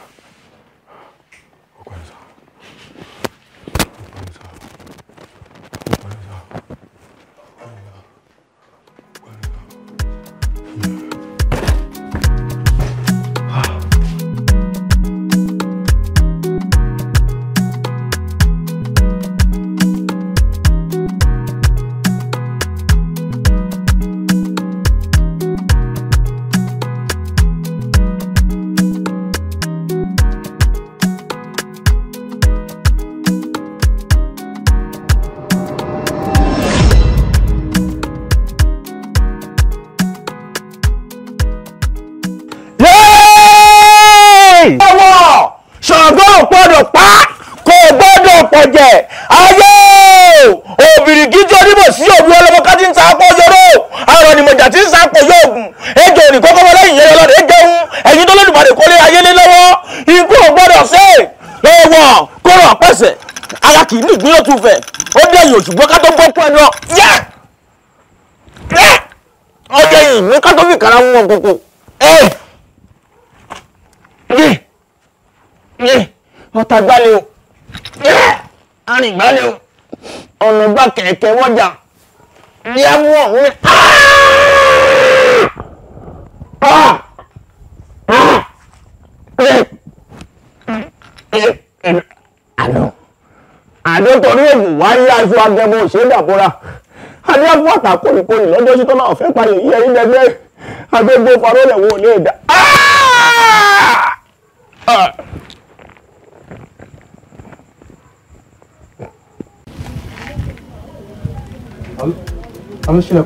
C: àtẹwọ́jà ní ẹmú ọ̀hún ni. Ah! Ah! Ah! Eh!
F: Eh! Eh! àdó torí èbù wá ní aṣọ agẹmọ òṣèdàbọra adé fún àtàkùnrinkùnrin lọ́jọ́ sí tọ́lá ọ̀fẹ́ payò yí ẹ̀yìn dẹgbẹ́ agbégbó farolẹ̀ wo lè dá.
H: 咱们现在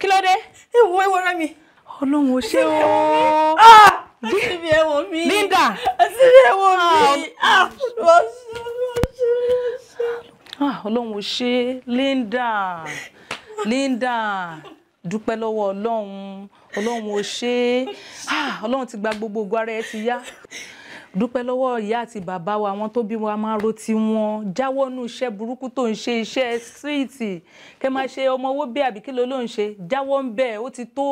A: kí ló dé. ewu ewu ọ̀rẹ́ mi. ọlọ́run ò ṣe o. síbi ewo mi. Linda. síbi ewo mi. ọlọ́run ò ṣe Linda Linda dúpẹ́ lọ́wọ́ ọlọ́run ọlọ́run ò ṣe ah, ọlọ́run ti gba gbogbo ògùn ara ẹ ti yá dúpẹ́ lọ́wọ́ ìyá àti bàbá wa àwọn tó bí wa máa ro ti wọn jáwọ́ nù iṣẹ́ burúkú tó ń ṣe iṣẹ́ síìtì kẹ máa ṣe ọmọ owó bí àbí kí ló ló ń ṣe jáwọ́ ń bẹ̀ ó ti tó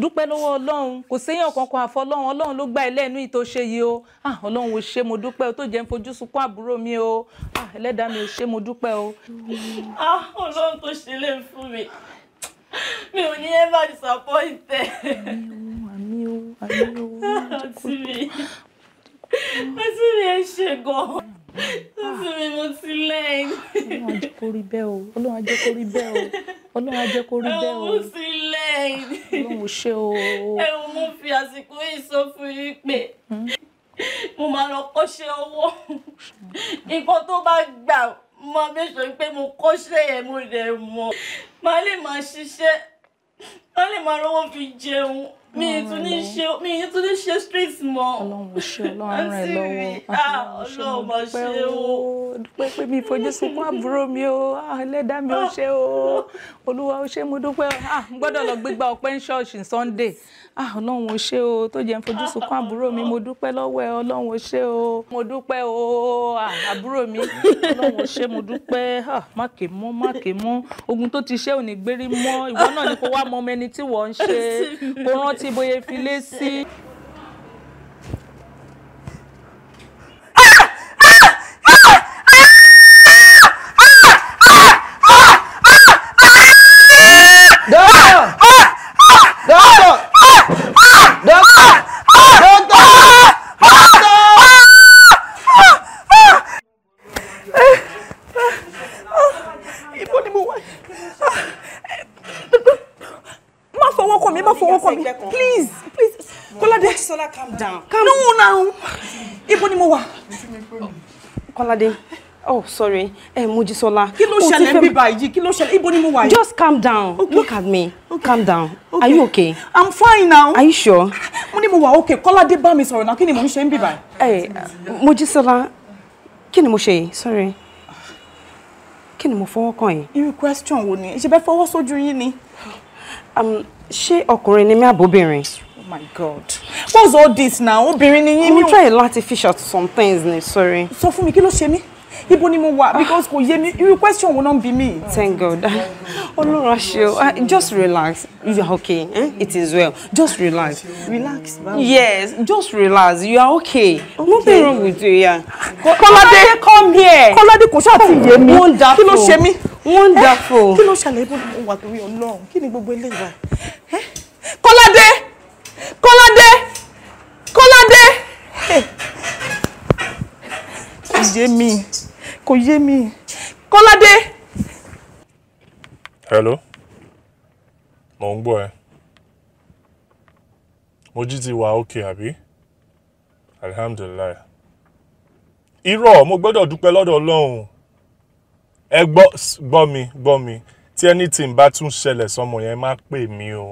A: dúpẹ́ lọ́wọ́ ọlọ́run kò séyàn kankan àfọ ọlọ́run ọlọ́run ló gbà ilé inú ìtò yìí o ah, ọlọ́run ò ṣe mo dúpẹ́ o tó jẹ́ ń fojú sunkún àbúrò mi o ah, ẹlẹ́dàá mi ò ṣe mo dúpẹ́ o. Ah, ọlọ́run tó ṣe lè fún mi mi ò ní ever disappoint ẹ ẹsẹ mi ẹ ṣe gan ẹsẹ ah. mi mo ti lẹ́yìn. Ọlọ́run á kó rí bẹ́ẹ̀ o Ọlọ́run á kó rí bẹ́ẹ̀ o Ọlọ́run á kó rí bẹ́ẹ̀ o. ẹ wọ́n ti lẹ́yìn. Ọlọ́run ṣe o. ẹ wò mo fi àsìkò yìí sọ fún yín pé hmm? mo máa lọ kọ́ṣẹ́ ọwọ́ nǹkan tó bá gbà mo máa bẹ́sọ̀ pé mo kọ́ṣẹ́ yẹn mo dẹ̀ mọ̀ máa lè máa ṣiṣẹ́ ká lè máa rówó fi jẹun mi tún ní ṣe mi tún ní ṣe straight mọ. Ah, ah, Ọlọ́run ṣe Ọlọ́run rẹ lọ́wọ́ Ọlọ́run ṣe o dúpẹ́ pé mi fojú sunkún àbúrò mi o ah, ẹlẹ́dà mi ò ṣe o olúwa ò ṣe mo dúpẹ́ o gbọ́dọ̀ lọ gbégbá ọpẹ́ ní ṣọ́ọ̀ṣì Sunday ah ọlọ́run ò ṣé o tó jẹ́ ń fojú sunkún àbúrò mi mo dúpẹ́ lọ́wọ́ ẹ ọlọ́run ò ṣé o mo dúpẹ́ o ah, àbúrò mi ọlọ́run ò ṣé mo dúpẹ́ ah, má ké mọ́ má ké mọ́ ogun tó ti ṣe ò ní gbérí mọ́ ìwọ náà ni kò wá mọ ọmọ ẹni tí wọ́n ń ṣe kò rántí bóyá fi lé sí.
D: Kọ́ládé. Oh, sorry. Eh, mujisola. Kí ló oh, ṣẹlẹ̀ bí báyìí? Kí ló ṣẹlẹ̀? Ibo ni mo wà yìí? Just calm down. Okay. Look at me. Okay. Calm down. Okay. Are you okay? I'm fine now. Are you sure? Mo ní mo wà okay. Kọ́ládé bá mi sọ̀rọ̀ náà. Kí ni mo ń ṣe ń bí báyìí? Eh, Mojisola. Kí ni mo ṣe yìí? Sorry. Kí ni mo fọwọ́ kàn yìí? Irú question wo ni? Ṣé bẹ́ẹ̀ fọwọ́ sójú yín ni? Um, ṣé ọkùnrin ni mí àbóbìnrin? my god what's all this now obìnrin ni yín mi. mo try láti fish out some things ni sorry. sọ fún mi kí ló ṣe mí ibo ni mo wà ah. because kò yé mi irú question wo náà bí mi. thank god olóra ṣe ah, just relax you are okay eh? it is well just relax. relax báwo. yes just relax you are okay. okay. nothing wrong with you ya. kọ́ládé come here. kọ́ládé kò ṣáà ti yé mi kí ló ṣe mí. wonderful. Eh? kí ló ṣàlàyé bó ni wà torí ọlọ́run kí ni gbogbo eléyìí wa. Eh? kọ́ládé. Kọ́ládé Kọ́ládé kò yé mi kò yé mi Kọ́ládé.
F: hello mò ń gbọ́ ẹ Mojí ti wà ókè àbí alihamdulilayi irọ́ mo gbọ́dọ̀ dúpẹ́ lọ́dọ̀ Ọlọ́run ẹ gbọ́ gbọ́ mi gbọ́ mi tí anything bá tún ṣẹlẹ̀ sọmọ yẹn má pè mí o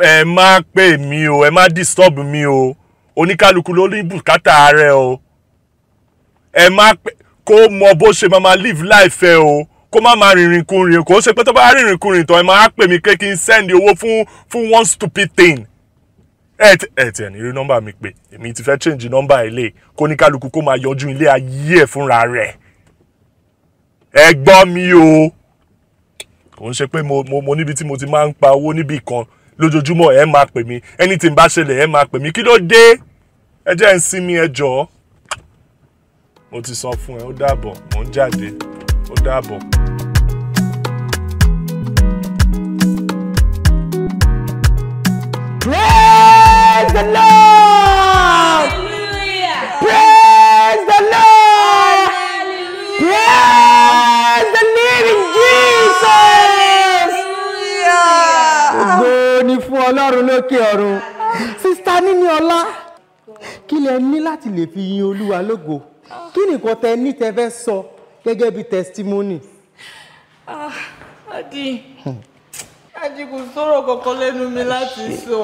F: ẹ má pè mí o ẹ má disturb mi o oníkálukú ló ní bùkátà rẹ o ẹ má pè kó mọ bó ṣe máa máa live life ẹ o kó má máa rìnrìn kùnrin kó ṣe pé tó bá rìnrìn kùnrin tán ẹ máa pè mí pé kí n send owó fún fún one stupid thing ẹ ẹ tiẹ̀ ní rí nọ́mbà mi pé èmi ti fẹ́ change nọ́mbà ilé kó oníkálukú kó máa yọjú ilé ayé ẹ̀ fúnra rẹ̀ ẹ gbọ́ mi o kò ń ṣe pé mo mo níbi tí mo ti máa ń pa owó níbì kan lójoojúmọ́ ẹ máa pè mí anything bá ṣẹlẹ̀ ẹ máa pè mí kí ló dé ẹ jẹ́ ń sinmi ẹ jọ̀ọ́ mo ti sọ fún ẹ ó dàbọ̀ mò ń jáde ó dàbọ̀.
C: Praise the Lord!
F: ọlọ́run lókè ọ̀run sista níní ọlá kí lẹ ní láti lè fi yin olúwa lógo kí nìkan tẹ ní tẹ fẹ́ sọ gẹ́gẹ́ bí testimony.
C: ah adi.
G: Hmm àjìkù sọ̀rọ̀ kankan lẹ́nu mi láti sọ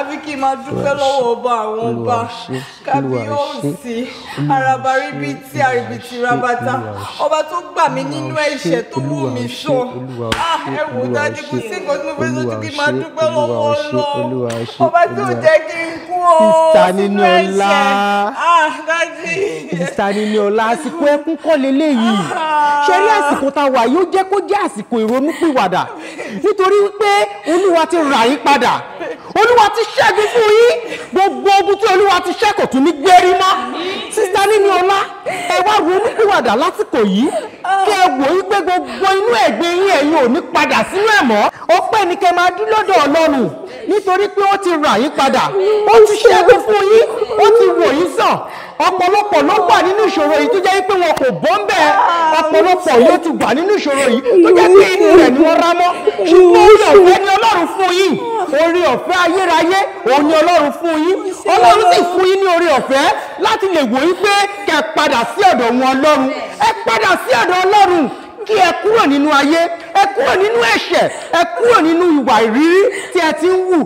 G: àfi kí n máa dúpẹ́ lọ́wọ́ ọba àwọn ọba
C: kábíyèsí
G: arabarí bíi tí àríbìtì rabata ọba tó gbà mí nínú ẹ̀ṣẹ̀ tó wù mí sọ ah, ẹ dájú kù sí nǹkan tí mo fẹ́ sọ ju kí n máa dúpẹ́ lọ́wọ́ ọlọ́ ọba tó jẹ́
C: kí n kú o sínú ẹ̀ṣẹ̀ ah, dájú. sísá
G: nínú
D: ọlá àsìkò ẹkún kọ́ lélẹ́yìí ah. ṣẹlẹ̀ àsìkò tá a wà yóò jẹ́ kó jẹ́ àsìkò ìrònúpìwàdà nítorí. nítorí wípé olúwa ti rà yín padà olúwa ti ṣẹ́gun fún yín gbogbo ogun tí olúwa ti ṣẹ́ tún ní gbérí mọ́ sísá nínú ọlá ẹ wá ronúpìwàdà lásìkò yìí kí ẹ wò yí gbogbo inú ẹ̀gbin yín ẹ̀yin ò ní padà sínú ẹ̀ mọ́ ọpẹ́ ni kẹ́ máa dún lọ́dọ̀ ọlọ́run nítorí pé ó ti rà yín padà ó ti ṣẹ́gun fún yín ó ti wò yín sàn ọ̀pọ̀lọpọ̀ ló wà nínú ìṣòro yìí
F: tó jẹ́ pé wọn kò bọ́ ń bẹ̀ ah. ọ̀pọ̀lọpọ̀ ló ti wà nínú ìṣòro yìí
G: tó jẹ́ pé inú rẹ̀ ni wọ́n
F: rá mọ́ ṣùgbọ́n orí ọ̀fẹ́ ni Ọlọ́run fún yín orí ọ̀fẹ́ ayérayé òun ni Ọlọ́run
C: fún yín Ọlọ́run sì fún
F: yín ní orí ọ̀fẹ́ láti lè wò yí pé kẹ́ padà sí ọ̀dọ̀ wọn Ọlọ́run ẹ padà sí ọ̀dọ̀ Ọlọ́run kí ẹ kúrò nínú ayé ẹ kúrò nínú ẹ̀ṣẹ̀ ẹ kúrò nínú ìwà ìrírí tí ẹ ti ń wù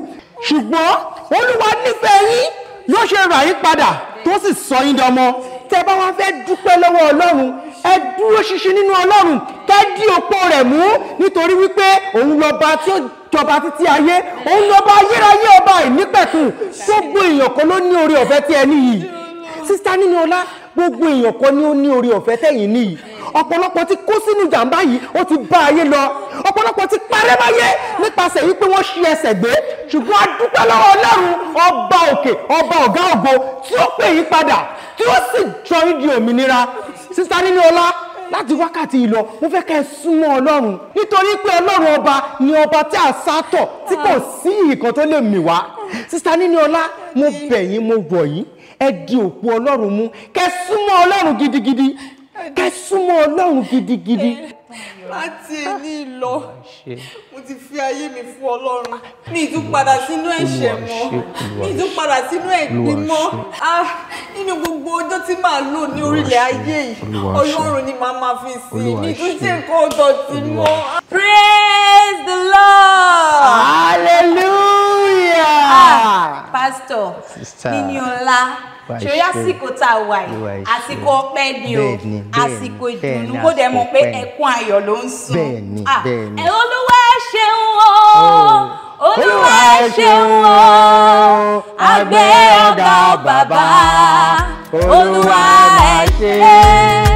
F: ṣùgbọ́n Olúwa nífẹ̀ẹ́ yín yóò ṣe rà yín padà tó sì sọ yín dọmọ tẹ́ bá wá fẹ́ dúpẹ́ lọ́wọ́ ọlọ́run ẹ dúró ṣinṣin nínú ọlọ́run kẹ́ dí òpó rẹ̀ mú nítorí wípé òun lọ́ba tí ó jọba títí ayé òun lọ́ba ayérayé ọba ìnípẹ̀kùn gbogbo èèyàn kan ló ní oore ọ̀fẹ́ tí ẹ níyì sísá nínú ọlá gbogbo èèyàn kan ni ó ní orí ọ̀fẹ́ tẹ̀yìn níyì ọ̀pọ̀lọpọ̀ ti kó sínú jàǹbá yìí ó ti bá ayé lọ ọ̀pọ̀lọpọ̀ ti parẹ́ báyé nípasẹ̀ yìí pé wọ́n ṣi ẹsẹ̀ gbé ṣùgbọ́n a dúpẹ́ lọ́wọ́ ọlọ́run ọba òkè ọba ọ̀gá ògo tí ó pè yín padà tí ó sì jọ yín di òmìnira sísá nínú ọlá láti wákàtí ìlọ mo fẹ́ kẹ́ ẹ súnmọ́ ọlọ́run nítorí pé ọlọ́run ọba ni ọba tí a sá tọ̀ tí kò sí ìkan tó lè mì wá sísá nínú ọlá mo bẹ̀ yín mo bọ̀ yín ẹ di òpó ọlọ́run mú kẹ́ súnmọ́ ọlọ́run gidigidi kẹ́ súnmọ́ ọlọ́run gidigidi
G: láti èní ah. lọ mo ti fi ayé mi fún ọlọ́run mi ì sínú ẹ̀ṣẹ̀ mọ́
H: mi ì
G: sínú ẹ̀gbin mọ́ ah, nínú gbogbo ọjọ́ tí màá lò ní orílẹ̀ ayé yìí ọlọ́run ni màá máa fi sí ní ìtúnṣe nǹkan ọ̀dọ̀tí
C: mọ́. praise the lord. hallelujah. ah
A: pastor nínú ọlá ṣòrí àsìkò tá a wà yìí àsìkò ọpẹ́ ni o
E: àsìkò ìdùnnú kó dẹ̀ mọ̀ pé
A: ẹkún ayọ̀ ló ń sun ah, ẹ olúwa ṣeun
G: o oh, olúwa
C: ṣeun o àgbẹ̀ ọ̀gá bàbá olúwa ẹ ṣe.